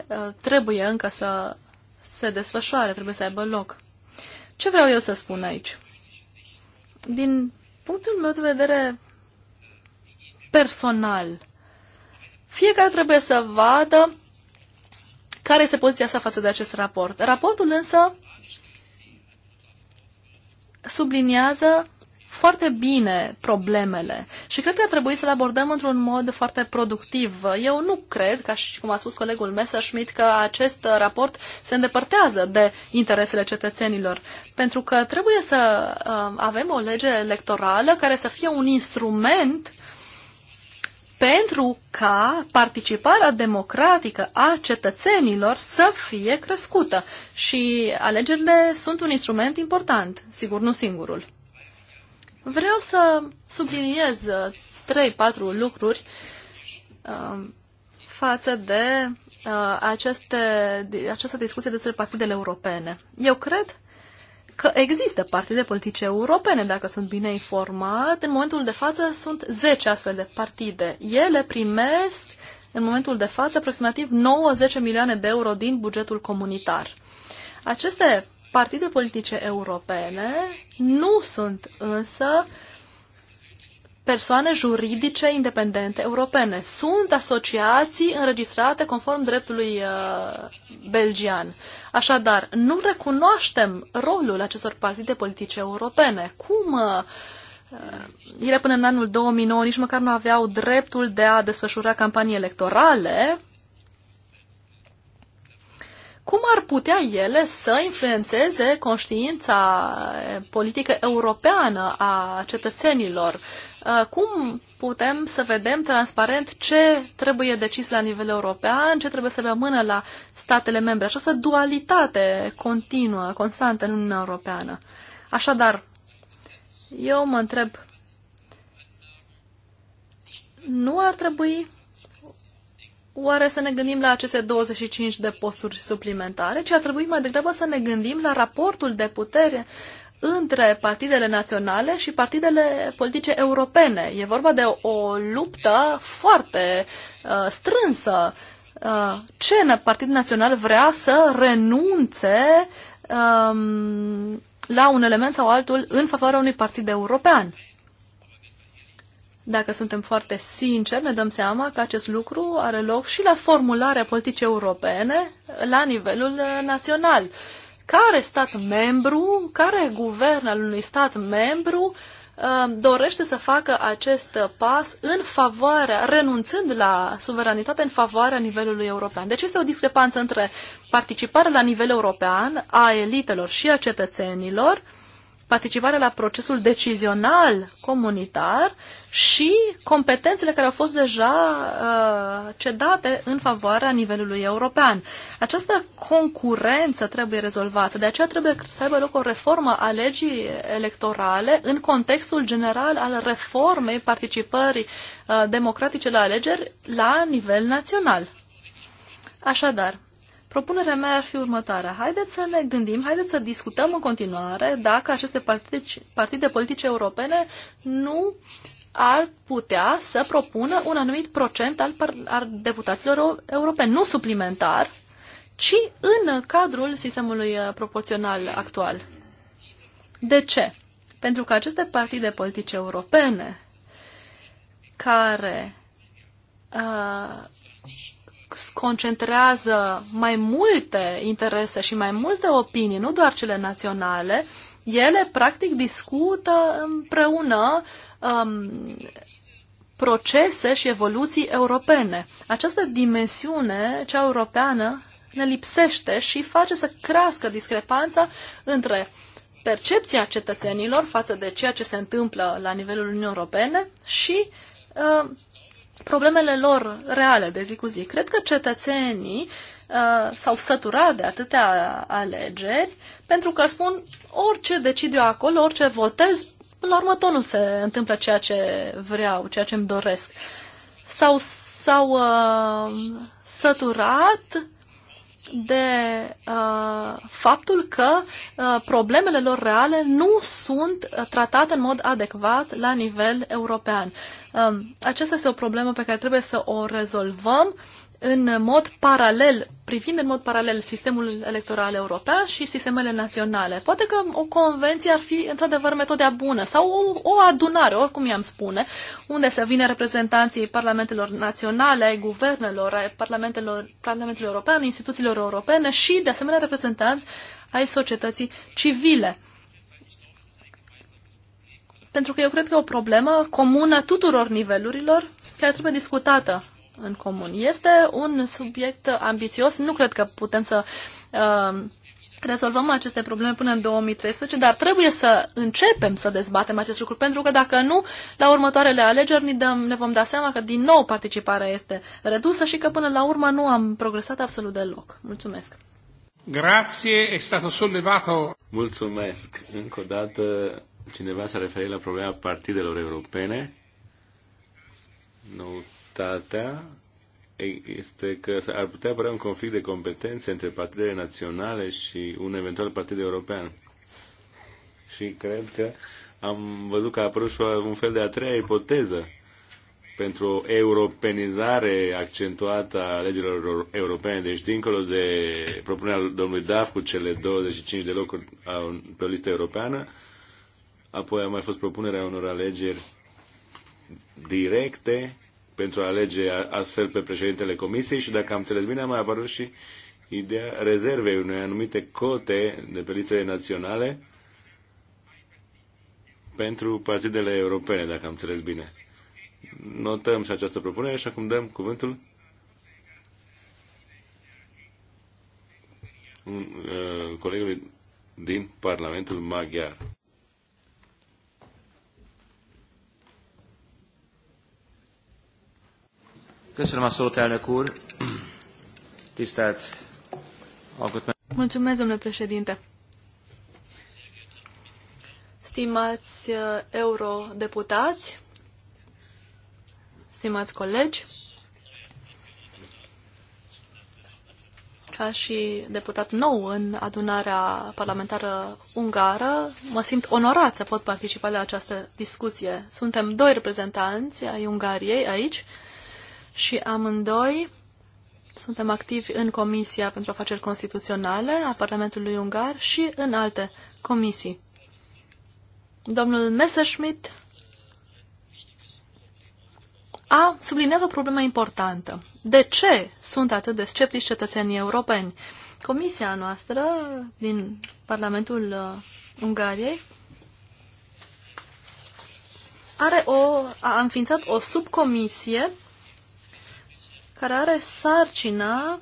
uh, trebuie încă să se desfășoare, trebuie să aibă loc. Ce vreau eu să spun aici? Din punctul meu de vedere personal, fiecare trebuie să vadă care este poziția sa față de acest raport. Raportul însă subliniază foarte bine problemele și cred că ar trebui să le abordăm într-un mod foarte productiv. Eu nu cred, ca și cum a spus colegul Messerschmidt, că acest raport se îndepărtează de interesele cetățenilor, pentru că trebuie să uh, avem o lege electorală care să fie un instrument pentru ca participarea democratică a cetățenilor să fie crescută. Și alegerile sunt un instrument important, sigur nu singurul. Vreau să subliniez 3-4 uh, lucruri um, față de uh, aceste, această discuție despre partidele europene. Eu cred că există partide politice europene, dacă sunt bine informat. În momentul de față sunt 10 astfel de partide. Ele primesc în momentul de față aproximativ 90 milioane de euro din bugetul comunitar. Aceste partide politice europene nu sunt însă uh, persoane juridice independente europene. Sunt asociații înregistrate conform dreptului uh, belgian. Așadar, nu recunoaștem rolul acestor partide politice europene. Cum uh, uh ele până în anul 2009 nici măcar nu aveau dreptul de a desfășura campanii electorale, cum ar putea ele să influențeze conștiința eh, politică europeană a cetățenilor? Uh, cum putem să vedem transparent ce trebuie decis la nivel european, ce trebuie să rămână la statele membre. Această dualitate continuă, constantă în Uniunea Europeană. Așadar, eu mă întreb, nu ar trebui oare să ne gândim la aceste 25 de posturi suplimentare, ci ar trebui mai degrabă să ne gândim la raportul de putere între partidele naționale și partidele politice europene. E vorba de o luptă foarte uh, strânsă. Uh, ce Partid Național vrea să renunțe um, la un element sau altul în favoarea unui partid european? Dacă suntem foarte sinceri, ne dăm seama că acest lucru are loc și la formularea politicii europene la nivelul uh, național. Uh, care stat membru, care guvern al unui stat membru uh, dorește să facă acest pas în favoarea, renunțând la suveranitate în favoarea nivelului european. Deci este o discrepanță între participarea la nivel european a elitelor și a cetățenilor participarea la procesul decizional comunitar și competențele care au fost deja uh, cedate în favoarea nivelului european. Această concurență trebuie rezolvată, de aceea trebuie să aibă loc o reformă a legii electorale în contextul general al reformei participării uh, democratice la alegeri la nivel național. Așadar, Propunerea mea ar fi următoarea. Haideți să ne gândim, haideți să discutăm în continuare dacă aceste partide, partide politice europene nu ar putea să propună un anumit procent al, al deputaților europeni, nu suplimentar, ci în cadrul sistemului uh, proporțional actual. De ce? Pentru că aceste partide politice europene care uh, concentrează mai multe interese și mai multe opinii, nu doar cele naționale, ele practic discută împreună um, procese și evoluții europene. Această dimensiune, cea europeană, ne lipsește și face să crească discrepanța între percepția cetățenilor față de ceea ce se întâmplă la nivelul Uniunii Europene și uh, problemele lor reale de zi cu zi. Cred că cetățenii uh, s-au săturat de atâtea alegeri pentru că spun orice decid eu acolo, orice votez, în la urmă tot nu se întâmplă ceea ce vreau, ceea ce îmi doresc. S-au, s-au uh, săturat de uh, faptul că uh, problemele lor reale nu sunt uh, tratate în mod adecvat la nivel european. Uh, aceasta este o problemă pe care trebuie să o rezolvăm uh, în mod paralel, privind în mod paralel sistemul electoral european și sistemele naționale. Poate că o convenție ar fi într-adevăr metoda bună sau o, o adunare, oricum i-am spune, unde să vină reprezentanții parlamentelor naționale, ai guvernelor, ai parlamentelor, parlamentelor europene, instituțiilor europene și, de asemenea, reprezentanți ai societății civile pentru că eu cred că e o problemă comună tuturor nivelurilor care trebuie discutată în comun. Este un subiect ambițios, nu cred că putem să uh, rezolvăm aceste probleme până în 2013, dar trebuie să începem să dezbatem acest lucru, pentru că dacă nu, la următoarele alegeri ne, dăm, ne vom da seama că din nou participarea este redusă și că până la urmă nu am progresat absolut deloc. Mulțumesc! Grazie, è stato sollevato. Mulțumesc. Încă o dată cineva s-a referit la problema partidelor europene. Nu dificultatea este că ar putea apărea un conflict de competențe între partidele naționale și un eventual partid european. Și cred că am văzut că a apărut și un fel de a treia ipoteză pentru o europenizare accentuată a legilor europene, deci dincolo de propunerea domnului Daf cu cele 25 de locuri pe o listă europeană, apoi a mai fost propunerea unor alegeri directe pentru a alege astfel pe președintele comisiei și dacă am înțeles bine a mai apărut și ideea rezervei unei anumite cote de pe listele naționale pentru partidele europene, dacă am înțeles bine. Notăm și această propunere și acum dăm cuvântul un, uh, colegului din Parlamentul Maghiar. Köszönöm a szót, elnök úr. Tisztelt alkotmány... Mulțumesc, domnule președinte. Stimați uh, eurodeputați, stimați colegi, ca și deputat nou în adunarea parlamentară ungară, mă simt onorat să pot participa la această discuție. Suntem doi reprezentanți ai Ungariei aici, și amândoi suntem activi în Comisia pentru Afaceri Constituționale a Parlamentului Ungar și în alte comisii. Domnul Messerschmidt a subliniat o problemă importantă. De ce sunt atât de sceptici cetățenii europeni? Comisia noastră din Parlamentul uh, Ungariei are o, a înființat o subcomisie care are sarcina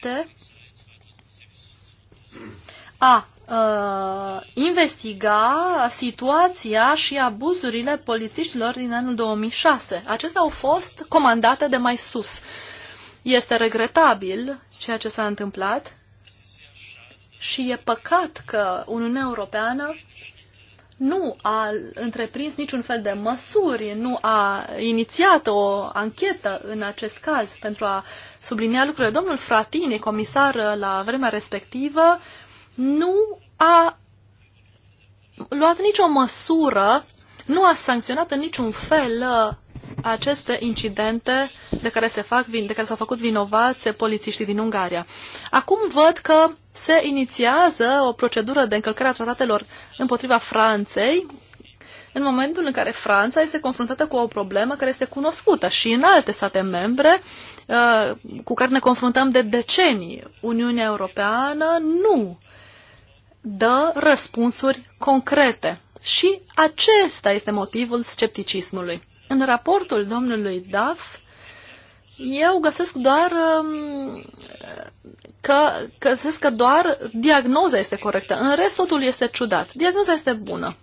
de a uh, investiga situația și abuzurile polițiștilor din anul 2006. Acestea au fost comandate de mai sus. Este regretabil ceea ce s-a întâmplat și e păcat că Uniunea Europeană nu a întreprins niciun fel de măsuri, nu a inițiat o anchetă în acest caz pentru a sublinia lucrurile. Domnul Fratini, comisar la vremea respectivă, nu a luat nicio măsură, nu a sancționat în niciun fel uh, aceste incidente de care, se fac, de care s-au făcut vinovați polițiștii din Ungaria. Acum văd că se inițiază o procedură de încălcare a tratatelor împotriva Franței în momentul în care Franța este confruntată cu o problemă care este cunoscută și în alte state membre uh, cu care ne confruntăm de decenii. Uniunea Europeană nu dă răspunsuri concrete și acesta este motivul scepticismului. În raportul domnului Duff eu găsesc doar um, că găsesc că doar diagnoza este corectă. În rest, totul este ciudat. Diagnoza este bună.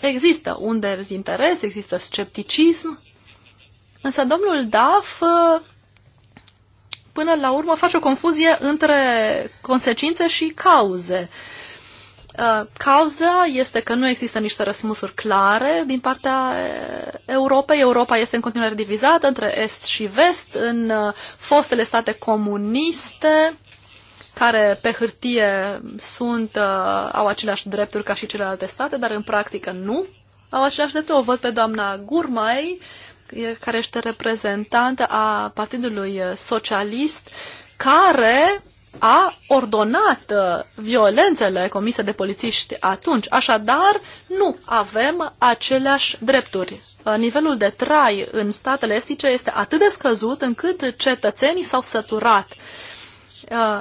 Există un interes, există scepticism, însă domnul Daf până la urmă face o confuzie între consecințe și cauze. Uh, Uh, cauza este că nu există niște răspunsuri clare din partea uh, Europei. Europa este în continuare divizată între Est și Vest, în uh, fostele state comuniste, care pe hârtie sunt, au aceleași drepturi ca și celelalte state, dar în practică nu au aceleași drepturi. O văd pe doamna Gurmai, care este reprezentantă a Partidului Socialist, care a ordonat uh, violențele comise de polițiști atunci. Așadar, nu avem aceleași drepturi. Uh, nivelul de trai în statele estice este atât de scăzut încât cetățenii s-au săturat. Uh,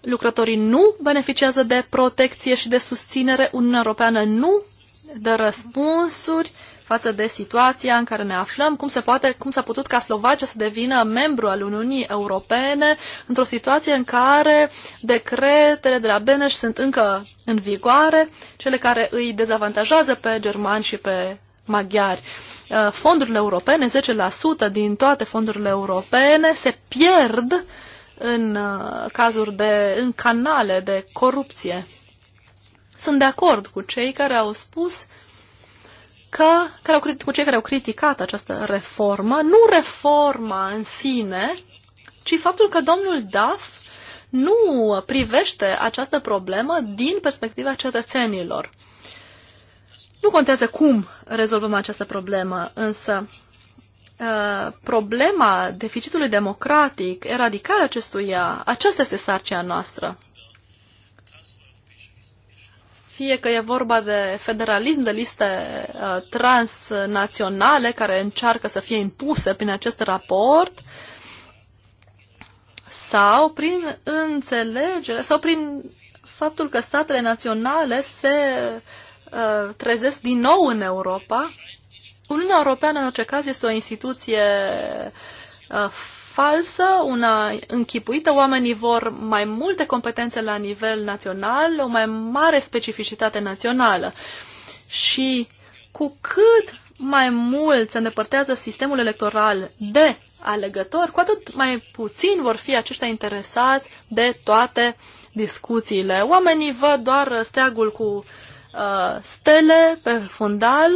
lucrătorii nu beneficiază de protecție și de susținere. Uniunea Europeană nu dă răspunsuri față de situația în care ne aflăm, cum, se poate, cum s-a putut ca Slovacia să devină membru al Uniunii Europene într-o situație în care decretele de la Beneș sunt încă în vigoare, cele care îi dezavantajează pe germani și pe maghiari. Uh, fondurile europene, 10% din toate fondurile europene, se pierd în uh, cazuri de, în canale de corupție. Sunt de acord cu cei care au spus că, care au, cu cei care au criticat această reformă, nu reforma în sine, ci faptul că domnul Duff nu privește această problemă din perspectiva cetățenilor. Nu contează cum rezolvăm această problemă, însă uh, problema deficitului democratic, eradicarea acestuia, aceasta este sarcina noastră fie că e vorba de federalism, de liste uh, transnaționale care încearcă să fie impuse prin acest raport, sau prin înțelegere, sau prin faptul că statele naționale se uh, trezesc din nou în Europa. Uniunea Europeană, în orice caz, este o instituție uh, falsă, una închipuită. Oamenii vor mai multe competențe la nivel național, o mai mare specificitate națională. Și cu cât mai mult se îndepărtează sistemul electoral de alegători, cu atât mai puțin vor fi aceștia interesați de toate discuțiile. Oamenii văd doar steagul cu uh, stele pe fundal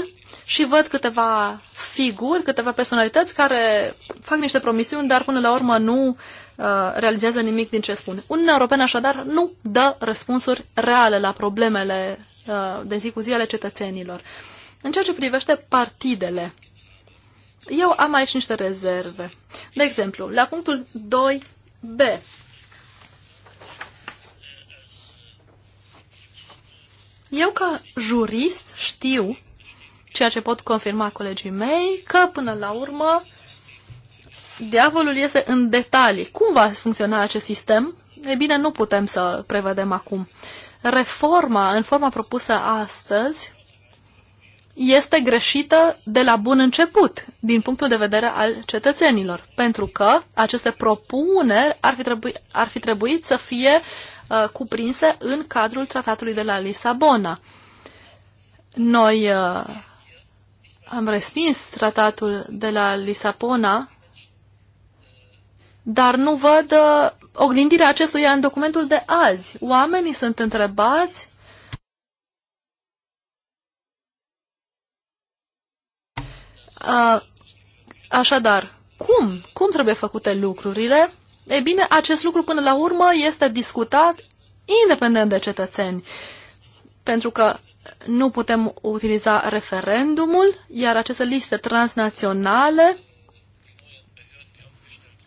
și văd câteva figuri, câteva personalități care fac niște promisiuni, dar până la urmă nu uh, realizează nimic din ce spun. Uniunea Europeană așadar nu dă răspunsuri reale la problemele uh, de zi cu zi ale cetățenilor. În ceea ce privește partidele, eu am aici niște rezerve. De exemplu, la punctul 2b, Eu ca jurist știu ceea ce pot confirma colegii mei, că până la urmă diavolul este în detalii. Cum va funcționa acest sistem? E bine, nu putem să prevedem acum. Reforma, în forma propusă astăzi, este greșită de la bun început, din punctul de vedere al cetățenilor, pentru că aceste propuneri ar fi, trebui, ar fi trebuit să fie uh, cuprinse în cadrul tratatului de la Lisabona. Noi uh, am respins tratatul de la Lisabona, dar nu văd uh, oglindirea acestuia în documentul de azi. Oamenii sunt întrebați uh, Așadar, cum? Cum trebuie făcute lucrurile? E bine, acest lucru până la urmă este discutat independent de cetățeni. Pentru că nu putem utiliza referendumul, iar aceste liste transnaționale,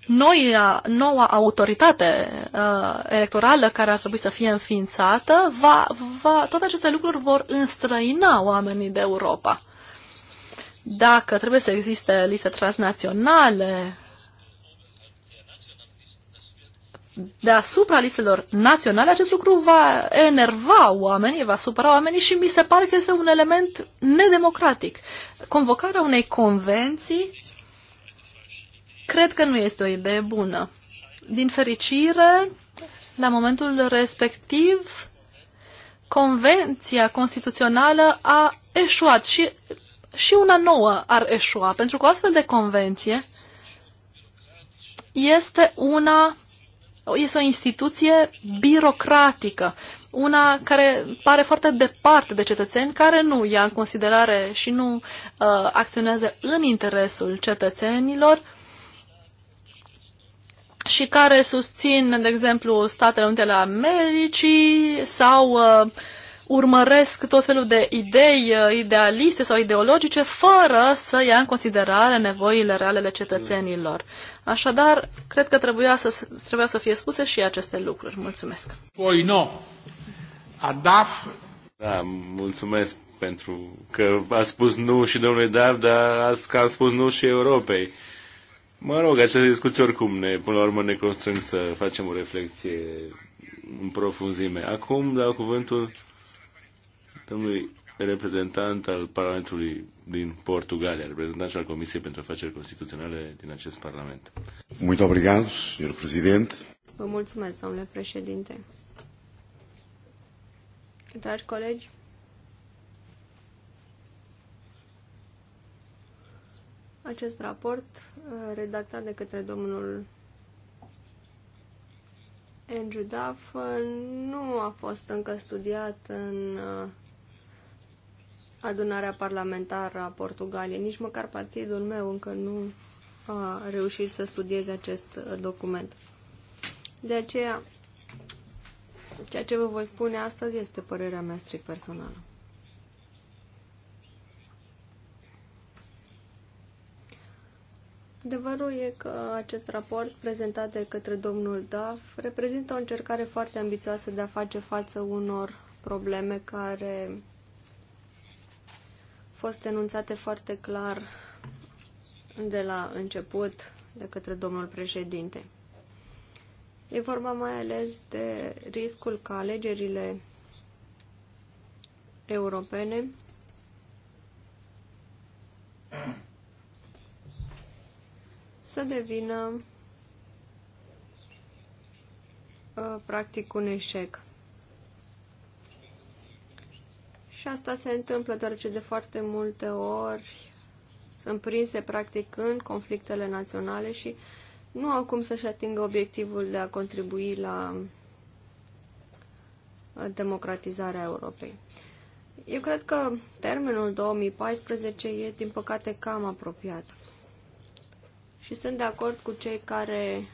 noua, noua autoritate uh, electorală care ar trebui să fie înființată, va, va, toate aceste lucruri vor înstrăina oamenii de Europa. Dacă trebuie să existe liste transnaționale deasupra listelor naționale, acest lucru va enerva oamenii, va supăra oamenii și mi se pare că este un element nedemocratic. Convocarea unei convenții cred că nu este o idee bună. Din fericire, la momentul respectiv, Convenția Constituțională a eșuat și, și una nouă ar eșua, pentru că o astfel de convenție este una este o instituție birocratică, una care pare foarte departe de cetățeni, care nu ia în considerare și nu uh, acționează în interesul cetățenilor și care susțin, de exemplu, Statele Unite ale Americii sau uh, urmăresc tot felul de idei uh, idealiste sau ideologice fără să ia în considerare nevoile reale ale cetățenilor. Așadar, cred că trebuia să, trebuia să fie spuse și aceste lucruri. Mulțumesc. Voi no. Adaf. Da, mulțumesc pentru că a spus nu și domnului Dav, dar ați că a spus nu și Europei. Mă rog, aceste discuții oricum ne, până la urmă ne constrâng să facem o reflexie în profunzime. Acum dau cuvântul domnului reprezentant al Parlamentului din Portugalia, reprezentant și al Comisiei pentru Afaceri Constituționale din acest Parlament. Mult obrigat, domnul prezident. Vă mulțumesc, domnule președinte. Dragi colegi, acest raport uh, redactat de către domnul Andrew Duff uh, nu a fost încă studiat în uh, adunarea parlamentară a Portugaliei. Nici măcar partidul meu încă nu a reușit să studieze acest uh, document. De aceea, ceea ce vă voi spune astăzi este părerea mea strict personală. Adevărul e că acest raport prezentat de către domnul Daf reprezintă o încercare foarte ambițioasă de a face față unor probleme care fost enunțate foarte clar de la început de către domnul președinte. E vorba mai ales de riscul ca alegerile europene să devină uh, practic un eșec. Și asta se întâmplă deoarece de foarte multe ori sunt prinse practic în conflictele naționale și nu au cum să-și atingă obiectivul de a contribui la democratizarea Europei. Eu cred că termenul 2014 e, din păcate, cam apropiat. Și sunt de acord cu cei care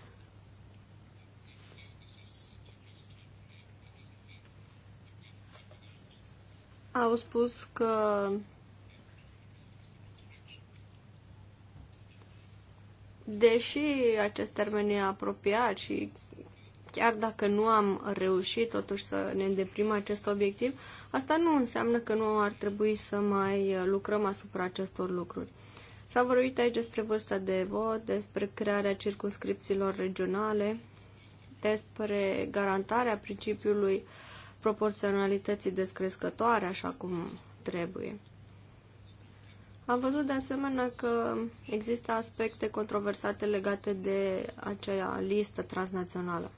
au spus că deși acest termen e apropiat și chiar dacă nu am reușit totuși să ne îndeprim acest obiectiv, asta nu înseamnă că nu ar trebui să mai lucrăm asupra acestor lucruri. S-a vorbit aici despre vârsta de vot, despre crearea circunscripțiilor regionale, despre garantarea principiului uh, proporționalității descrescătoare așa cum trebuie. Am văzut de asemenea că există aspecte controversate legate de acea listă transnațională.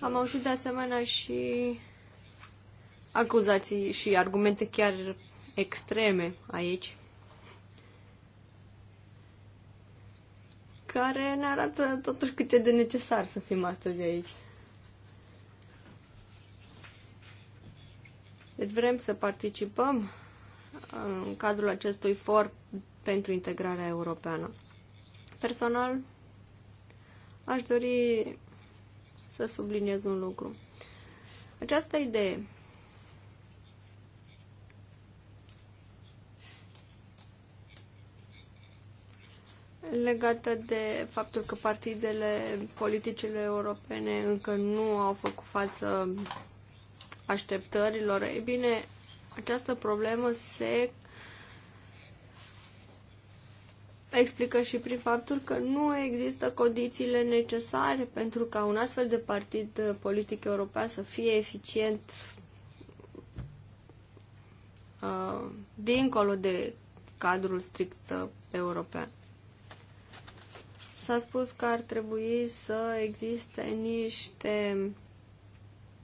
Am auzit de asemenea și acuzații și argumente chiar extreme aici, care ne arată totuși cât e de necesar să fim astăzi aici. Deci vrem să participăm uh, în cadrul acestui for pentru integrarea europeană. Personal, aș dori să subliniez un lucru. Această idee legată de faptul că partidele politicile europene încă nu au făcut față așteptărilor. Ei bine, această problemă se explică și prin faptul că nu există condițiile necesare pentru ca un astfel de partid politic european să fie eficient uh, dincolo de cadrul strict european s-a spus că ar trebui să existe niște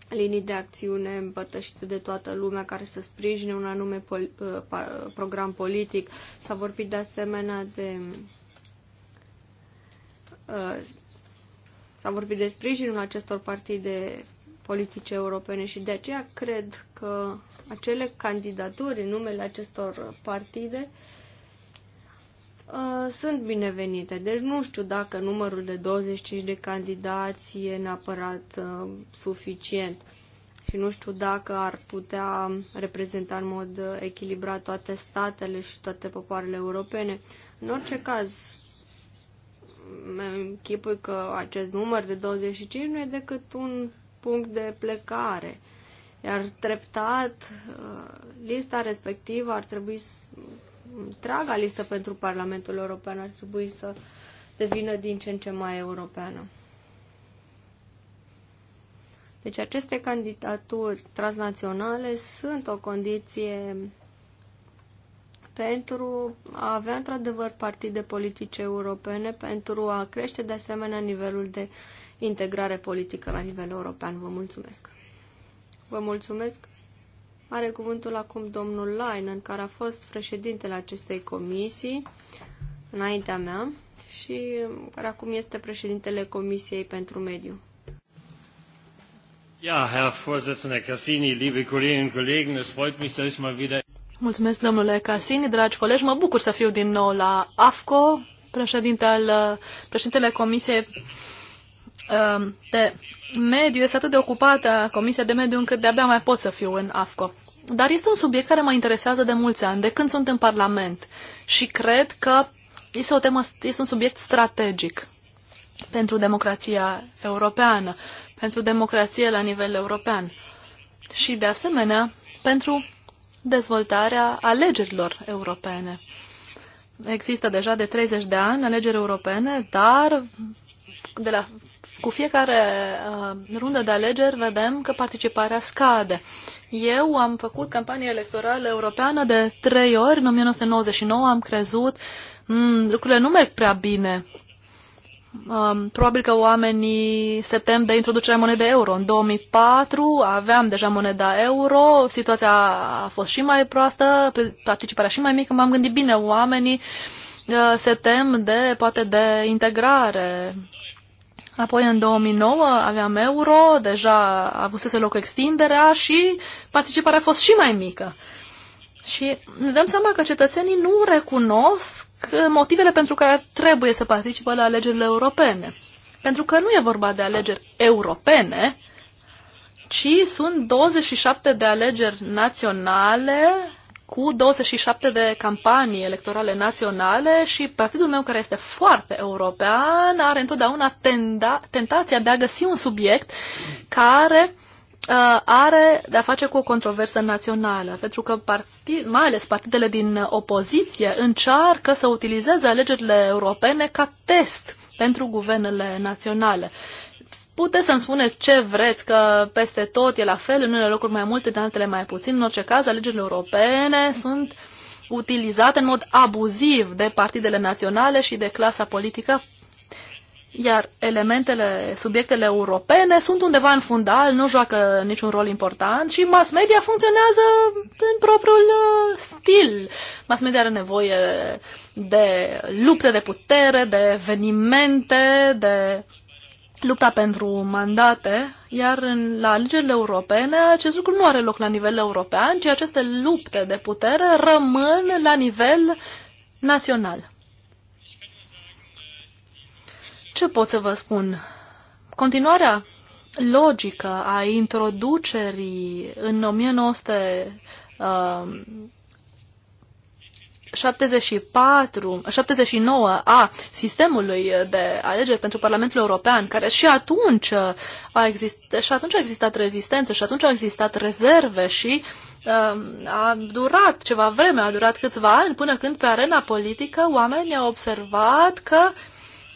linii de acțiune împărtășite de toată lumea care să sprijine un anume pol- uh, program politic. S-a vorbit de asemenea de uh, s-a vorbit de sprijinul acestor partide politice europene și de aceea cred că acele candidaturi în numele acestor partide uh, Uh, sunt binevenite. Deci nu știu dacă numărul de 25 de candidați e neapărat uh, suficient și nu știu dacă ar putea reprezenta în mod uh, echilibrat toate statele și toate popoarele europene. În orice caz, închipui că acest număr de 25 nu e decât un punct de plecare. Iar treptat, uh, lista respectivă ar trebui întreaga listă pentru Parlamentul European ar trebui să devină din ce în ce mai europeană. Deci aceste candidaturi transnaționale sunt o condiție pentru a avea într-adevăr partide politice europene, pentru a crește de asemenea nivelul de integrare politică la nivel european. Vă mulțumesc! Vă mulțumesc! Are cuvântul acum domnul Leinen, care a fost președintele acestei comisii înaintea mea și care acum este președintele Comisiei pentru Mediu. Ja, Herr Vorsitzender Cassini, liebe Kolleginnen und Kollegen, es freut mich, dass ich mal wieder... Mulțumesc, domnule Cassini, dragi colegi, mă bucur să fiu din nou la AFCO, președintele, președintele Comisiei Um, de mediu este atât de ocupată Comisia de Mediu încât de-abia mai pot să fiu în AFCO. Dar este un subiect care mă interesează de mulți ani, de când sunt în Parlament. Și cred că este, o temă, este un subiect strategic pentru democrația europeană, pentru democrație la nivel european și, de asemenea, pentru dezvoltarea alegerilor europene. Există deja de 30 de ani alegeri europene, dar de la cu fiecare uh, rundă de alegeri vedem că participarea scade. Eu am făcut campanie electorală europeană de trei ori. În 1999 am crezut mm, lucrurile nu merg prea bine. Um, probabil că oamenii se tem de introducerea monedei euro. În 2004 aveam deja moneda euro, situația a fost și mai proastă, participarea și mai mică. M-am gândit bine, oamenii uh, se tem de, poate, de integrare Apoi în 2009 aveam euro, deja avusese loc extinderea și participarea a fost și mai mică. Și ne dăm seama că cetățenii nu recunosc motivele pentru care trebuie să participe la alegerile europene. Pentru că nu e vorba de alegeri europene, ci sunt 27 de alegeri naționale cu 27 de campanii electorale naționale și partidul meu, care este foarte european, are întotdeauna tenda, tentația de a găsi un subiect care uh, are de-a face cu o controversă națională, pentru că partid, mai ales partidele din opoziție încearcă să utilizeze alegerile europene ca test pentru guvernele naționale. Puteți să-mi spuneți ce vreți, că peste tot e la fel, în unele locuri mai multe, în altele mai puțin. În orice caz, alegerile europene sunt utilizate în mod abuziv de partidele naționale și de clasa politică, iar elementele, subiectele europene sunt undeva în fundal, nu joacă niciun rol important și mass media funcționează în propriul uh, stil. Mass media are nevoie de lupte de putere, de evenimente, de lupta pentru mandate, iar în, la alegerile europene acest lucru nu are loc la nivel european, ci aceste lupte de putere rămân la nivel național. Ce pot să vă spun? Continuarea logică a introducerii în 1900 uh, 74, 79 a sistemului de alegeri pentru Parlamentul European, care și atunci a, exist, și atunci a existat rezistență, și atunci au existat rezerve și um, a durat ceva vreme, a durat câțiva ani, până când pe arena politică oamenii au observat că uh,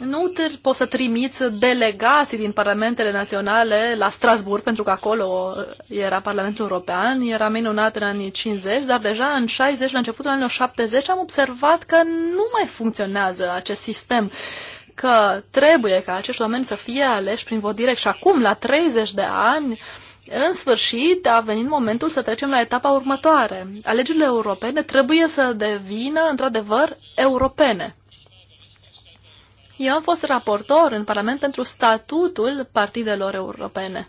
nu poți să trimiți delegații din parlamentele naționale la Strasburg, pentru că acolo era Parlamentul European, era minunat în anii 50, dar deja în 60, la începutul anilor 70, am observat că nu mai funcționează acest sistem că trebuie ca acești oameni să fie aleși prin vot direct. Și acum, la 30 de ani, în sfârșit a venit momentul să trecem la etapa următoare. Alegerile europene trebuie să devină, într-adevăr, europene. Eu am fost raportor în Parlament pentru statutul partidelor europene.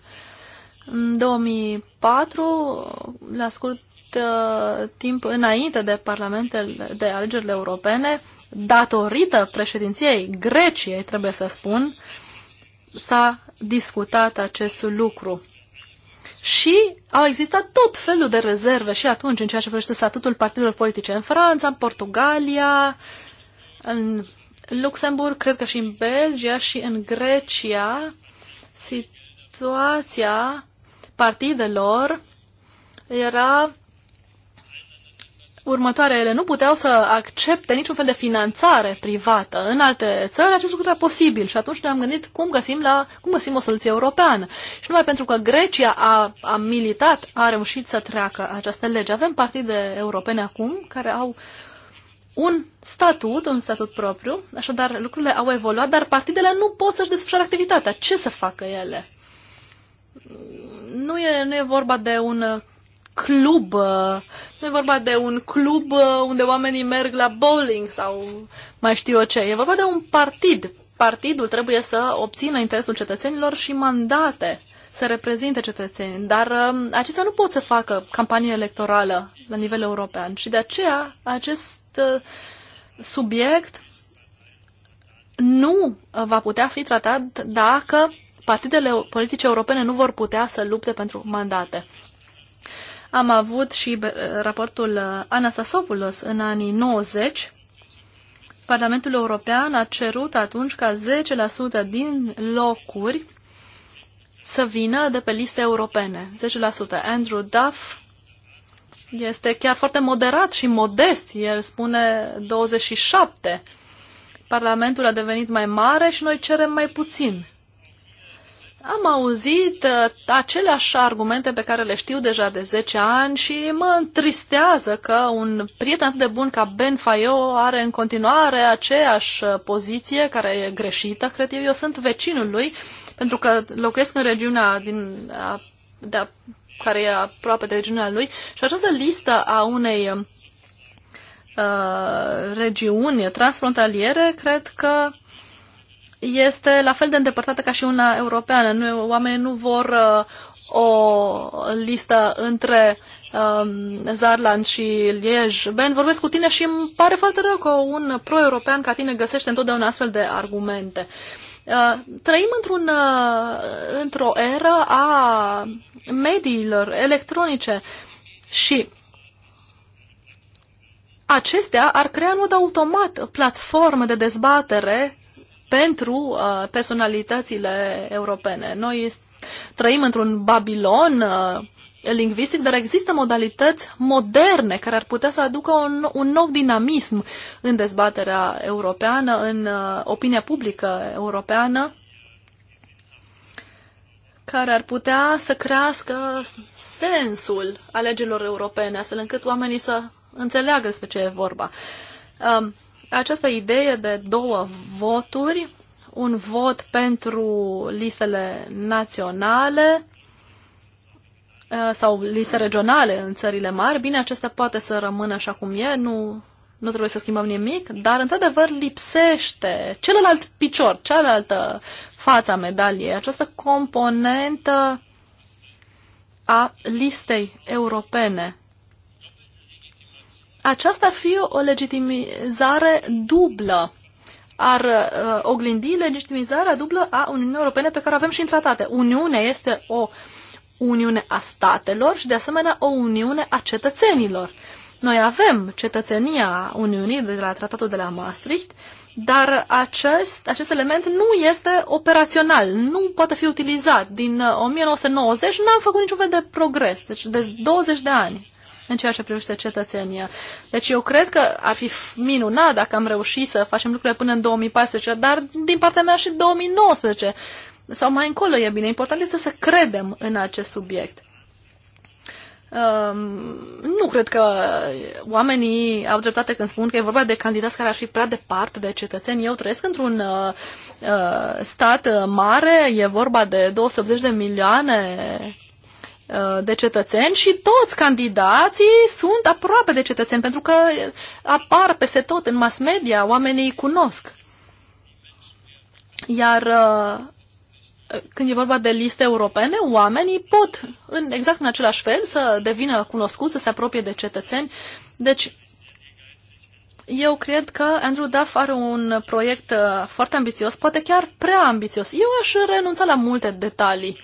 În 2004, la scurt uh, timp înainte de parlamentele, de alegerile europene, datorită președinției Greciei, trebuie să spun, s-a discutat acest lucru. Și au existat tot felul de rezerve și atunci în ceea ce privește statutul partidelor politice în Franța, în Portugalia, în Luxemburg, cred că și în Belgia și în Grecia, situația partidelor era următoarea. Ele nu puteau să accepte niciun fel de finanțare privată. În alte țări acest lucru era posibil și atunci ne-am gândit cum găsim, la, cum găsim o soluție europeană. Și numai pentru că Grecia a, a militat, a reușit să treacă această lege. Avem partide europene acum care au uh, un statut, un statut propriu, așadar lucrurile au evoluat, dar partidele nu pot să-și desfășoare activitatea. Ce să facă ele? Nu e, nu e vorba de un club, nu e vorba de un club unde oamenii merg la bowling sau mai știu eu ce. E vorba de un partid. Partidul trebuie să obțină interesul cetățenilor și mandate să reprezinte cetățenii, dar um, acestea nu pot să facă campanie electorală la nivel european și de aceea acest Uh, subiect nu va putea fi tratat dacă partidele politice europene nu vor putea să lupte pentru mandate. Am avut și uh, raportul uh, Anastasopoulos în anii 90. Parlamentul European a cerut atunci ca 10% din locuri să vină de pe liste europene. 10%. Andrew Duff este chiar foarte moderat și modest. El spune 27. Parlamentul a devenit mai mare și noi cerem mai puțin. Am auzit uh, aceleași argumente pe care le știu deja de 10 ani și mă întristează că un prieten atât de bun ca Ben Fayo are în continuare aceeași uh, poziție care e greșită, cred eu. Eu sunt vecinul lui pentru că locuiesc în regiunea din, a, de, care e aproape de regiunea lui și această listă a unei uh, regiuni transfrontaliere, cred că este la fel de îndepărtată ca și una europeană. Nu, oamenii nu vor uh, o listă între um, Zarland și Liej. Ben, vorbesc cu tine și îmi pare foarte rău că un pro-european ca tine găsește întotdeauna astfel de argumente. Uh, Uh, trăim într-un, uh, într-o eră a mediilor electronice și acestea ar crea în mod automat platforme de dezbatere pentru uh, personalitățile europene. Noi trăim într-un Babilon lingvistic, dar există modalități moderne care ar putea să aducă un, un nou dinamism în dezbaterea europeană, în uh, opinia publică europeană, care ar putea să crească sensul alegerilor europene, astfel încât oamenii să înțeleagă despre ce e vorba. Uh, această idee de două voturi, un vot pentru listele naționale, Uh, sau liste regionale în țările mari, bine, acestea poate să rămână așa cum e, nu, nu trebuie să schimbăm nimic, dar într-adevăr lipsește celălalt picior, cealaltă fața medaliei, această componentă a listei europene. Aceasta ar fi o legitimizare dublă ar uh, oglindi legitimizarea dublă a Uniunii Europene pe care o avem și în tratate. Uniunea este o uniune a statelor și de asemenea o uniune a cetățenilor. Noi avem cetățenia Uniunii de la Tratatul de la Maastricht, dar acest, acest element nu este operațional, nu poate fi utilizat. Din 1990 uh, n-am făcut niciun fel de progres, deci de 20 de ani în ceea ce privește cetățenia. Deci eu cred că ar fi minunat dacă am reușit să facem lucrurile până în 2014, dar din partea mea și 2019 sau mai încolo e bine. Important este să credem în acest subiect. Um, nu cred că oamenii au dreptate când spun că e vorba de candidați care ar fi prea departe de cetățeni. Eu trăiesc într-un uh, uh stat uh, mare, e vorba de 280 de milioane uh, de cetățeni și toți candidații sunt aproape de cetățeni, pentru că apar peste tot în mass media, oamenii îi cunosc. Iar uh, când e vorba de liste europene, oamenii pot, în, exact în același fel, să devină cunoscuți, să se apropie de cetățeni. Deci, eu cred că Andrew Duff are un proiect uh, foarte ambițios, poate chiar prea ambițios. Eu aș renunța la multe detalii.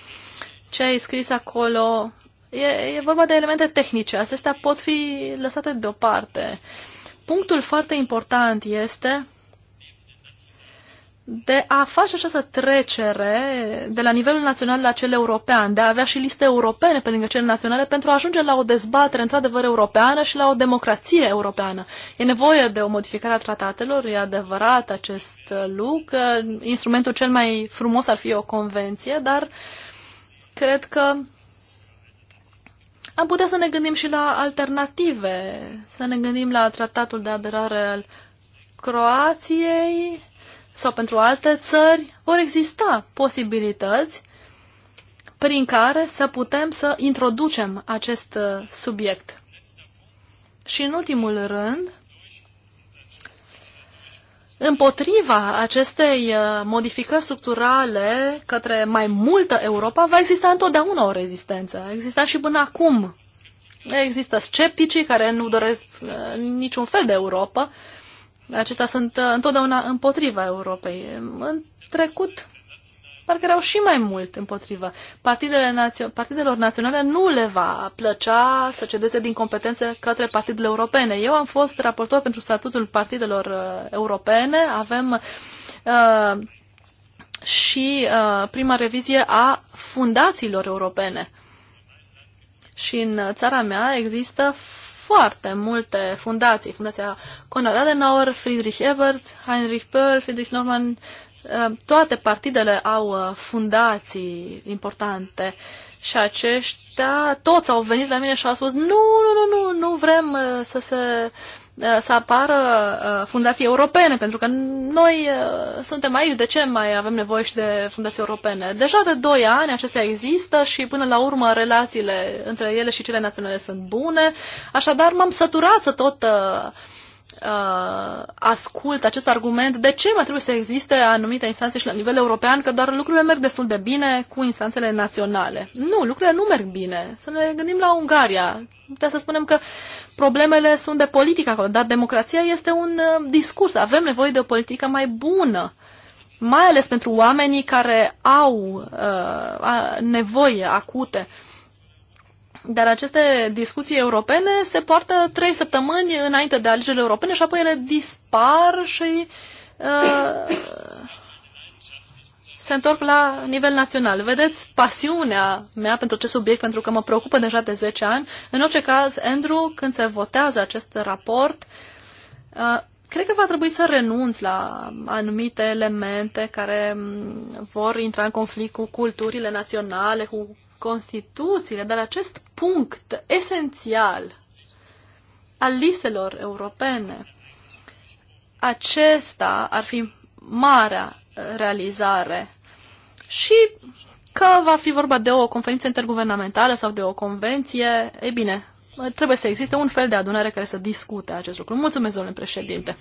Ce ai scris acolo E, e vorba de elemente tehnice. Acestea pot fi lăsate deoparte. Punctul foarte important este de a face această trecere de la nivelul național la cel european, de a avea și liste europene pe lângă cele naționale pentru a ajunge la o dezbatere într-adevăr europeană și la o democrație europeană. E nevoie de o modificare a tratatelor, e adevărat acest lucru. Instrumentul cel mai frumos ar fi o convenție, dar cred că am putea să ne gândim și la alternative, să ne gândim la tratatul de aderare al Croației, sau pentru alte țări, vor exista posibilități prin care să putem să introducem acest uh, subiect. Și în ultimul rând, împotriva acestei uh, modificări structurale către mai multă Europa, va exista întotdeauna o rezistență. existat și până acum. Există scepticii care nu doresc uh, niciun fel de Europa, acestea sunt uh, întotdeauna împotriva Europei. În trecut, parcă erau și mai mult împotriva. Partidele națio- partidelor naționale nu le va plăcea să cedeze din competențe către partidele europene. Eu am fost raportor pentru statutul partidelor uh, europene, avem uh, și uh, prima revizie a fundațiilor europene. Și în țara mea există foarte multe fundații. Fundația Konrad Adenauer, Friedrich Ebert, Heinrich Böll, Friedrich Norman, eh, toate partidele au eh, fundații importante și aceștia toți au venit la mine și au spus nu, nu, nu, nu, nu vrem eh, să se Uh, să apară uh, fundații europene, pentru că noi uh, suntem aici, de ce mai avem nevoie și de fundații europene? Deja de 2 ani acestea există și până la urmă relațiile între ele și cele naționale sunt bune, așadar m-am săturat să tot uh, uh, ascult acest argument de ce mai trebuie să existe anumite instanțe și la nivel european, că doar lucrurile merg destul de bine cu instanțele naționale. Nu, lucrurile nu merg bine. Să ne gândim la Ungaria. Putea să spunem că problemele sunt de politică acolo, dar democrația este un uh, discurs. Avem nevoie de o politică mai bună mai ales pentru oamenii care au uh, nevoie acute dar aceste discuții europene se poartă trei săptămâni înainte de alegerile europene și apoi ele dispar și uh, se întorc la nivel național. Vedeți pasiunea mea pentru acest subiect, pentru că mă preocupă deja de 10 ani. În orice caz, Andrew, când se votează acest raport, uh, cred că va trebui să renunț la anumite elemente care mm, vor intra în conflict cu culturile naționale, cu Constituțiile, dar acest punct esențial al listelor europene, acesta ar fi marea realizare și că va fi vorba de o conferință interguvernamentală sau de o convenție, e bine, trebuie să existe un fel de adunare care să discute acest lucru. Mulțumesc, domnule președinte.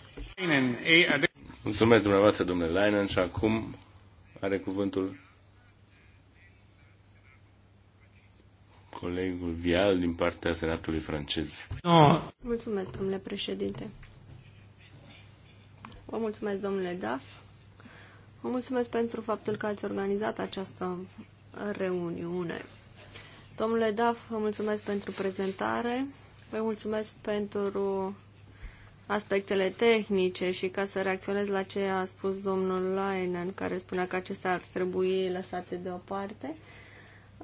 Mulțumesc dumneavoastră, domnule Leinen, și acum are cuvântul colegul Vial din partea Senatului francez. No. Mulțumesc, domnule președinte. Vă mulțumesc, domnule Daf. Vă mulțumesc pentru faptul că ați organizat această reuniune. Domnule Daf, vă mulțumesc pentru prezentare. Vă mulțumesc pentru aspectele tehnice și ca să reacționez la ce a spus domnul Leinen, care spunea că acestea ar trebui lăsate deoparte.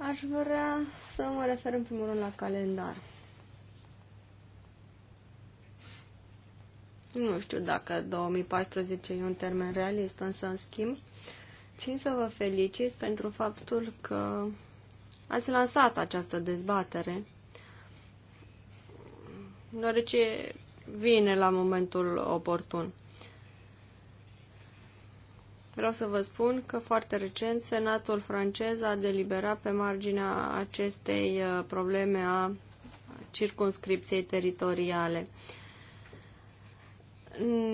Aș vrea să mă refer în primul rând la calendar. Nu știu dacă 2014 e un termen realist, însă în schimb, țin să vă felicit pentru faptul că ați lansat această dezbatere, deoarece vine la momentul oportun. Vreau să vă spun că foarte recent Senatul francez a deliberat pe marginea acestei uh, probleme a circunscripției teritoriale.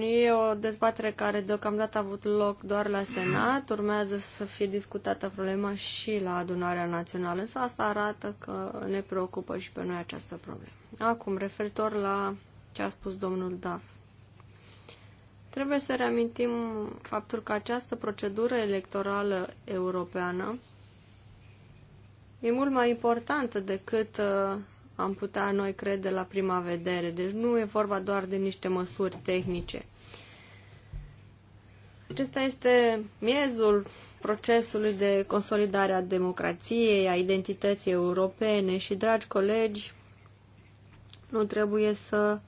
E o dezbatere care deocamdată a avut loc doar la Senat, urmează să fie discutată problema și la adunarea națională, însă asta arată că ne preocupă și pe noi această problemă. Acum, referitor la ce a spus domnul Daf. Trebuie să reamintim faptul că această procedură electorală europeană e mult mai importantă decât uh, am putea noi crede la prima vedere. Deci nu e vorba doar de niște măsuri tehnice. Acesta este miezul procesului de consolidare a democrației, a identității europene și, dragi colegi, nu trebuie să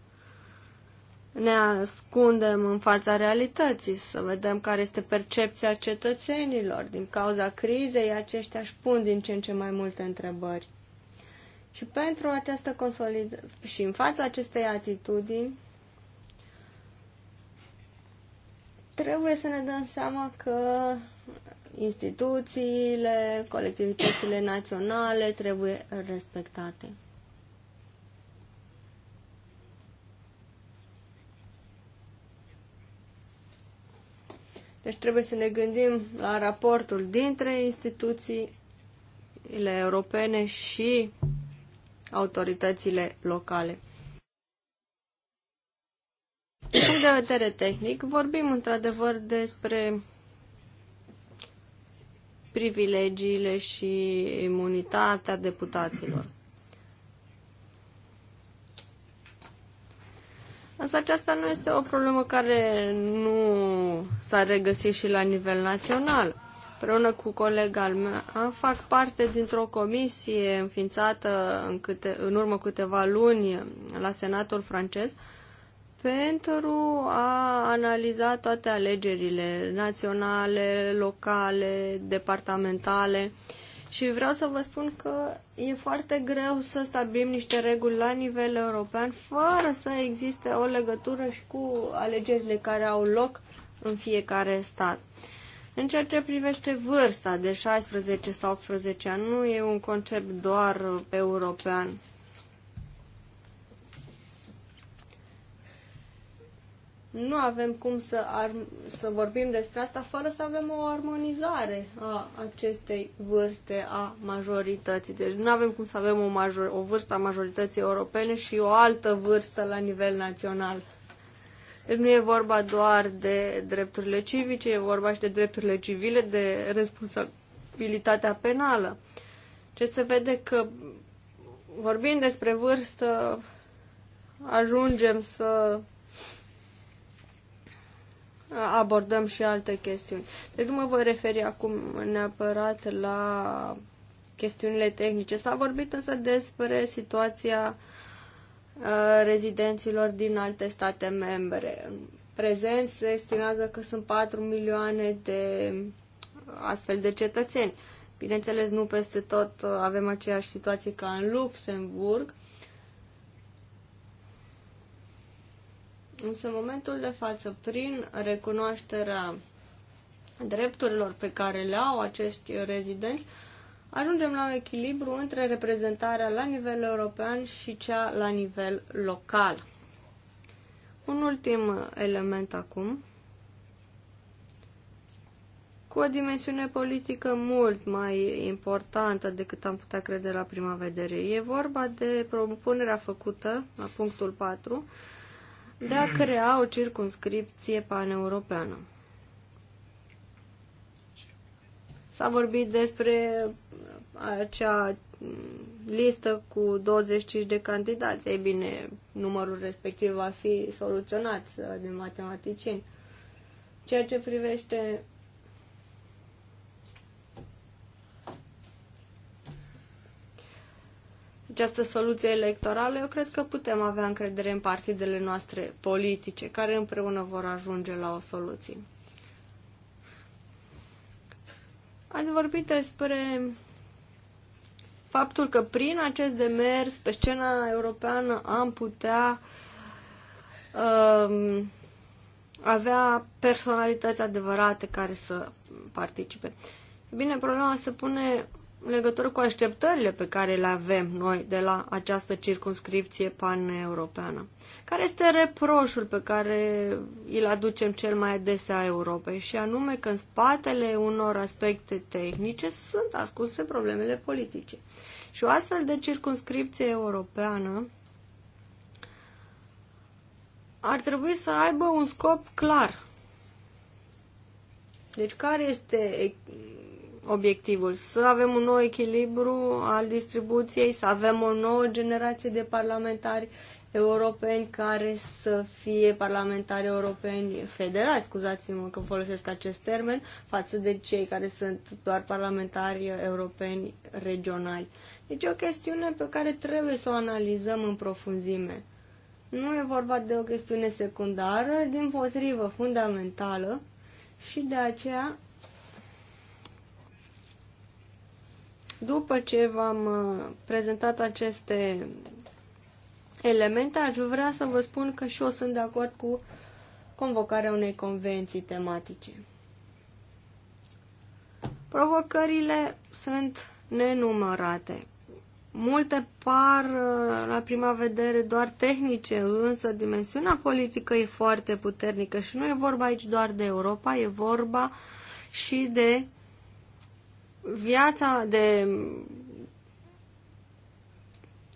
ne ascundem în fața realității, să vedem care este percepția cetățenilor. Din cauza crizei, aceștia își pun din ce în ce mai multe întrebări. Și pentru această consolidare și în fața acestei atitudini, trebuie să ne dăm seama că instituțiile, colectivitățile naționale trebuie respectate. Deci trebuie să ne gândim la raportul dintre instituțiile europene și autoritățile locale. Din punct de vedere tehnic, vorbim într-adevăr despre privilegiile și imunitatea deputaților. Însă aceasta nu este o problemă care nu s-a regăsit și la nivel național. Împreună cu colega mea fac parte dintr-o comisie înființată în, câte, în urmă câteva luni la Senatul francez pentru a analiza toate alegerile naționale, locale, departamentale. Uh, și vreau să vă spun că e foarte greu să stabilim niște reguli la nivel european fără să existe o legătură și cu alegerile care au loc în fiecare stat. În ceea ce privește vârsta de 16 sau 18 ani, nu e un concept doar european. Nu avem cum să, ar- să vorbim despre asta fără să avem o armonizare a acestei vârste a majorității. Deci nu avem cum să avem o, major- o vârstă a majorității europene și o altă vârstă la nivel național. Deci nu e vorba doar de drepturile civice, e vorba și de drepturile civile, de responsabilitatea penală. Ce deci se vede că vorbind despre vârstă, ajungem să abordăm și alte chestiuni. Deci nu mă voi referi acum neapărat la chestiunile tehnice. S-a vorbit însă despre situația uh, rezidenților din alte state membre. În prezent se estimează că sunt 4 milioane de uh, astfel de cetățeni. Bineînțeles, nu peste tot uh, avem aceeași situație ca în Luxemburg, Însă, în momentul de față, prin recunoașterea drepturilor pe care le au acești rezidenți, ajungem la un echilibru între reprezentarea la nivel european și cea la nivel local. Un ultim element acum, cu o dimensiune politică mult mai importantă decât am putea crede la prima vedere. E vorba de propunerea făcută, la punctul 4, de a crea o circunscripție paneuropeană. S-a vorbit despre acea listă cu 25 de candidați. Ei bine, numărul respectiv va fi soluționat de matematicieni. Ceea ce privește această soluție electorală, eu cred că putem avea încredere în partidele noastre politice, care împreună vor ajunge la o soluție. Ați vorbit despre faptul că prin acest demers pe scena europeană am putea um, avea personalități adevărate care să participe. Bine, problema se pune în legătură cu așteptările pe care le avem noi de la această circunscripție paneuropeană. Care este reproșul pe care îl aducem cel mai adesea Europei și anume că în spatele unor aspecte tehnice sunt ascunse problemele politice. Și o astfel de circunscripție europeană ar trebui să aibă un scop clar. Deci care este obiectivul, să avem un nou echilibru al distribuției, să avem o nouă generație de parlamentari europeni care să fie parlamentari europeni federali, scuzați-mă că folosesc acest termen, față de cei care sunt doar parlamentari europeni regionali. Deci o chestiune pe care trebuie să o analizăm în profunzime. Nu e vorba de o chestiune secundară, din potrivă fundamentală și de aceea După ce v-am uh, prezentat aceste elemente, aș vrea să vă spun că și eu sunt de acord cu convocarea unei convenții tematice. Provocările sunt nenumărate. Multe par uh, la prima vedere doar tehnice, însă dimensiunea politică e foarte puternică și nu e vorba aici doar de Europa, e vorba și de viața de...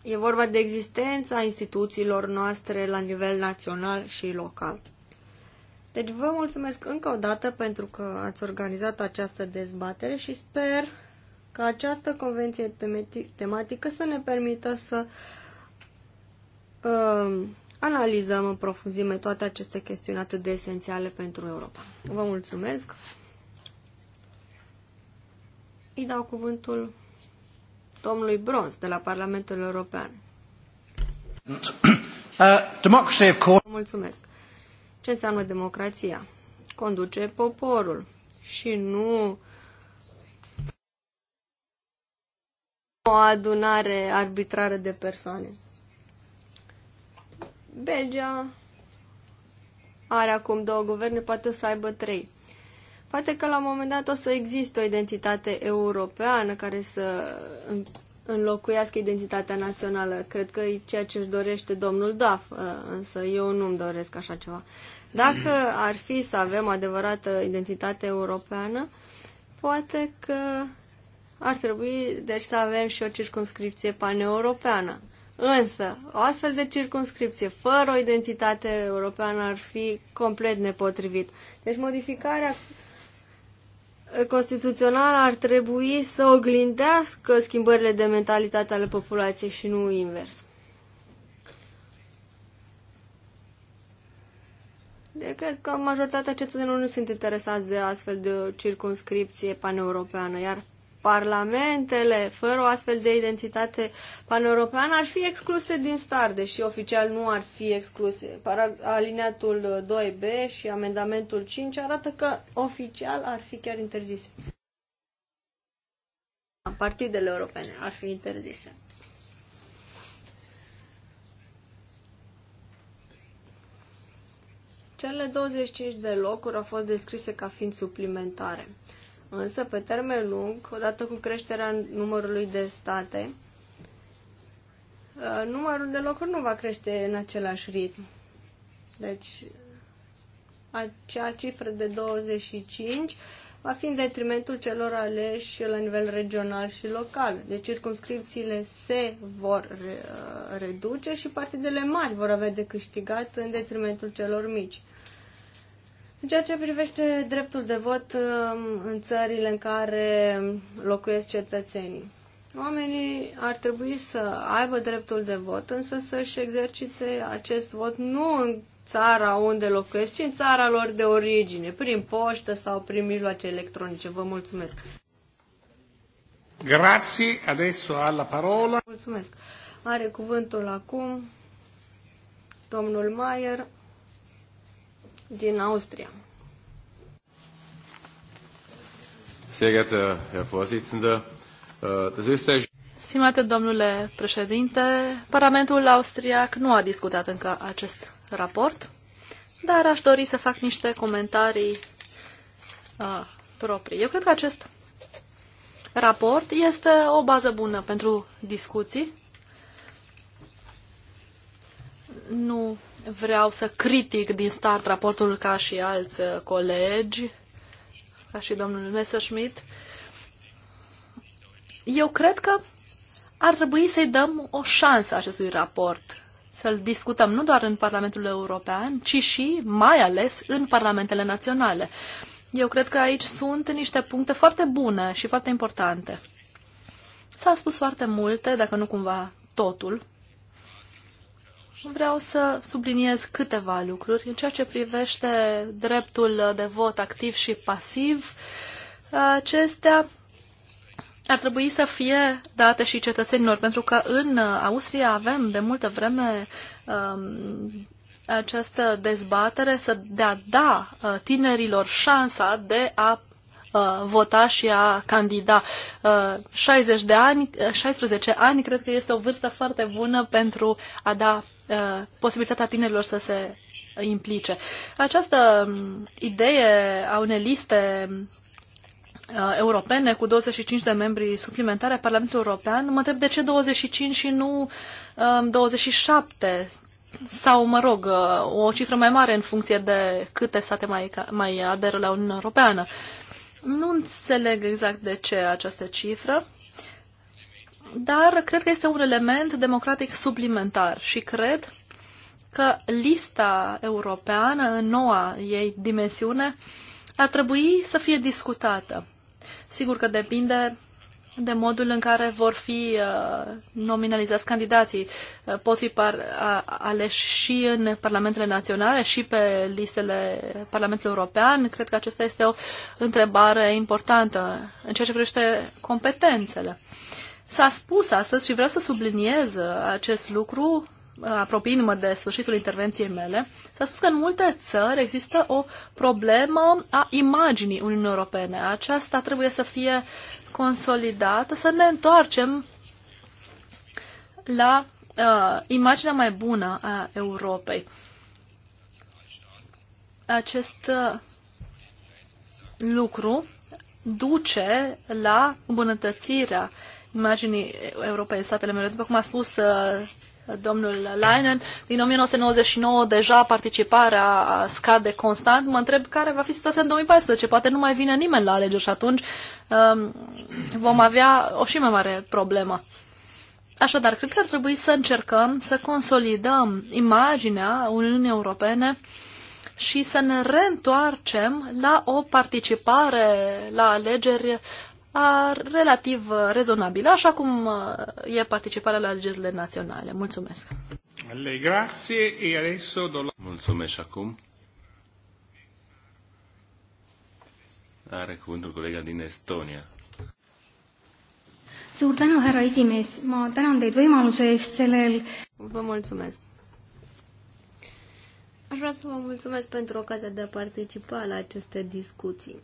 E vorba de existența instituțiilor noastre la nivel național și local. Deci vă mulțumesc încă o dată pentru că ați organizat această dezbatere și sper că această convenție tematică să ne permită să uh, analizăm în profunzime toate aceste chestiuni atât de esențiale pentru Europa. Vă mulțumesc! Îi dau cuvântul domnului Bronz de la Parlamentul European. Uh, mulțumesc. Ce înseamnă democrația? Conduce poporul și nu o adunare arbitrară de persoane. Belgia are acum două guverne, poate o să aibă trei. Poate că la un moment dat o să există o identitate europeană care să înlocuiască identitatea națională. Cred că e ceea ce își dorește domnul Daf, ă, însă eu nu-mi doresc așa ceva. Dacă ar fi să avem adevărată identitate europeană, poate că ar trebui deci să avem și o circunscripție paneuropeană. Însă, o astfel de circunscripție fără o identitate europeană ar fi complet nepotrivit. Deci modificarea constituțională ar trebui să oglindească schimbările de mentalitate ale populației și nu invers. De cred că majoritatea cetățenilor nu sunt interesați de astfel de circunscripție paneuropeană, iar parlamentele fără o astfel de identitate paneuropeană ar fi excluse din start, deși oficial nu ar fi excluse. Alineatul 2b și amendamentul 5 arată că oficial ar fi chiar interzise. Partidele europene ar fi interzise. Cele 25 de locuri au fost descrise ca fiind suplimentare. Însă, pe termen lung, odată cu creșterea numărului de state, uh, numărul de locuri nu va crește în același ritm. Deci, acea cifră de 25 va fi în detrimentul celor aleși la nivel regional și local. Deci circumscripțiile se vor uh, reduce și partidele mari vor avea de câștigat în detrimentul celor mici. În ceea ce privește dreptul de vot um, în țările în care locuiesc cetățenii, oamenii ar trebui să aibă dreptul de vot, însă să-și exercite acest vot nu în țara unde locuiesc, ci în țara lor de origine, prin poștă sau prin mijloace electronice. Vă mulțumesc! Grazie, adesso alla parola. Mulțumesc. Are cuvântul acum domnul Maier din Austria. Sehr geehrter Herr Vorsitzender, äh, das Österreich... Stimate domnule președinte, Parlamentul austriac nu a discutat încă acest raport, dar aș dori să fac niște comentarii uh, proprii. Eu cred că acest raport este o bază bună pentru discuții. Nu vreau să critic din start raportul ca și alți uh, colegi, ca și domnul Messerschmidt. Eu cred că ar trebui să-i dăm o șansă acestui raport, să-l discutăm nu doar în Parlamentul European, ci și mai ales în Parlamentele Naționale. Eu cred că aici sunt niște puncte foarte bune și foarte importante. S-a spus foarte multe, dacă nu cumva totul, vreau să subliniez câteva lucruri. În ceea ce privește dreptul de vot activ și pasiv, acestea ar trebui să fie date și cetățenilor, pentru că în Austria avem de multă vreme um, această dezbatere să de a da uh, tinerilor șansa de a uh, vota și a candida. 60 uh, de ani, 16 ani, cred că este o vârstă foarte bună pentru a da Uh, posibilitatea tinerilor să se implice. Această um, idee a unei liste uh, europene cu 25 de membri suplimentare a Parlamentului European, mă întreb de ce 25 și nu 27 um, sau, mă rog, uh, o cifră mai mare în funcție de câte state mai, mai aderă la Uniunea Europeană. Nu înțeleg exact de ce această cifră dar cred că este un element democratic suplimentar și cred că lista europeană, în noua ei dimensiune, ar trebui să fie discutată. Sigur că depinde de modul în care vor fi uh, nominalizați candidații. Uh, pot fi par, uh, aleși și în parlamentele naționale și pe listele Parlamentului European. Cred că acesta este o întrebare importantă în ceea ce privește competențele. Uh, S-a spus astăzi și vreau să subliniez uh, acest lucru, uh, apropiindu-mă de sfârșitul intervenției mele, s-a spus că în multe țări există o problemă a imaginii Uniunii Europene. Aceasta trebuie să fie consolidată, să ne întoarcem la uh, imaginea mai bună a Europei. Acest uh, lucru duce la îmbunătățirea imaginii europene, în statele membre. După cum a spus uh, domnul Leinen, din 1999 deja participarea scade constant. Mă întreb care va fi situația în 2014. Poate nu mai vine nimeni la alegeri și atunci um, vom avea o și mai mare problemă. Așadar, cred că ar trebui să încercăm să consolidăm imaginea Uniunii Europene și să ne reîntoarcem la o participare la alegeri a, relativ uh, rezonabilă, așa cum uh, e participarea la alegerile naționale. Mulțumesc! Mulțumesc acum. Are cuvântul colega din Estonia. Suur tänu, härra esimees. Ma tänan teid võimaluse eest sellel... Vă mulțumesc. Aș vrea să vă mulțumesc pentru ocazia de a participa la aceste discuții.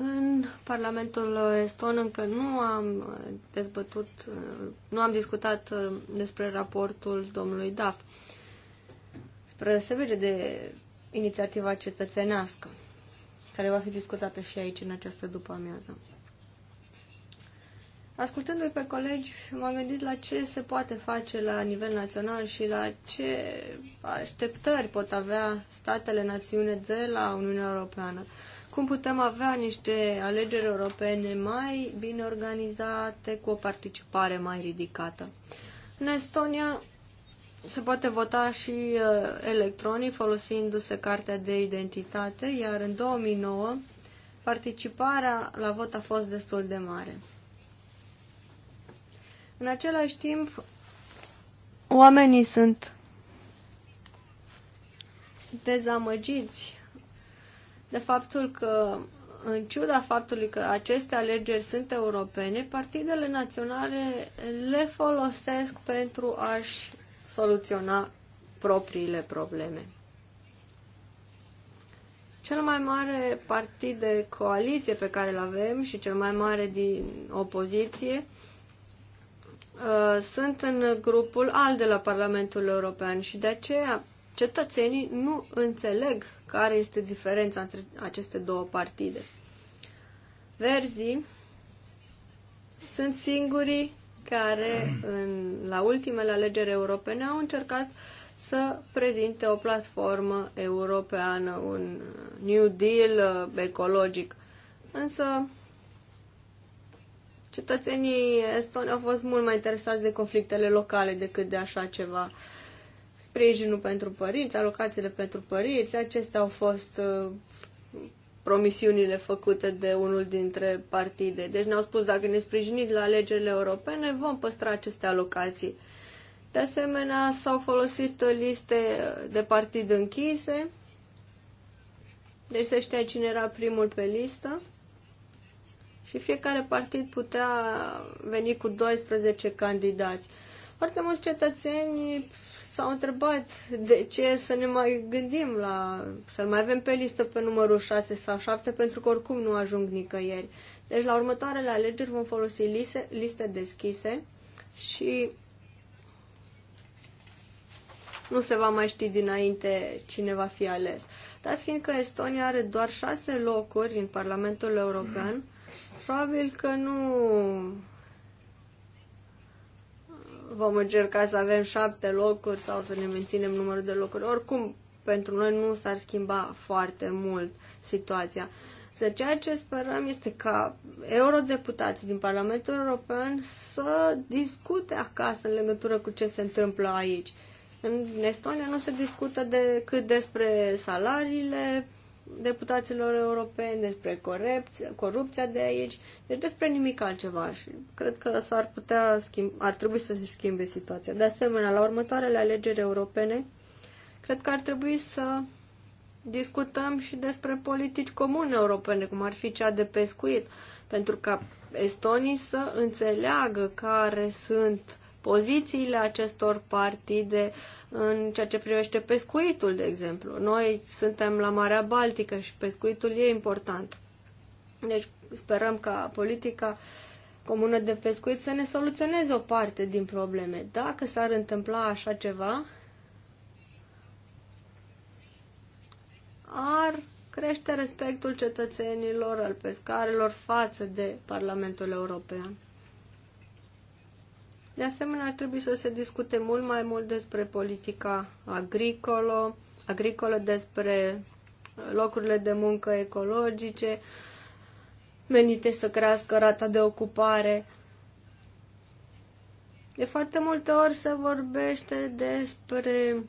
În Parlamentul Eston încă nu am dezbătut, nu am discutat uh, despre raportul domnului Daf, spre deosebire de inițiativa cetățenească, care va fi discutată și aici în această după-amiază. Ascultându-i pe colegi, m-am gândit la ce se poate face la nivel național și la ce așteptări pot avea statele națiune de la Uniunea Europeană. Cum putem avea niște alegeri europene mai bine organizate, cu o participare mai ridicată? În Estonia se poate vota și uh, electronic folosindu-se cartea de identitate, iar în 2009 participarea la vot a fost destul de mare. În același timp, oamenii sunt dezamăgiți de faptul că, în ciuda faptului că aceste alegeri sunt europene, partidele naționale le folosesc pentru a-și soluționa propriile probleme. Cel mai mare partid de coaliție pe care îl avem și cel mai mare din opoziție uh, sunt în grupul al de la Parlamentul European și de aceea cetățenii nu înțeleg care este diferența între aceste două partide. Verzii sunt singurii care în, la ultimele alegeri europene au încercat să prezinte o platformă europeană, un New Deal uh, ecologic. Însă cetățenii estoni au fost mult mai interesați de conflictele locale decât de așa ceva. Uh, sprijinul pentru părinți, alocațiile pentru părinți, acestea au fost uh, promisiunile făcute de unul dintre partide. Deci ne-au spus, dacă ne sprijiniți la alegerile europene, vom păstra aceste alocații. De asemenea, s-au folosit liste de partid închise, deci se știa cine era primul pe listă și fiecare partid putea veni cu 12 candidați. Foarte mulți cetățeni s-au întrebat de ce să ne mai gândim la, să mai avem pe listă pe numărul 6 sau 7, pentru că oricum nu ajung nicăieri. Deci la următoarele alegeri vom folosi liste, liste deschise și nu se va mai ști dinainte cine va fi ales. Dat fiindcă Estonia are doar șase locuri în Parlamentul European, probabil că nu vom încerca să avem șapte locuri sau să ne menținem numărul de locuri. Oricum, pentru noi nu s-ar schimba foarte mult situația. Să ceea ce sperăm este ca eurodeputații din Parlamentul European să discute acasă în legătură cu ce se întâmplă aici. În Estonia nu se discută decât despre salariile deputaților europeni, despre corupția, corupția de aici, deci despre nimic altceva și cred că s-ar putea schimb, ar trebui să se schimbe situația. De asemenea, la următoarele alegeri europene, cred că ar trebui să discutăm și despre politici comune europene, cum ar fi cea de pescuit, pentru ca estonii să înțeleagă care sunt pozițiile acestor partide în ceea ce privește pescuitul, de exemplu. Noi suntem la Marea Baltică și pescuitul e important. Deci sperăm ca politica comună de pescuit să ne soluționeze o parte din probleme. Dacă s-ar întâmpla așa ceva, ar crește respectul cetățenilor, al pescarilor față de Parlamentul European. De asemenea, ar trebui să se discute mult mai mult despre politica agricolă, agricolă despre locurile de muncă ecologice, menite să crească rata de ocupare. De foarte multe ori se vorbește despre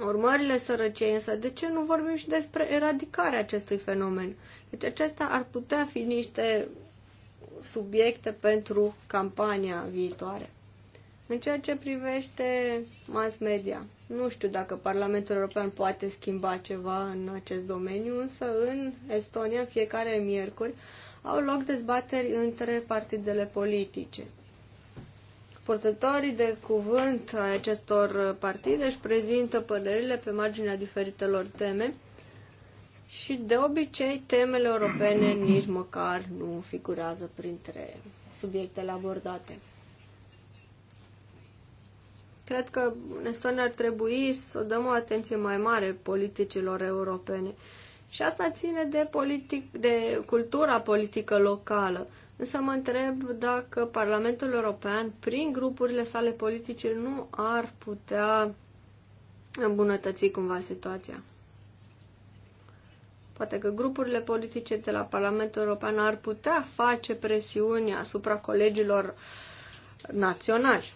urmările sărăciei, însă de ce nu vorbim și despre eradicarea acestui fenomen? Deci acestea ar putea fi niște subiecte pentru campania viitoare. În ceea ce privește mass media, nu știu dacă Parlamentul European poate schimba ceva în acest domeniu, însă în Estonia, în fiecare miercuri, au loc dezbateri între partidele politice. Portătorii de cuvânt a acestor partide își prezintă părerile pe marginea diferitelor teme și de obicei temele europene nici măcar nu figurează printre subiectele abordate. Cred că în Estonia ar trebui să dăm o atenție mai mare politicilor europene. Și asta ține de, politic, de cultura politică locală. Însă mă întreb dacă Parlamentul European, prin grupurile sale politice, nu ar putea îmbunătăți cumva situația. Poate că grupurile politice de la Parlamentul European ar putea face presiuni asupra colegilor naționali.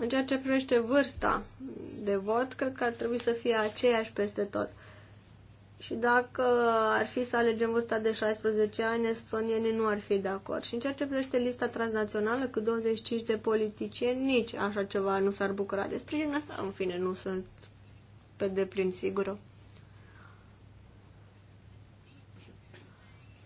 În ceea ce privește vârsta de vot, cred că ar trebui să fie aceeași peste tot. Și dacă ar fi să alegem vârsta de 16 ani, estonienii nu ar fi de acord. Și în ceea ce privește lista transnațională cu 25 de politicieni, nici așa ceva nu s-ar bucura de sprijin. în fine, nu sunt pe deplin sigură.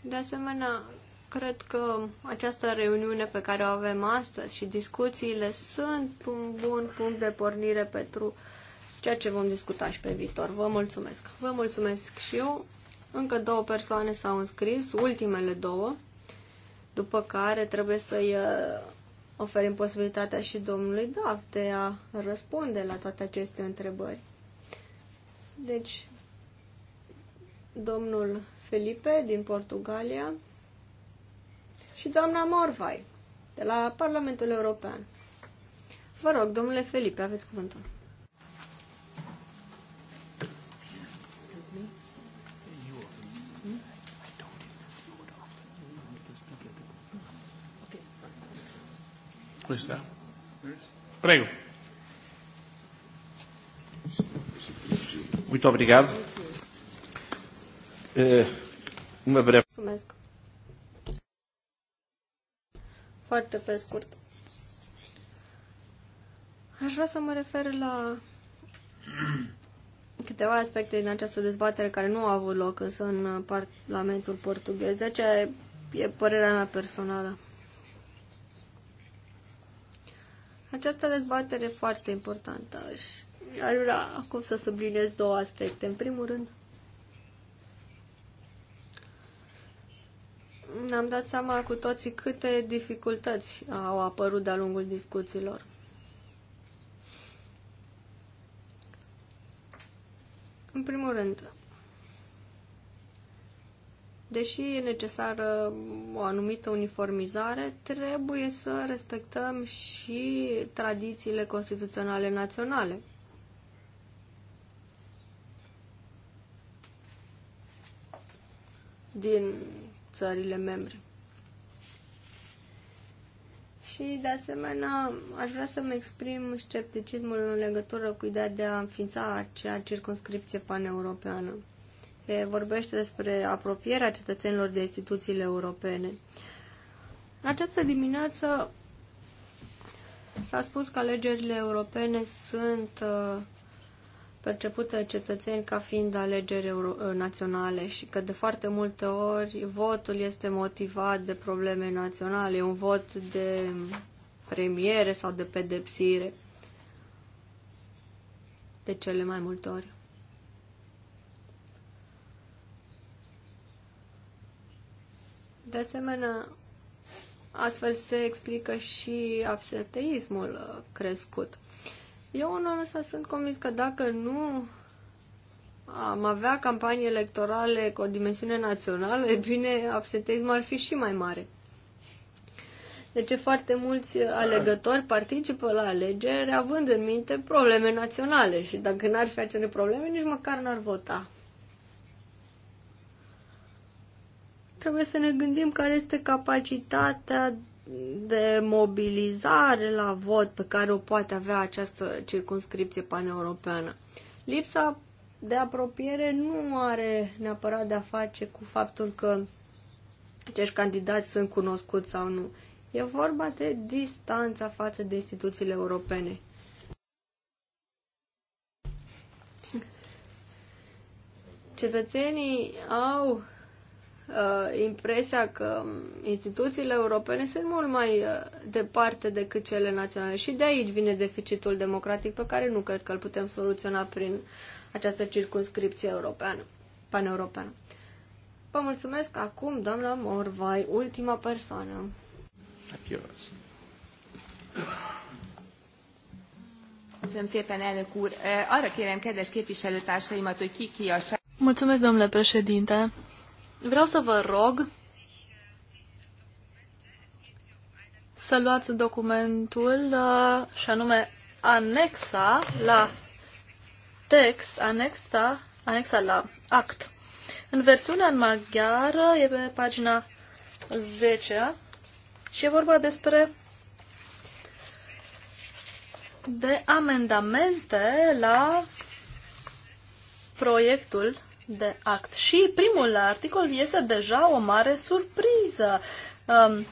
De asemenea, cred că această reuniune pe care o avem astăzi și discuțiile sunt un bun punct de pornire pentru ceea ce vom discuta și pe viitor. Vă mulțumesc! Vă mulțumesc și eu! Încă două persoane s-au înscris, ultimele două, după care trebuie să-i uh, oferim posibilitatea și domnului Dav de a răspunde la toate aceste întrebări. Deci, domnul Felipe din Portugalia și doamna Morvai de la Parlamentul European. Vă rog, domnule Felipe, aveți cuvântul. Questa. Prego. Muito obrigado. Eh, uma breve. Mulțumesc. Foarte pe scurt. Aș vrea să mă refer la câteva aspecte din această dezbatere care nu au avut loc însă în Parlamentul portughez. aceea e părerea mea personală. Această dezbatere e foarte importantă și Aș vrea acum să subliniez două aspecte. În primul rând, ne-am dat seama cu toții câte dificultăți au apărut de-a lungul discuțiilor. În primul rând, deși e necesară o anumită uniformizare, trebuie să respectăm și tradițiile constituționale naționale. din țările membre. Și, de asemenea, aș vrea să-mi exprim scepticismul în legătură cu ideea de a înființa acea circunscripție paneuropeană. Se vorbește despre apropierea cetățenilor de instituțiile europene. În această dimineață s-a spus că alegerile europene sunt uh, percepută de cetățeni ca fiind alegeri ă, naționale și că de foarte multe ori votul este motivat de probleme naționale, un vot de premiere sau de pedepsire de cele mai multe ori. De asemenea, astfel se explică și absenteismul ă, crescut. Eu în ăsta sunt convins că dacă nu am avea campanii electorale cu o dimensiune națională, e bine, absenteismul ar fi și mai mare. Deci foarte mulți alegători participă la alegeri având în minte probleme naționale și dacă n-ar fi acele probleme, nici măcar n-ar vota. Trebuie să ne gândim care este capacitatea de mobilizare la vot pe care o poate avea această circunscripție paneuropeană. Lipsa de apropiere nu are neapărat de a face cu faptul că acești candidați sunt cunoscuți sau nu. E vorba de distanța față de instituțiile europene. Cetățenii au uh, impresia că instituțiile europene sunt mult mai uh, departe decât cele naționale. Și de aici vine deficitul democratic pe care nu cred că îl putem soluționa prin această circunscripție europeană, paneuropeană. Vă mulțumesc acum, doamna Morvai, ultima persoană. Apioz. Mulțumesc, domnule președinte. Vreau să vă rog să luați documentul uh, și anume anexa la text, anexa, anexa la act. În versiunea în maghiară e pe pagina 10 și e vorba despre de amendamente la proiectul de act. Și primul articol este deja o mare surpriză. Um,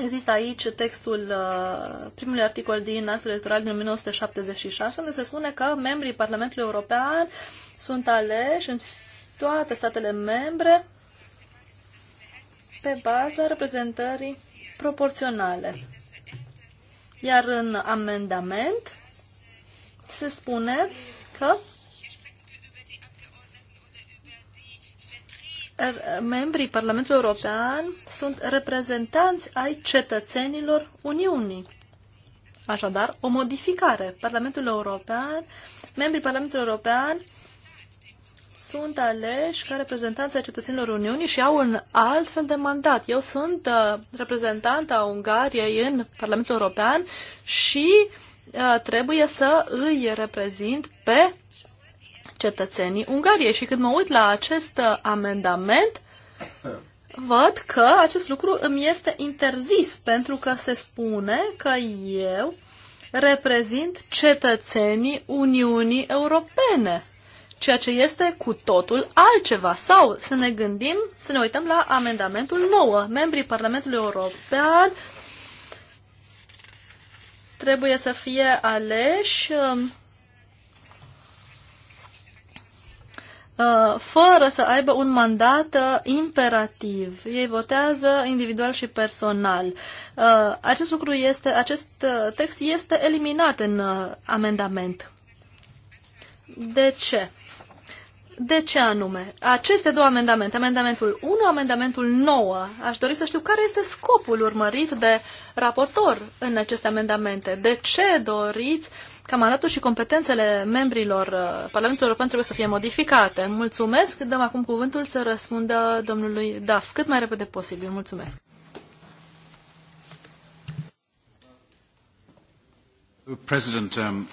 Există aici textul uh, primului articol din actul electoral din 1976, unde se spune că membrii Parlamentului European sunt aleși în toate statele membre pe baza reprezentării proporționale. Iar în amendament se spune că Uh, membrii Parlamentului European sunt reprezentanți ai cetățenilor Uniunii. Așadar, o modificare. Parlamentul European, membrii Parlamentului European sunt aleși ca reprezentanți ai cetățenilor Uniunii și au un alt fel de mandat. Eu sunt uh, reprezentanta Ungariei în Parlamentul European și uh, trebuie să îi reprezint pe cetățenii Ungariei. Și când mă uit la acest uh, amendament, văd că acest lucru îmi este interzis, pentru că se spune că eu reprezint cetățenii Uniunii Europene, ceea ce este cu totul altceva. Sau să ne gândim, să ne uităm la amendamentul 9. Membrii Parlamentului European trebuie să fie aleși um, Uh, fără să aibă un mandat uh, imperativ. Ei votează individual și personal. Uh, acest lucru este, acest text este eliminat în amendament. De ce? De ce anume? Aceste două amendamente, amendamentul 1, amendamentul 9, aș dori să știu care este scopul urmărit de raportor în aceste amendamente. De ce doriți uh, Cam mandatul și competențele membrilor uh, Parlamentului European trebuie să fie modificate. Mulțumesc. Dăm acum cuvântul să răspundă domnului Daf cât mai repede posibil. Mulțumesc. President, um,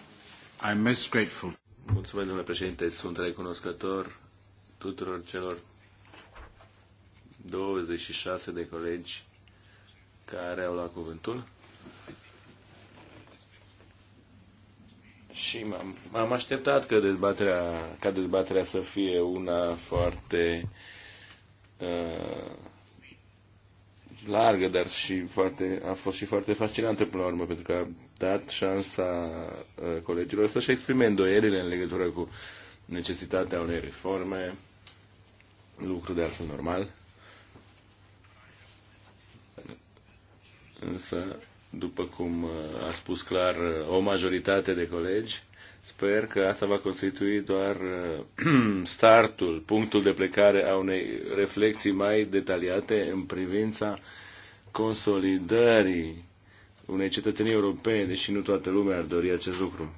I'm most grateful. Mulțumesc, domnule președinte. Sunt recunoscător tuturor celor 26 de colegi care au luat cuvântul Și m-am, am așteptat că dezbaterea, ca dezbaterea să fie una foarte uh, largă, dar și foarte, a fost și foarte fascinantă până la urmă, pentru că a dat șansa uh, colegilor să-și exprime îndoierile în legătură cu necesitatea unei reforme, lucru de altfel normal. Însă, după cum uh, a spus clar uh, o majoritate de colegi, sper că asta va constitui doar uh, [CLEARS THROAT] startul, punctul de plecare a unei reflexii mai detaliate în privința consolidării unei cetățenii europene, deși nu toată lumea ar dori acest lucru.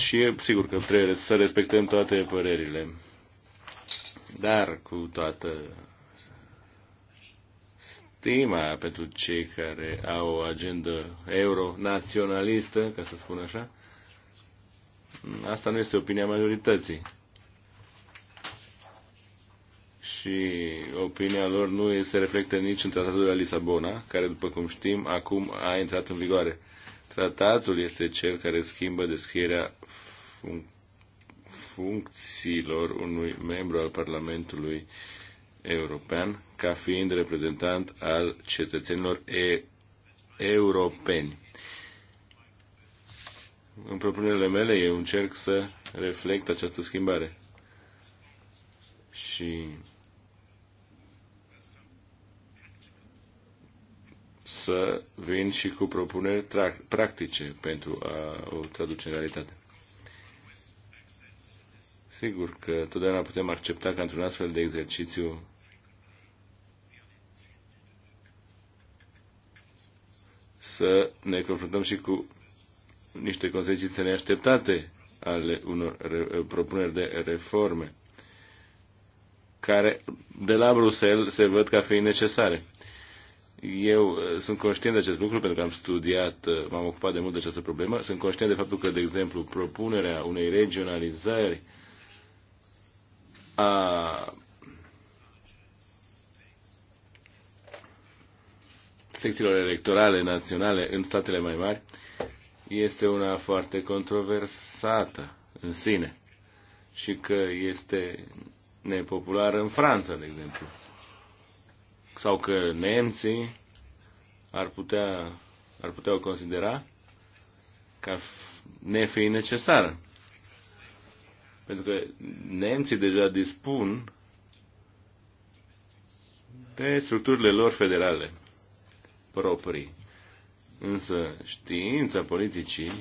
Și e sigur că trebuie să respectăm toate părerile. Dar cu toată stima pentru cei care au o agendă euro-naționalistă, ca să spun așa. Asta nu este opinia majorității. Și opinia lor nu se reflectă nici în tratatul de la Lisabona, care, după cum știm, acum a intrat în vigoare. Tratatul este cel care schimbă descrierea fun- funcțiilor unui membru al Parlamentului uh, european ca fiind reprezentant al cetățenilor e- europeni. În propunerile mele eu încerc să reflect această schimbare. Și să vin și cu propuneri practice pentru a o traduce în realitate. Sigur că totdeauna putem accepta că într-un astfel de exercițiu să ne confruntăm și cu niște consecințe neașteptate ale unor eh, propuneri de reforme, care de la Bruxelles se văd ca fiind necesare. Eu eh, sunt conștient de acest lucru pentru că am studiat, eh, m-am ocupat de mult de această problemă. Sunt conștient de faptul că, de exemplu, propunerea unei regionalizări a secțiilor electorale naționale în statele mai mari este una foarte controversată în sine și că este nepopulară în Franța, de exemplu. Sau că nemții ar putea, ar putea o considera ca nefiind necesară. Pentru că nemții deja dispun de structurile lor federale proprii. Însă știința politicii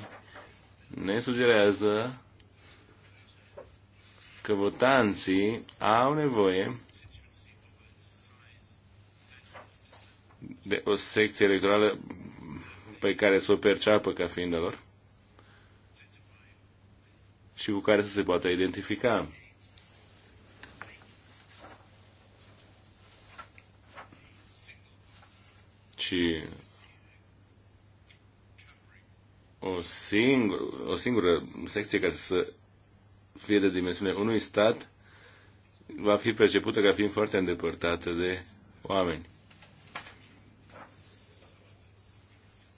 ne sugerează că votanții au nevoie de o secție electorală pe care să o perceapă ca fiind lor și cu care să se poată identifica. și o, singur, o singură secție care să fie de dimensiune unui stat va fi percepută ca fiind foarte îndepărtată de oameni.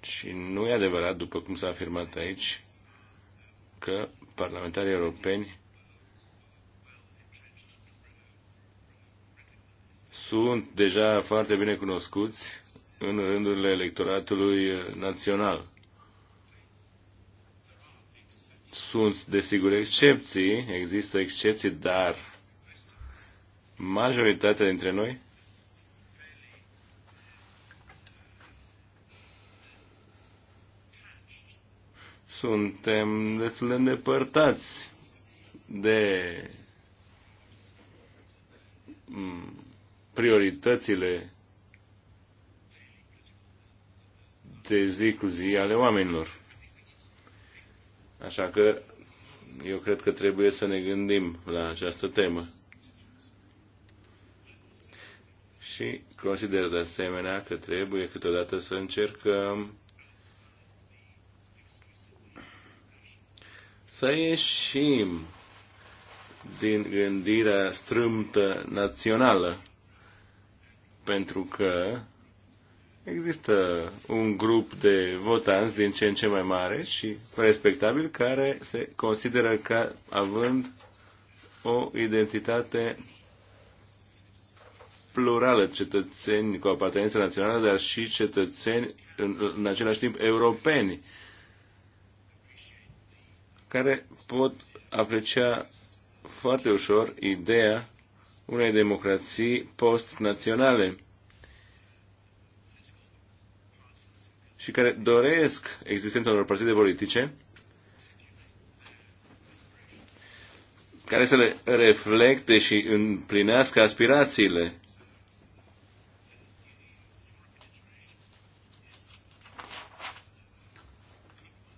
Și nu e adevărat, după cum s-a afirmat aici, că parlamentarii europeni sunt deja foarte bine cunoscuți în rândurile electoratului național. Sunt, desigur, excepții, există excepții, dar majoritatea dintre noi suntem destul de îndepărtați de mm, prioritățile de zi cu zi ale oamenilor. Așa că eu cred că trebuie să ne gândim la această temă. Și consider de asemenea că trebuie câteodată să încercăm să ieșim din gândirea strâmtă națională, pentru că există un grup de votanți din ce în ce mai mare și respectabil care se consideră ca având o identitate plurală, cetățeni cu apartenență națională, dar și cetățeni în, în același timp europeni care pot aprecia foarte ușor ideea unei democrații post-naționale și care doresc existența unor partide politice care să le reflecte și împlinească aspirațiile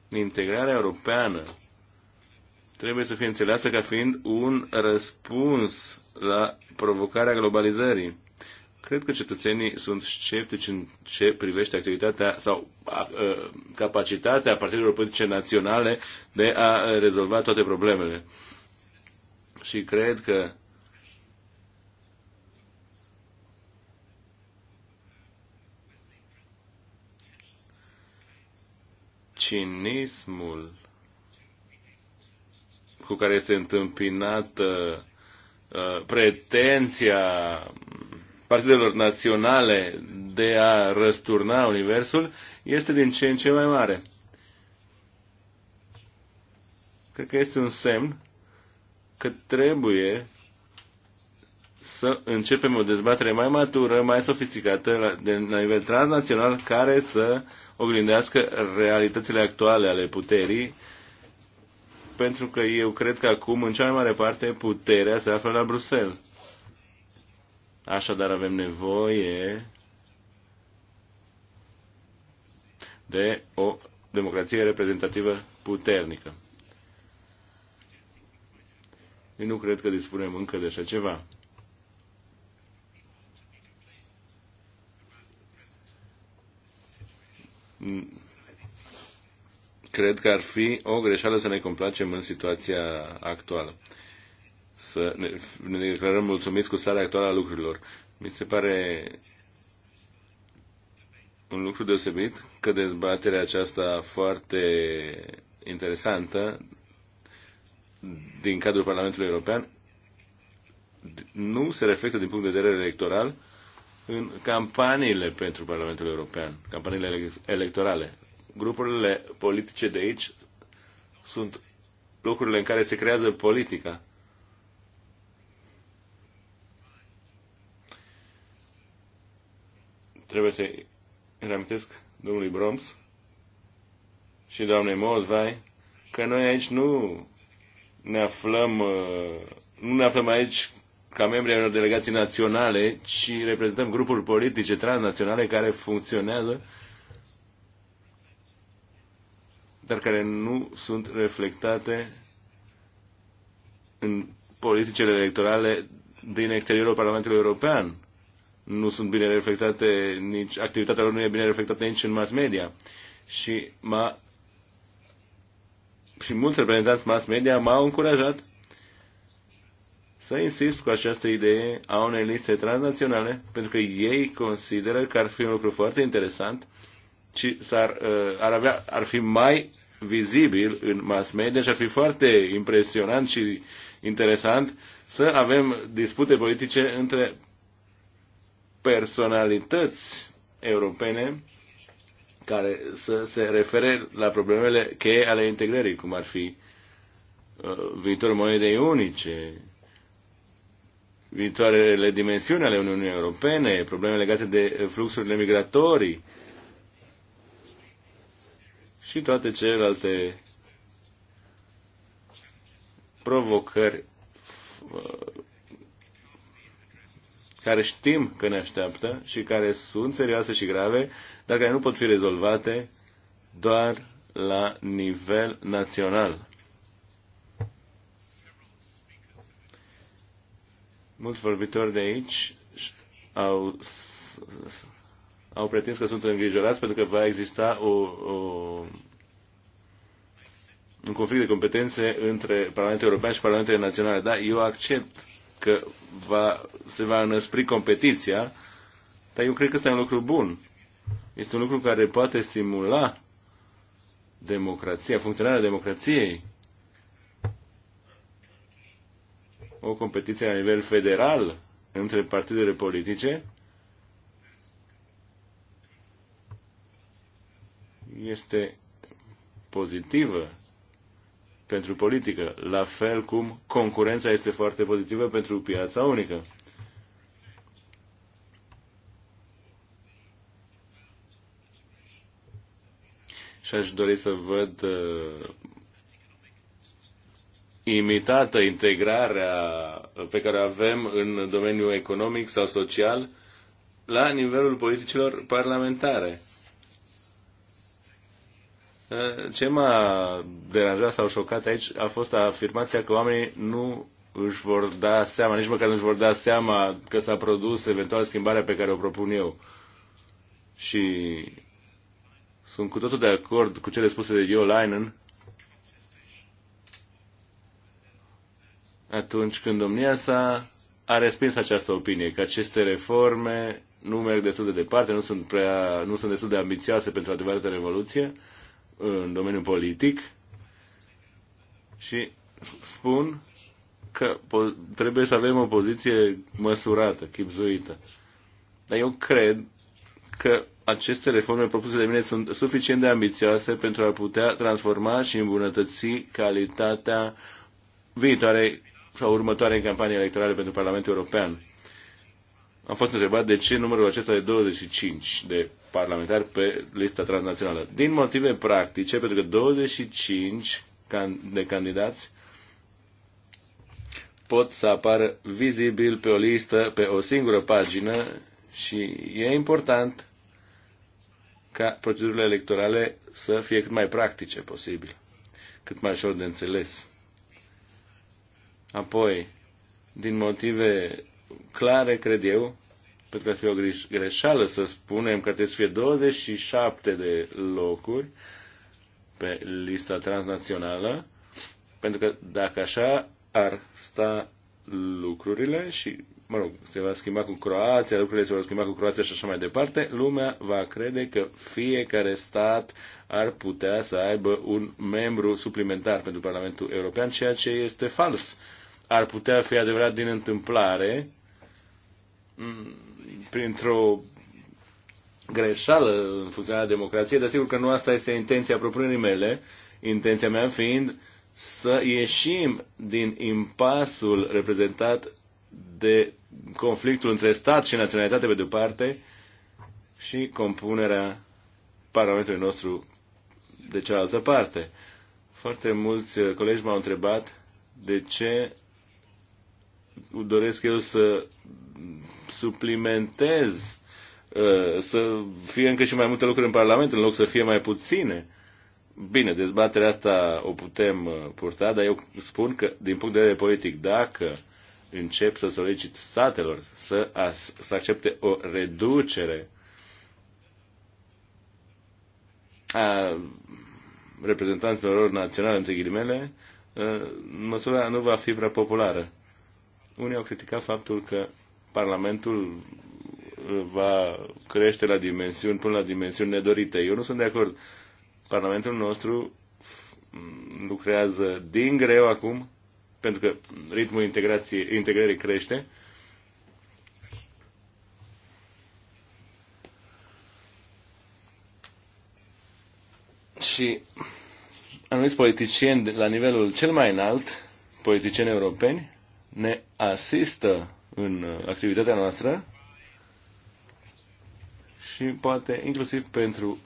integrarea europeană trebuie să fie înțeleasă ca fiind un răspuns la provocarea globalizării. Cred că cetățenii sunt sceptici în ce privește activitatea sau a, a, capacitatea partidelor politice naționale de a rezolva toate problemele. Și cred că cinismul cu care este întâmpinată uh, pretenția partidelor naționale de a răsturna Universul este din ce în ce mai mare. Cred că este un semn că trebuie să începem o dezbatere mai matură, mai sofisticată, la, de, la nivel transnațional, care să oglindească realitățile actuale ale puterii, pentru că eu cred că acum, în cea mai mare parte, puterea se află la Bruxelles. Așadar avem nevoie de o democrație reprezentativă puternică. Eu nu cred că dispunem încă de așa ceva. Cred că ar fi o greșeală să ne complacem în situația actuală să ne, ne declarăm mulțumiți cu starea actuală a lucrurilor. Mi se pare un lucru deosebit că dezbaterea aceasta foarte interesantă din cadrul Parlamentului European nu se reflectă din punct de vedere electoral în campaniile pentru Parlamentul European, campaniile electorale. Grupurile politice de aici sunt locurile în care se creează politica. trebuie să reamintesc domnului Broms și doamne Mozvai că noi aici nu ne aflăm, uh, nu ne aflăm aici ca membri ai unor delegații naționale, ci reprezentăm grupuri politice transnaționale care funcționează, dar care nu sunt reflectate în politicile electorale din exteriorul Parlamentului European nu sunt bine reflectate, nici activitatea lor nu e bine reflectată nici în mass media. Și, m-a, și mulți reprezentanți mass media m-au încurajat să insist cu această idee a unei liste transnaționale, pentru că ei consideră că ar fi un lucru foarte interesant și s-ar, uh, ar, avea, ar fi mai vizibil în mass media și ar fi foarte impresionant și interesant să avem dispute politice între personalități europene care să se refere la problemele cheie ale integrării, cum ar fi uh, viitorul monedei unice, viitoarele dimensiuni ale Uniunii Europene, probleme legate de fluxurile migratorii și toate celelalte provocări uh, care știm că ne așteaptă și care sunt serioase și grave, dar care nu pot fi rezolvate doar la nivel național. Mulți vorbitori de aici au, au pretins că sunt îngrijorați pentru că va exista o, o, un conflict de competențe între Parlamentul European și Parlamentele Naționale. Da, eu accept că va, se va înăspri competiția, dar eu cred că este un lucru bun. Este un lucru care poate stimula democrația, funcționarea democrației. O competiție la nivel federal între partidele politice este pozitivă pentru politică, la fel cum concurența este foarte pozitivă pentru piața unică. Și aș dori să văd uh, imitată integrarea pe care o avem în domeniul economic sau social la nivelul politicilor parlamentare. Ce m-a deranjat sau șocat aici a fost afirmația că oamenii nu își vor da seama, nici măcar nu își vor da seama că s-a produs eventual schimbarea pe care o propun eu. Și sunt cu totul de acord cu cele spuse de Joe Linen atunci când domnia sa a respins această opinie, că aceste reforme nu merg destul de departe, nu sunt, prea, nu sunt destul de ambițioase pentru adevărată revoluție, în domeniul politic și spun că trebuie să avem o poziție măsurată, chipzuită. Dar eu cred că aceste reforme propuse de mine sunt suficient de ambițioase pentru a putea transforma și îmbunătăți calitatea viitoare sau următoarei campanii electorale pentru Parlamentul European. Am fost întrebat de ce numărul acesta de 25 de parlamentari pe lista transnațională. Din motive practice, pentru că 25 de candidați pot să apară vizibil pe o listă, pe o singură pagină și e important ca procedurile electorale să fie cât mai practice posibil, cât mai ușor de înțeles. Apoi, din motive clare, cred eu, pentru că ar fi o greșeală să spunem că trebuie să fie 27 de locuri pe lista transnațională, pentru că dacă așa ar sta lucrurile și, mă rog, se va schimba cu Croația, lucrurile se vor schimba cu Croația și așa mai departe, lumea va crede că fiecare stat ar putea să aibă un membru suplimentar pentru Parlamentul European, ceea ce este fals. Ar putea fi adevărat din întâmplare, printr-o greșeală în funcționarea democrației, dar sigur că nu asta este intenția propunerii mele, intenția mea fiind să ieșim din impasul reprezentat de conflictul între stat și naționalitate pe de-o parte și compunerea Parlamentului nostru de cealaltă parte. Foarte mulți colegi m-au întrebat de ce doresc eu să suplimentez, uh, să fie încă și mai multe lucruri în Parlament, în loc să fie mai puține. Bine, dezbaterea asta o putem uh, purta, dar eu spun că, din punct de vedere politic, dacă încep să solicit statelor să, as, să accepte o reducere a reprezentanților lor naționale, între ghilimele, uh, măsura nu va fi prea populară. Unii au criticat faptul că Parlamentul uh, va crește la dimensiuni, până la dimensiuni nedorite. Eu nu sunt de acord. Parlamentul nostru lucrează din greu acum, pentru că ritmul integrării crește. Și anumiți politicieni la nivelul cel mai înalt, politicieni europeni, ne asistă în uh, activitatea noastră și poate inclusiv pentru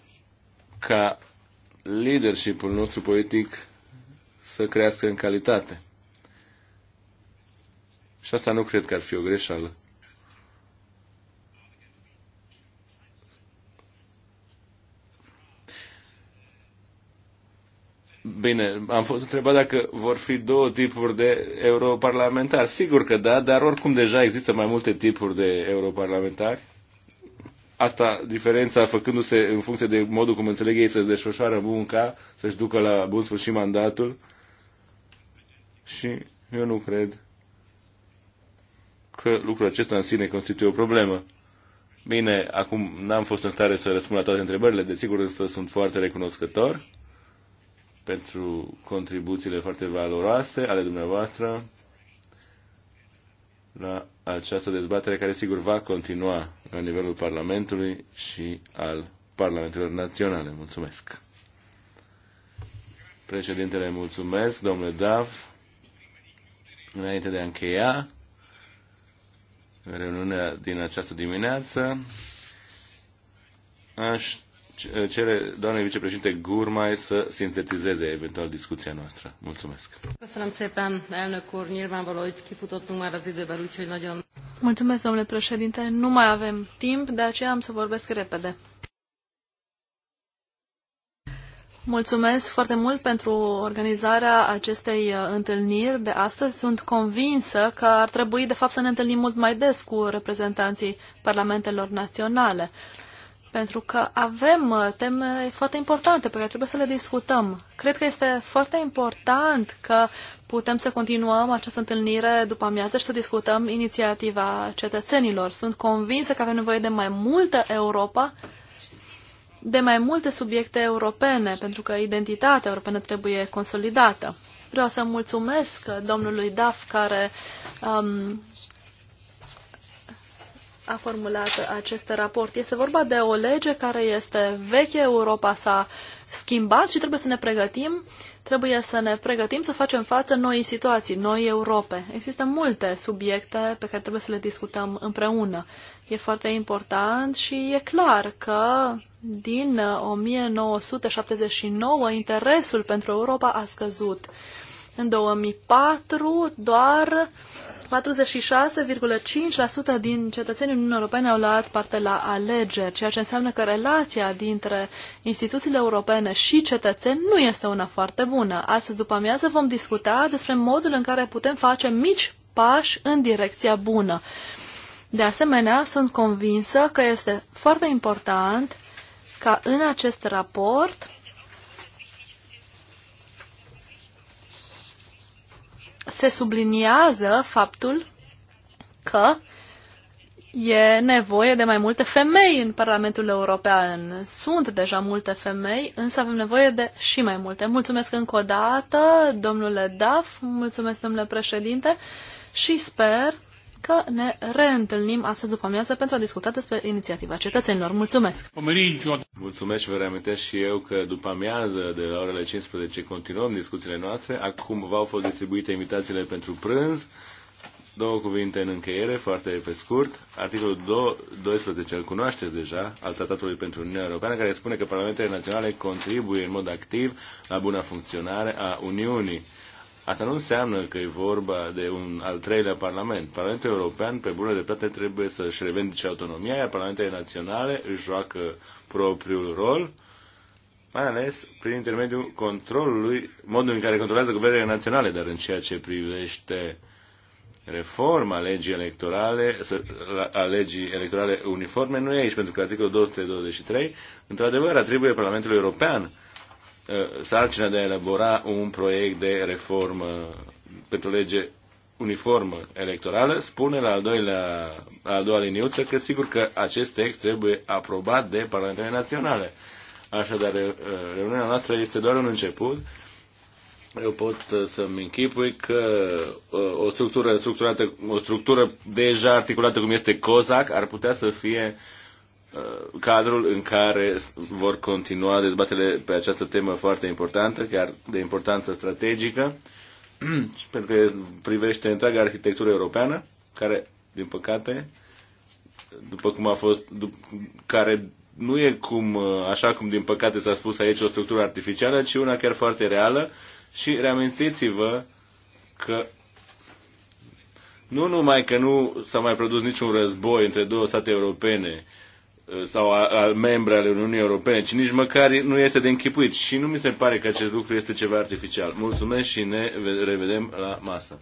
ca leadershipul nostru politic să crească în calitate. Și asta nu cred că ar fi o greșeală. Bine, am fost întrebat dacă vor fi două tipuri de europarlamentari. Sigur că da, dar oricum deja există mai multe tipuri de europarlamentari. Asta, diferența făcându-se în funcție de modul cum înțeleg ei să-și desfășoară munca, să-și ducă la bun sfârșit mandatul. Și eu nu cred că lucrul acesta în sine constituie o problemă. Bine, acum n-am fost în stare să răspund la toate întrebările, desigur însă sunt foarte recunoscător pentru contribuțiile foarte valoroase ale dumneavoastră la această dezbatere care sigur va continua la nivelul Parlamentului și al Parlamentelor Naționale. Mulțumesc! Președintele, mulțumesc, domnule Dav. Înainte de a încheia reuniunea din această dimineață, aș cere doamnei vicepreședinte Gurmai să sintetizeze eventual discuția noastră. Mulțumesc. Mulțumesc, domnule președinte. Nu mai avem timp, de aceea am să vorbesc repede. Mulțumesc foarte mult pentru organizarea acestei uh, întâlniri de astăzi. Sunt convinsă că ar trebui, de fapt, să ne întâlnim mult mai des cu reprezentanții parlamentelor naționale pentru că avem uh, teme foarte importante pe care trebuie să le discutăm. Cred că este foarte important că putem să continuăm această întâlnire după amiază și să discutăm inițiativa cetățenilor. Sunt convinsă că avem nevoie de mai multă Europa, de mai multe subiecte europene, pentru că identitatea europeană trebuie consolidată. Vreau să mulțumesc domnului Daf care um, a formulat acest raport. Este vorba de o lege care este veche, Europa s-a schimbat și trebuie să ne pregătim, trebuie să ne pregătim să facem față noi situații, noi Europe. Există multe subiecte pe care trebuie să le discutăm împreună. E foarte important și e clar că din 1979 interesul pentru Europa a scăzut. În 2004 doar 46,5% din cetățenii Uniunii Europene au luat parte la alegeri, ceea ce înseamnă că relația dintre instituțiile europene și cetățeni nu este una foarte bună. Astăzi, după amiază, vom discuta despre modul în care putem face mici pași în direcția bună. De asemenea, sunt convinsă că este foarte important ca în acest raport se subliniază faptul că e nevoie de mai multe femei în Parlamentul European. Sunt deja multe femei, însă avem nevoie de și mai multe. Mulțumesc încă o dată, domnule Daf, mulțumesc, domnule președinte, și sper că ne reîntâlnim astăzi după amiază pentru a discuta despre inițiativa cetățenilor. Mulțumesc! Mulțumesc și vă reamintesc și eu că după amiază de la orele 15 continuăm discuțiile noastre. Acum v-au fost distribuite invitațiile pentru prânz. Două cuvinte în încheiere, foarte pe scurt. Articolul 12 îl cunoașteți deja al Tratatului pentru Uniunea Europeană, care spune că parlamentele naționale contribuie în mod activ la buna funcționare a Uniunii. Asta nu înseamnă că e vorba de un al treilea Parlament. Parlamentul European, pe bună dreptate, trebuie să-și revendice autonomia, iar Parlamentele naționale își joacă propriul rol, mai ales prin intermediul controlului, modul în care controlează guvernele naționale, dar în ceea ce privește reforma legii electorale, a legii electorale uniforme, nu e aici, pentru că articolul 223, într-adevăr, atribuie Parlamentului European Uh, sarcina de a elabora un proiect de reformă pentru lege uniformă electorală, spune la, al doilea, la a doua liniuță că sigur că acest text trebuie aprobat de Parlamentele Naționale. Așadar, uh, reuniunea noastră este doar un început. Eu pot uh, să-mi închipui că o structură, structurată, o structură deja articulată cum este COSAC ar putea să fie uh, Uh, cadrul în care vor continua dezbatele pe această temă foarte importantă, chiar de importanță strategică, [CLEARS THROAT] pentru că privește întreaga arhitectură europeană, care, din păcate, după cum a fost, care nu e cum, uh, așa cum din păcate s-a spus aici, o structură artificială, ci una chiar foarte reală și reamintiți-vă că nu numai că nu s-a mai produs niciun război între două state europene, sau al membre ale Uniunii Europene, ci nici măcar nu este de închipuit. Și nu mi se pare că acest lucru este ceva artificial. Mulțumesc și ne revedem la masă.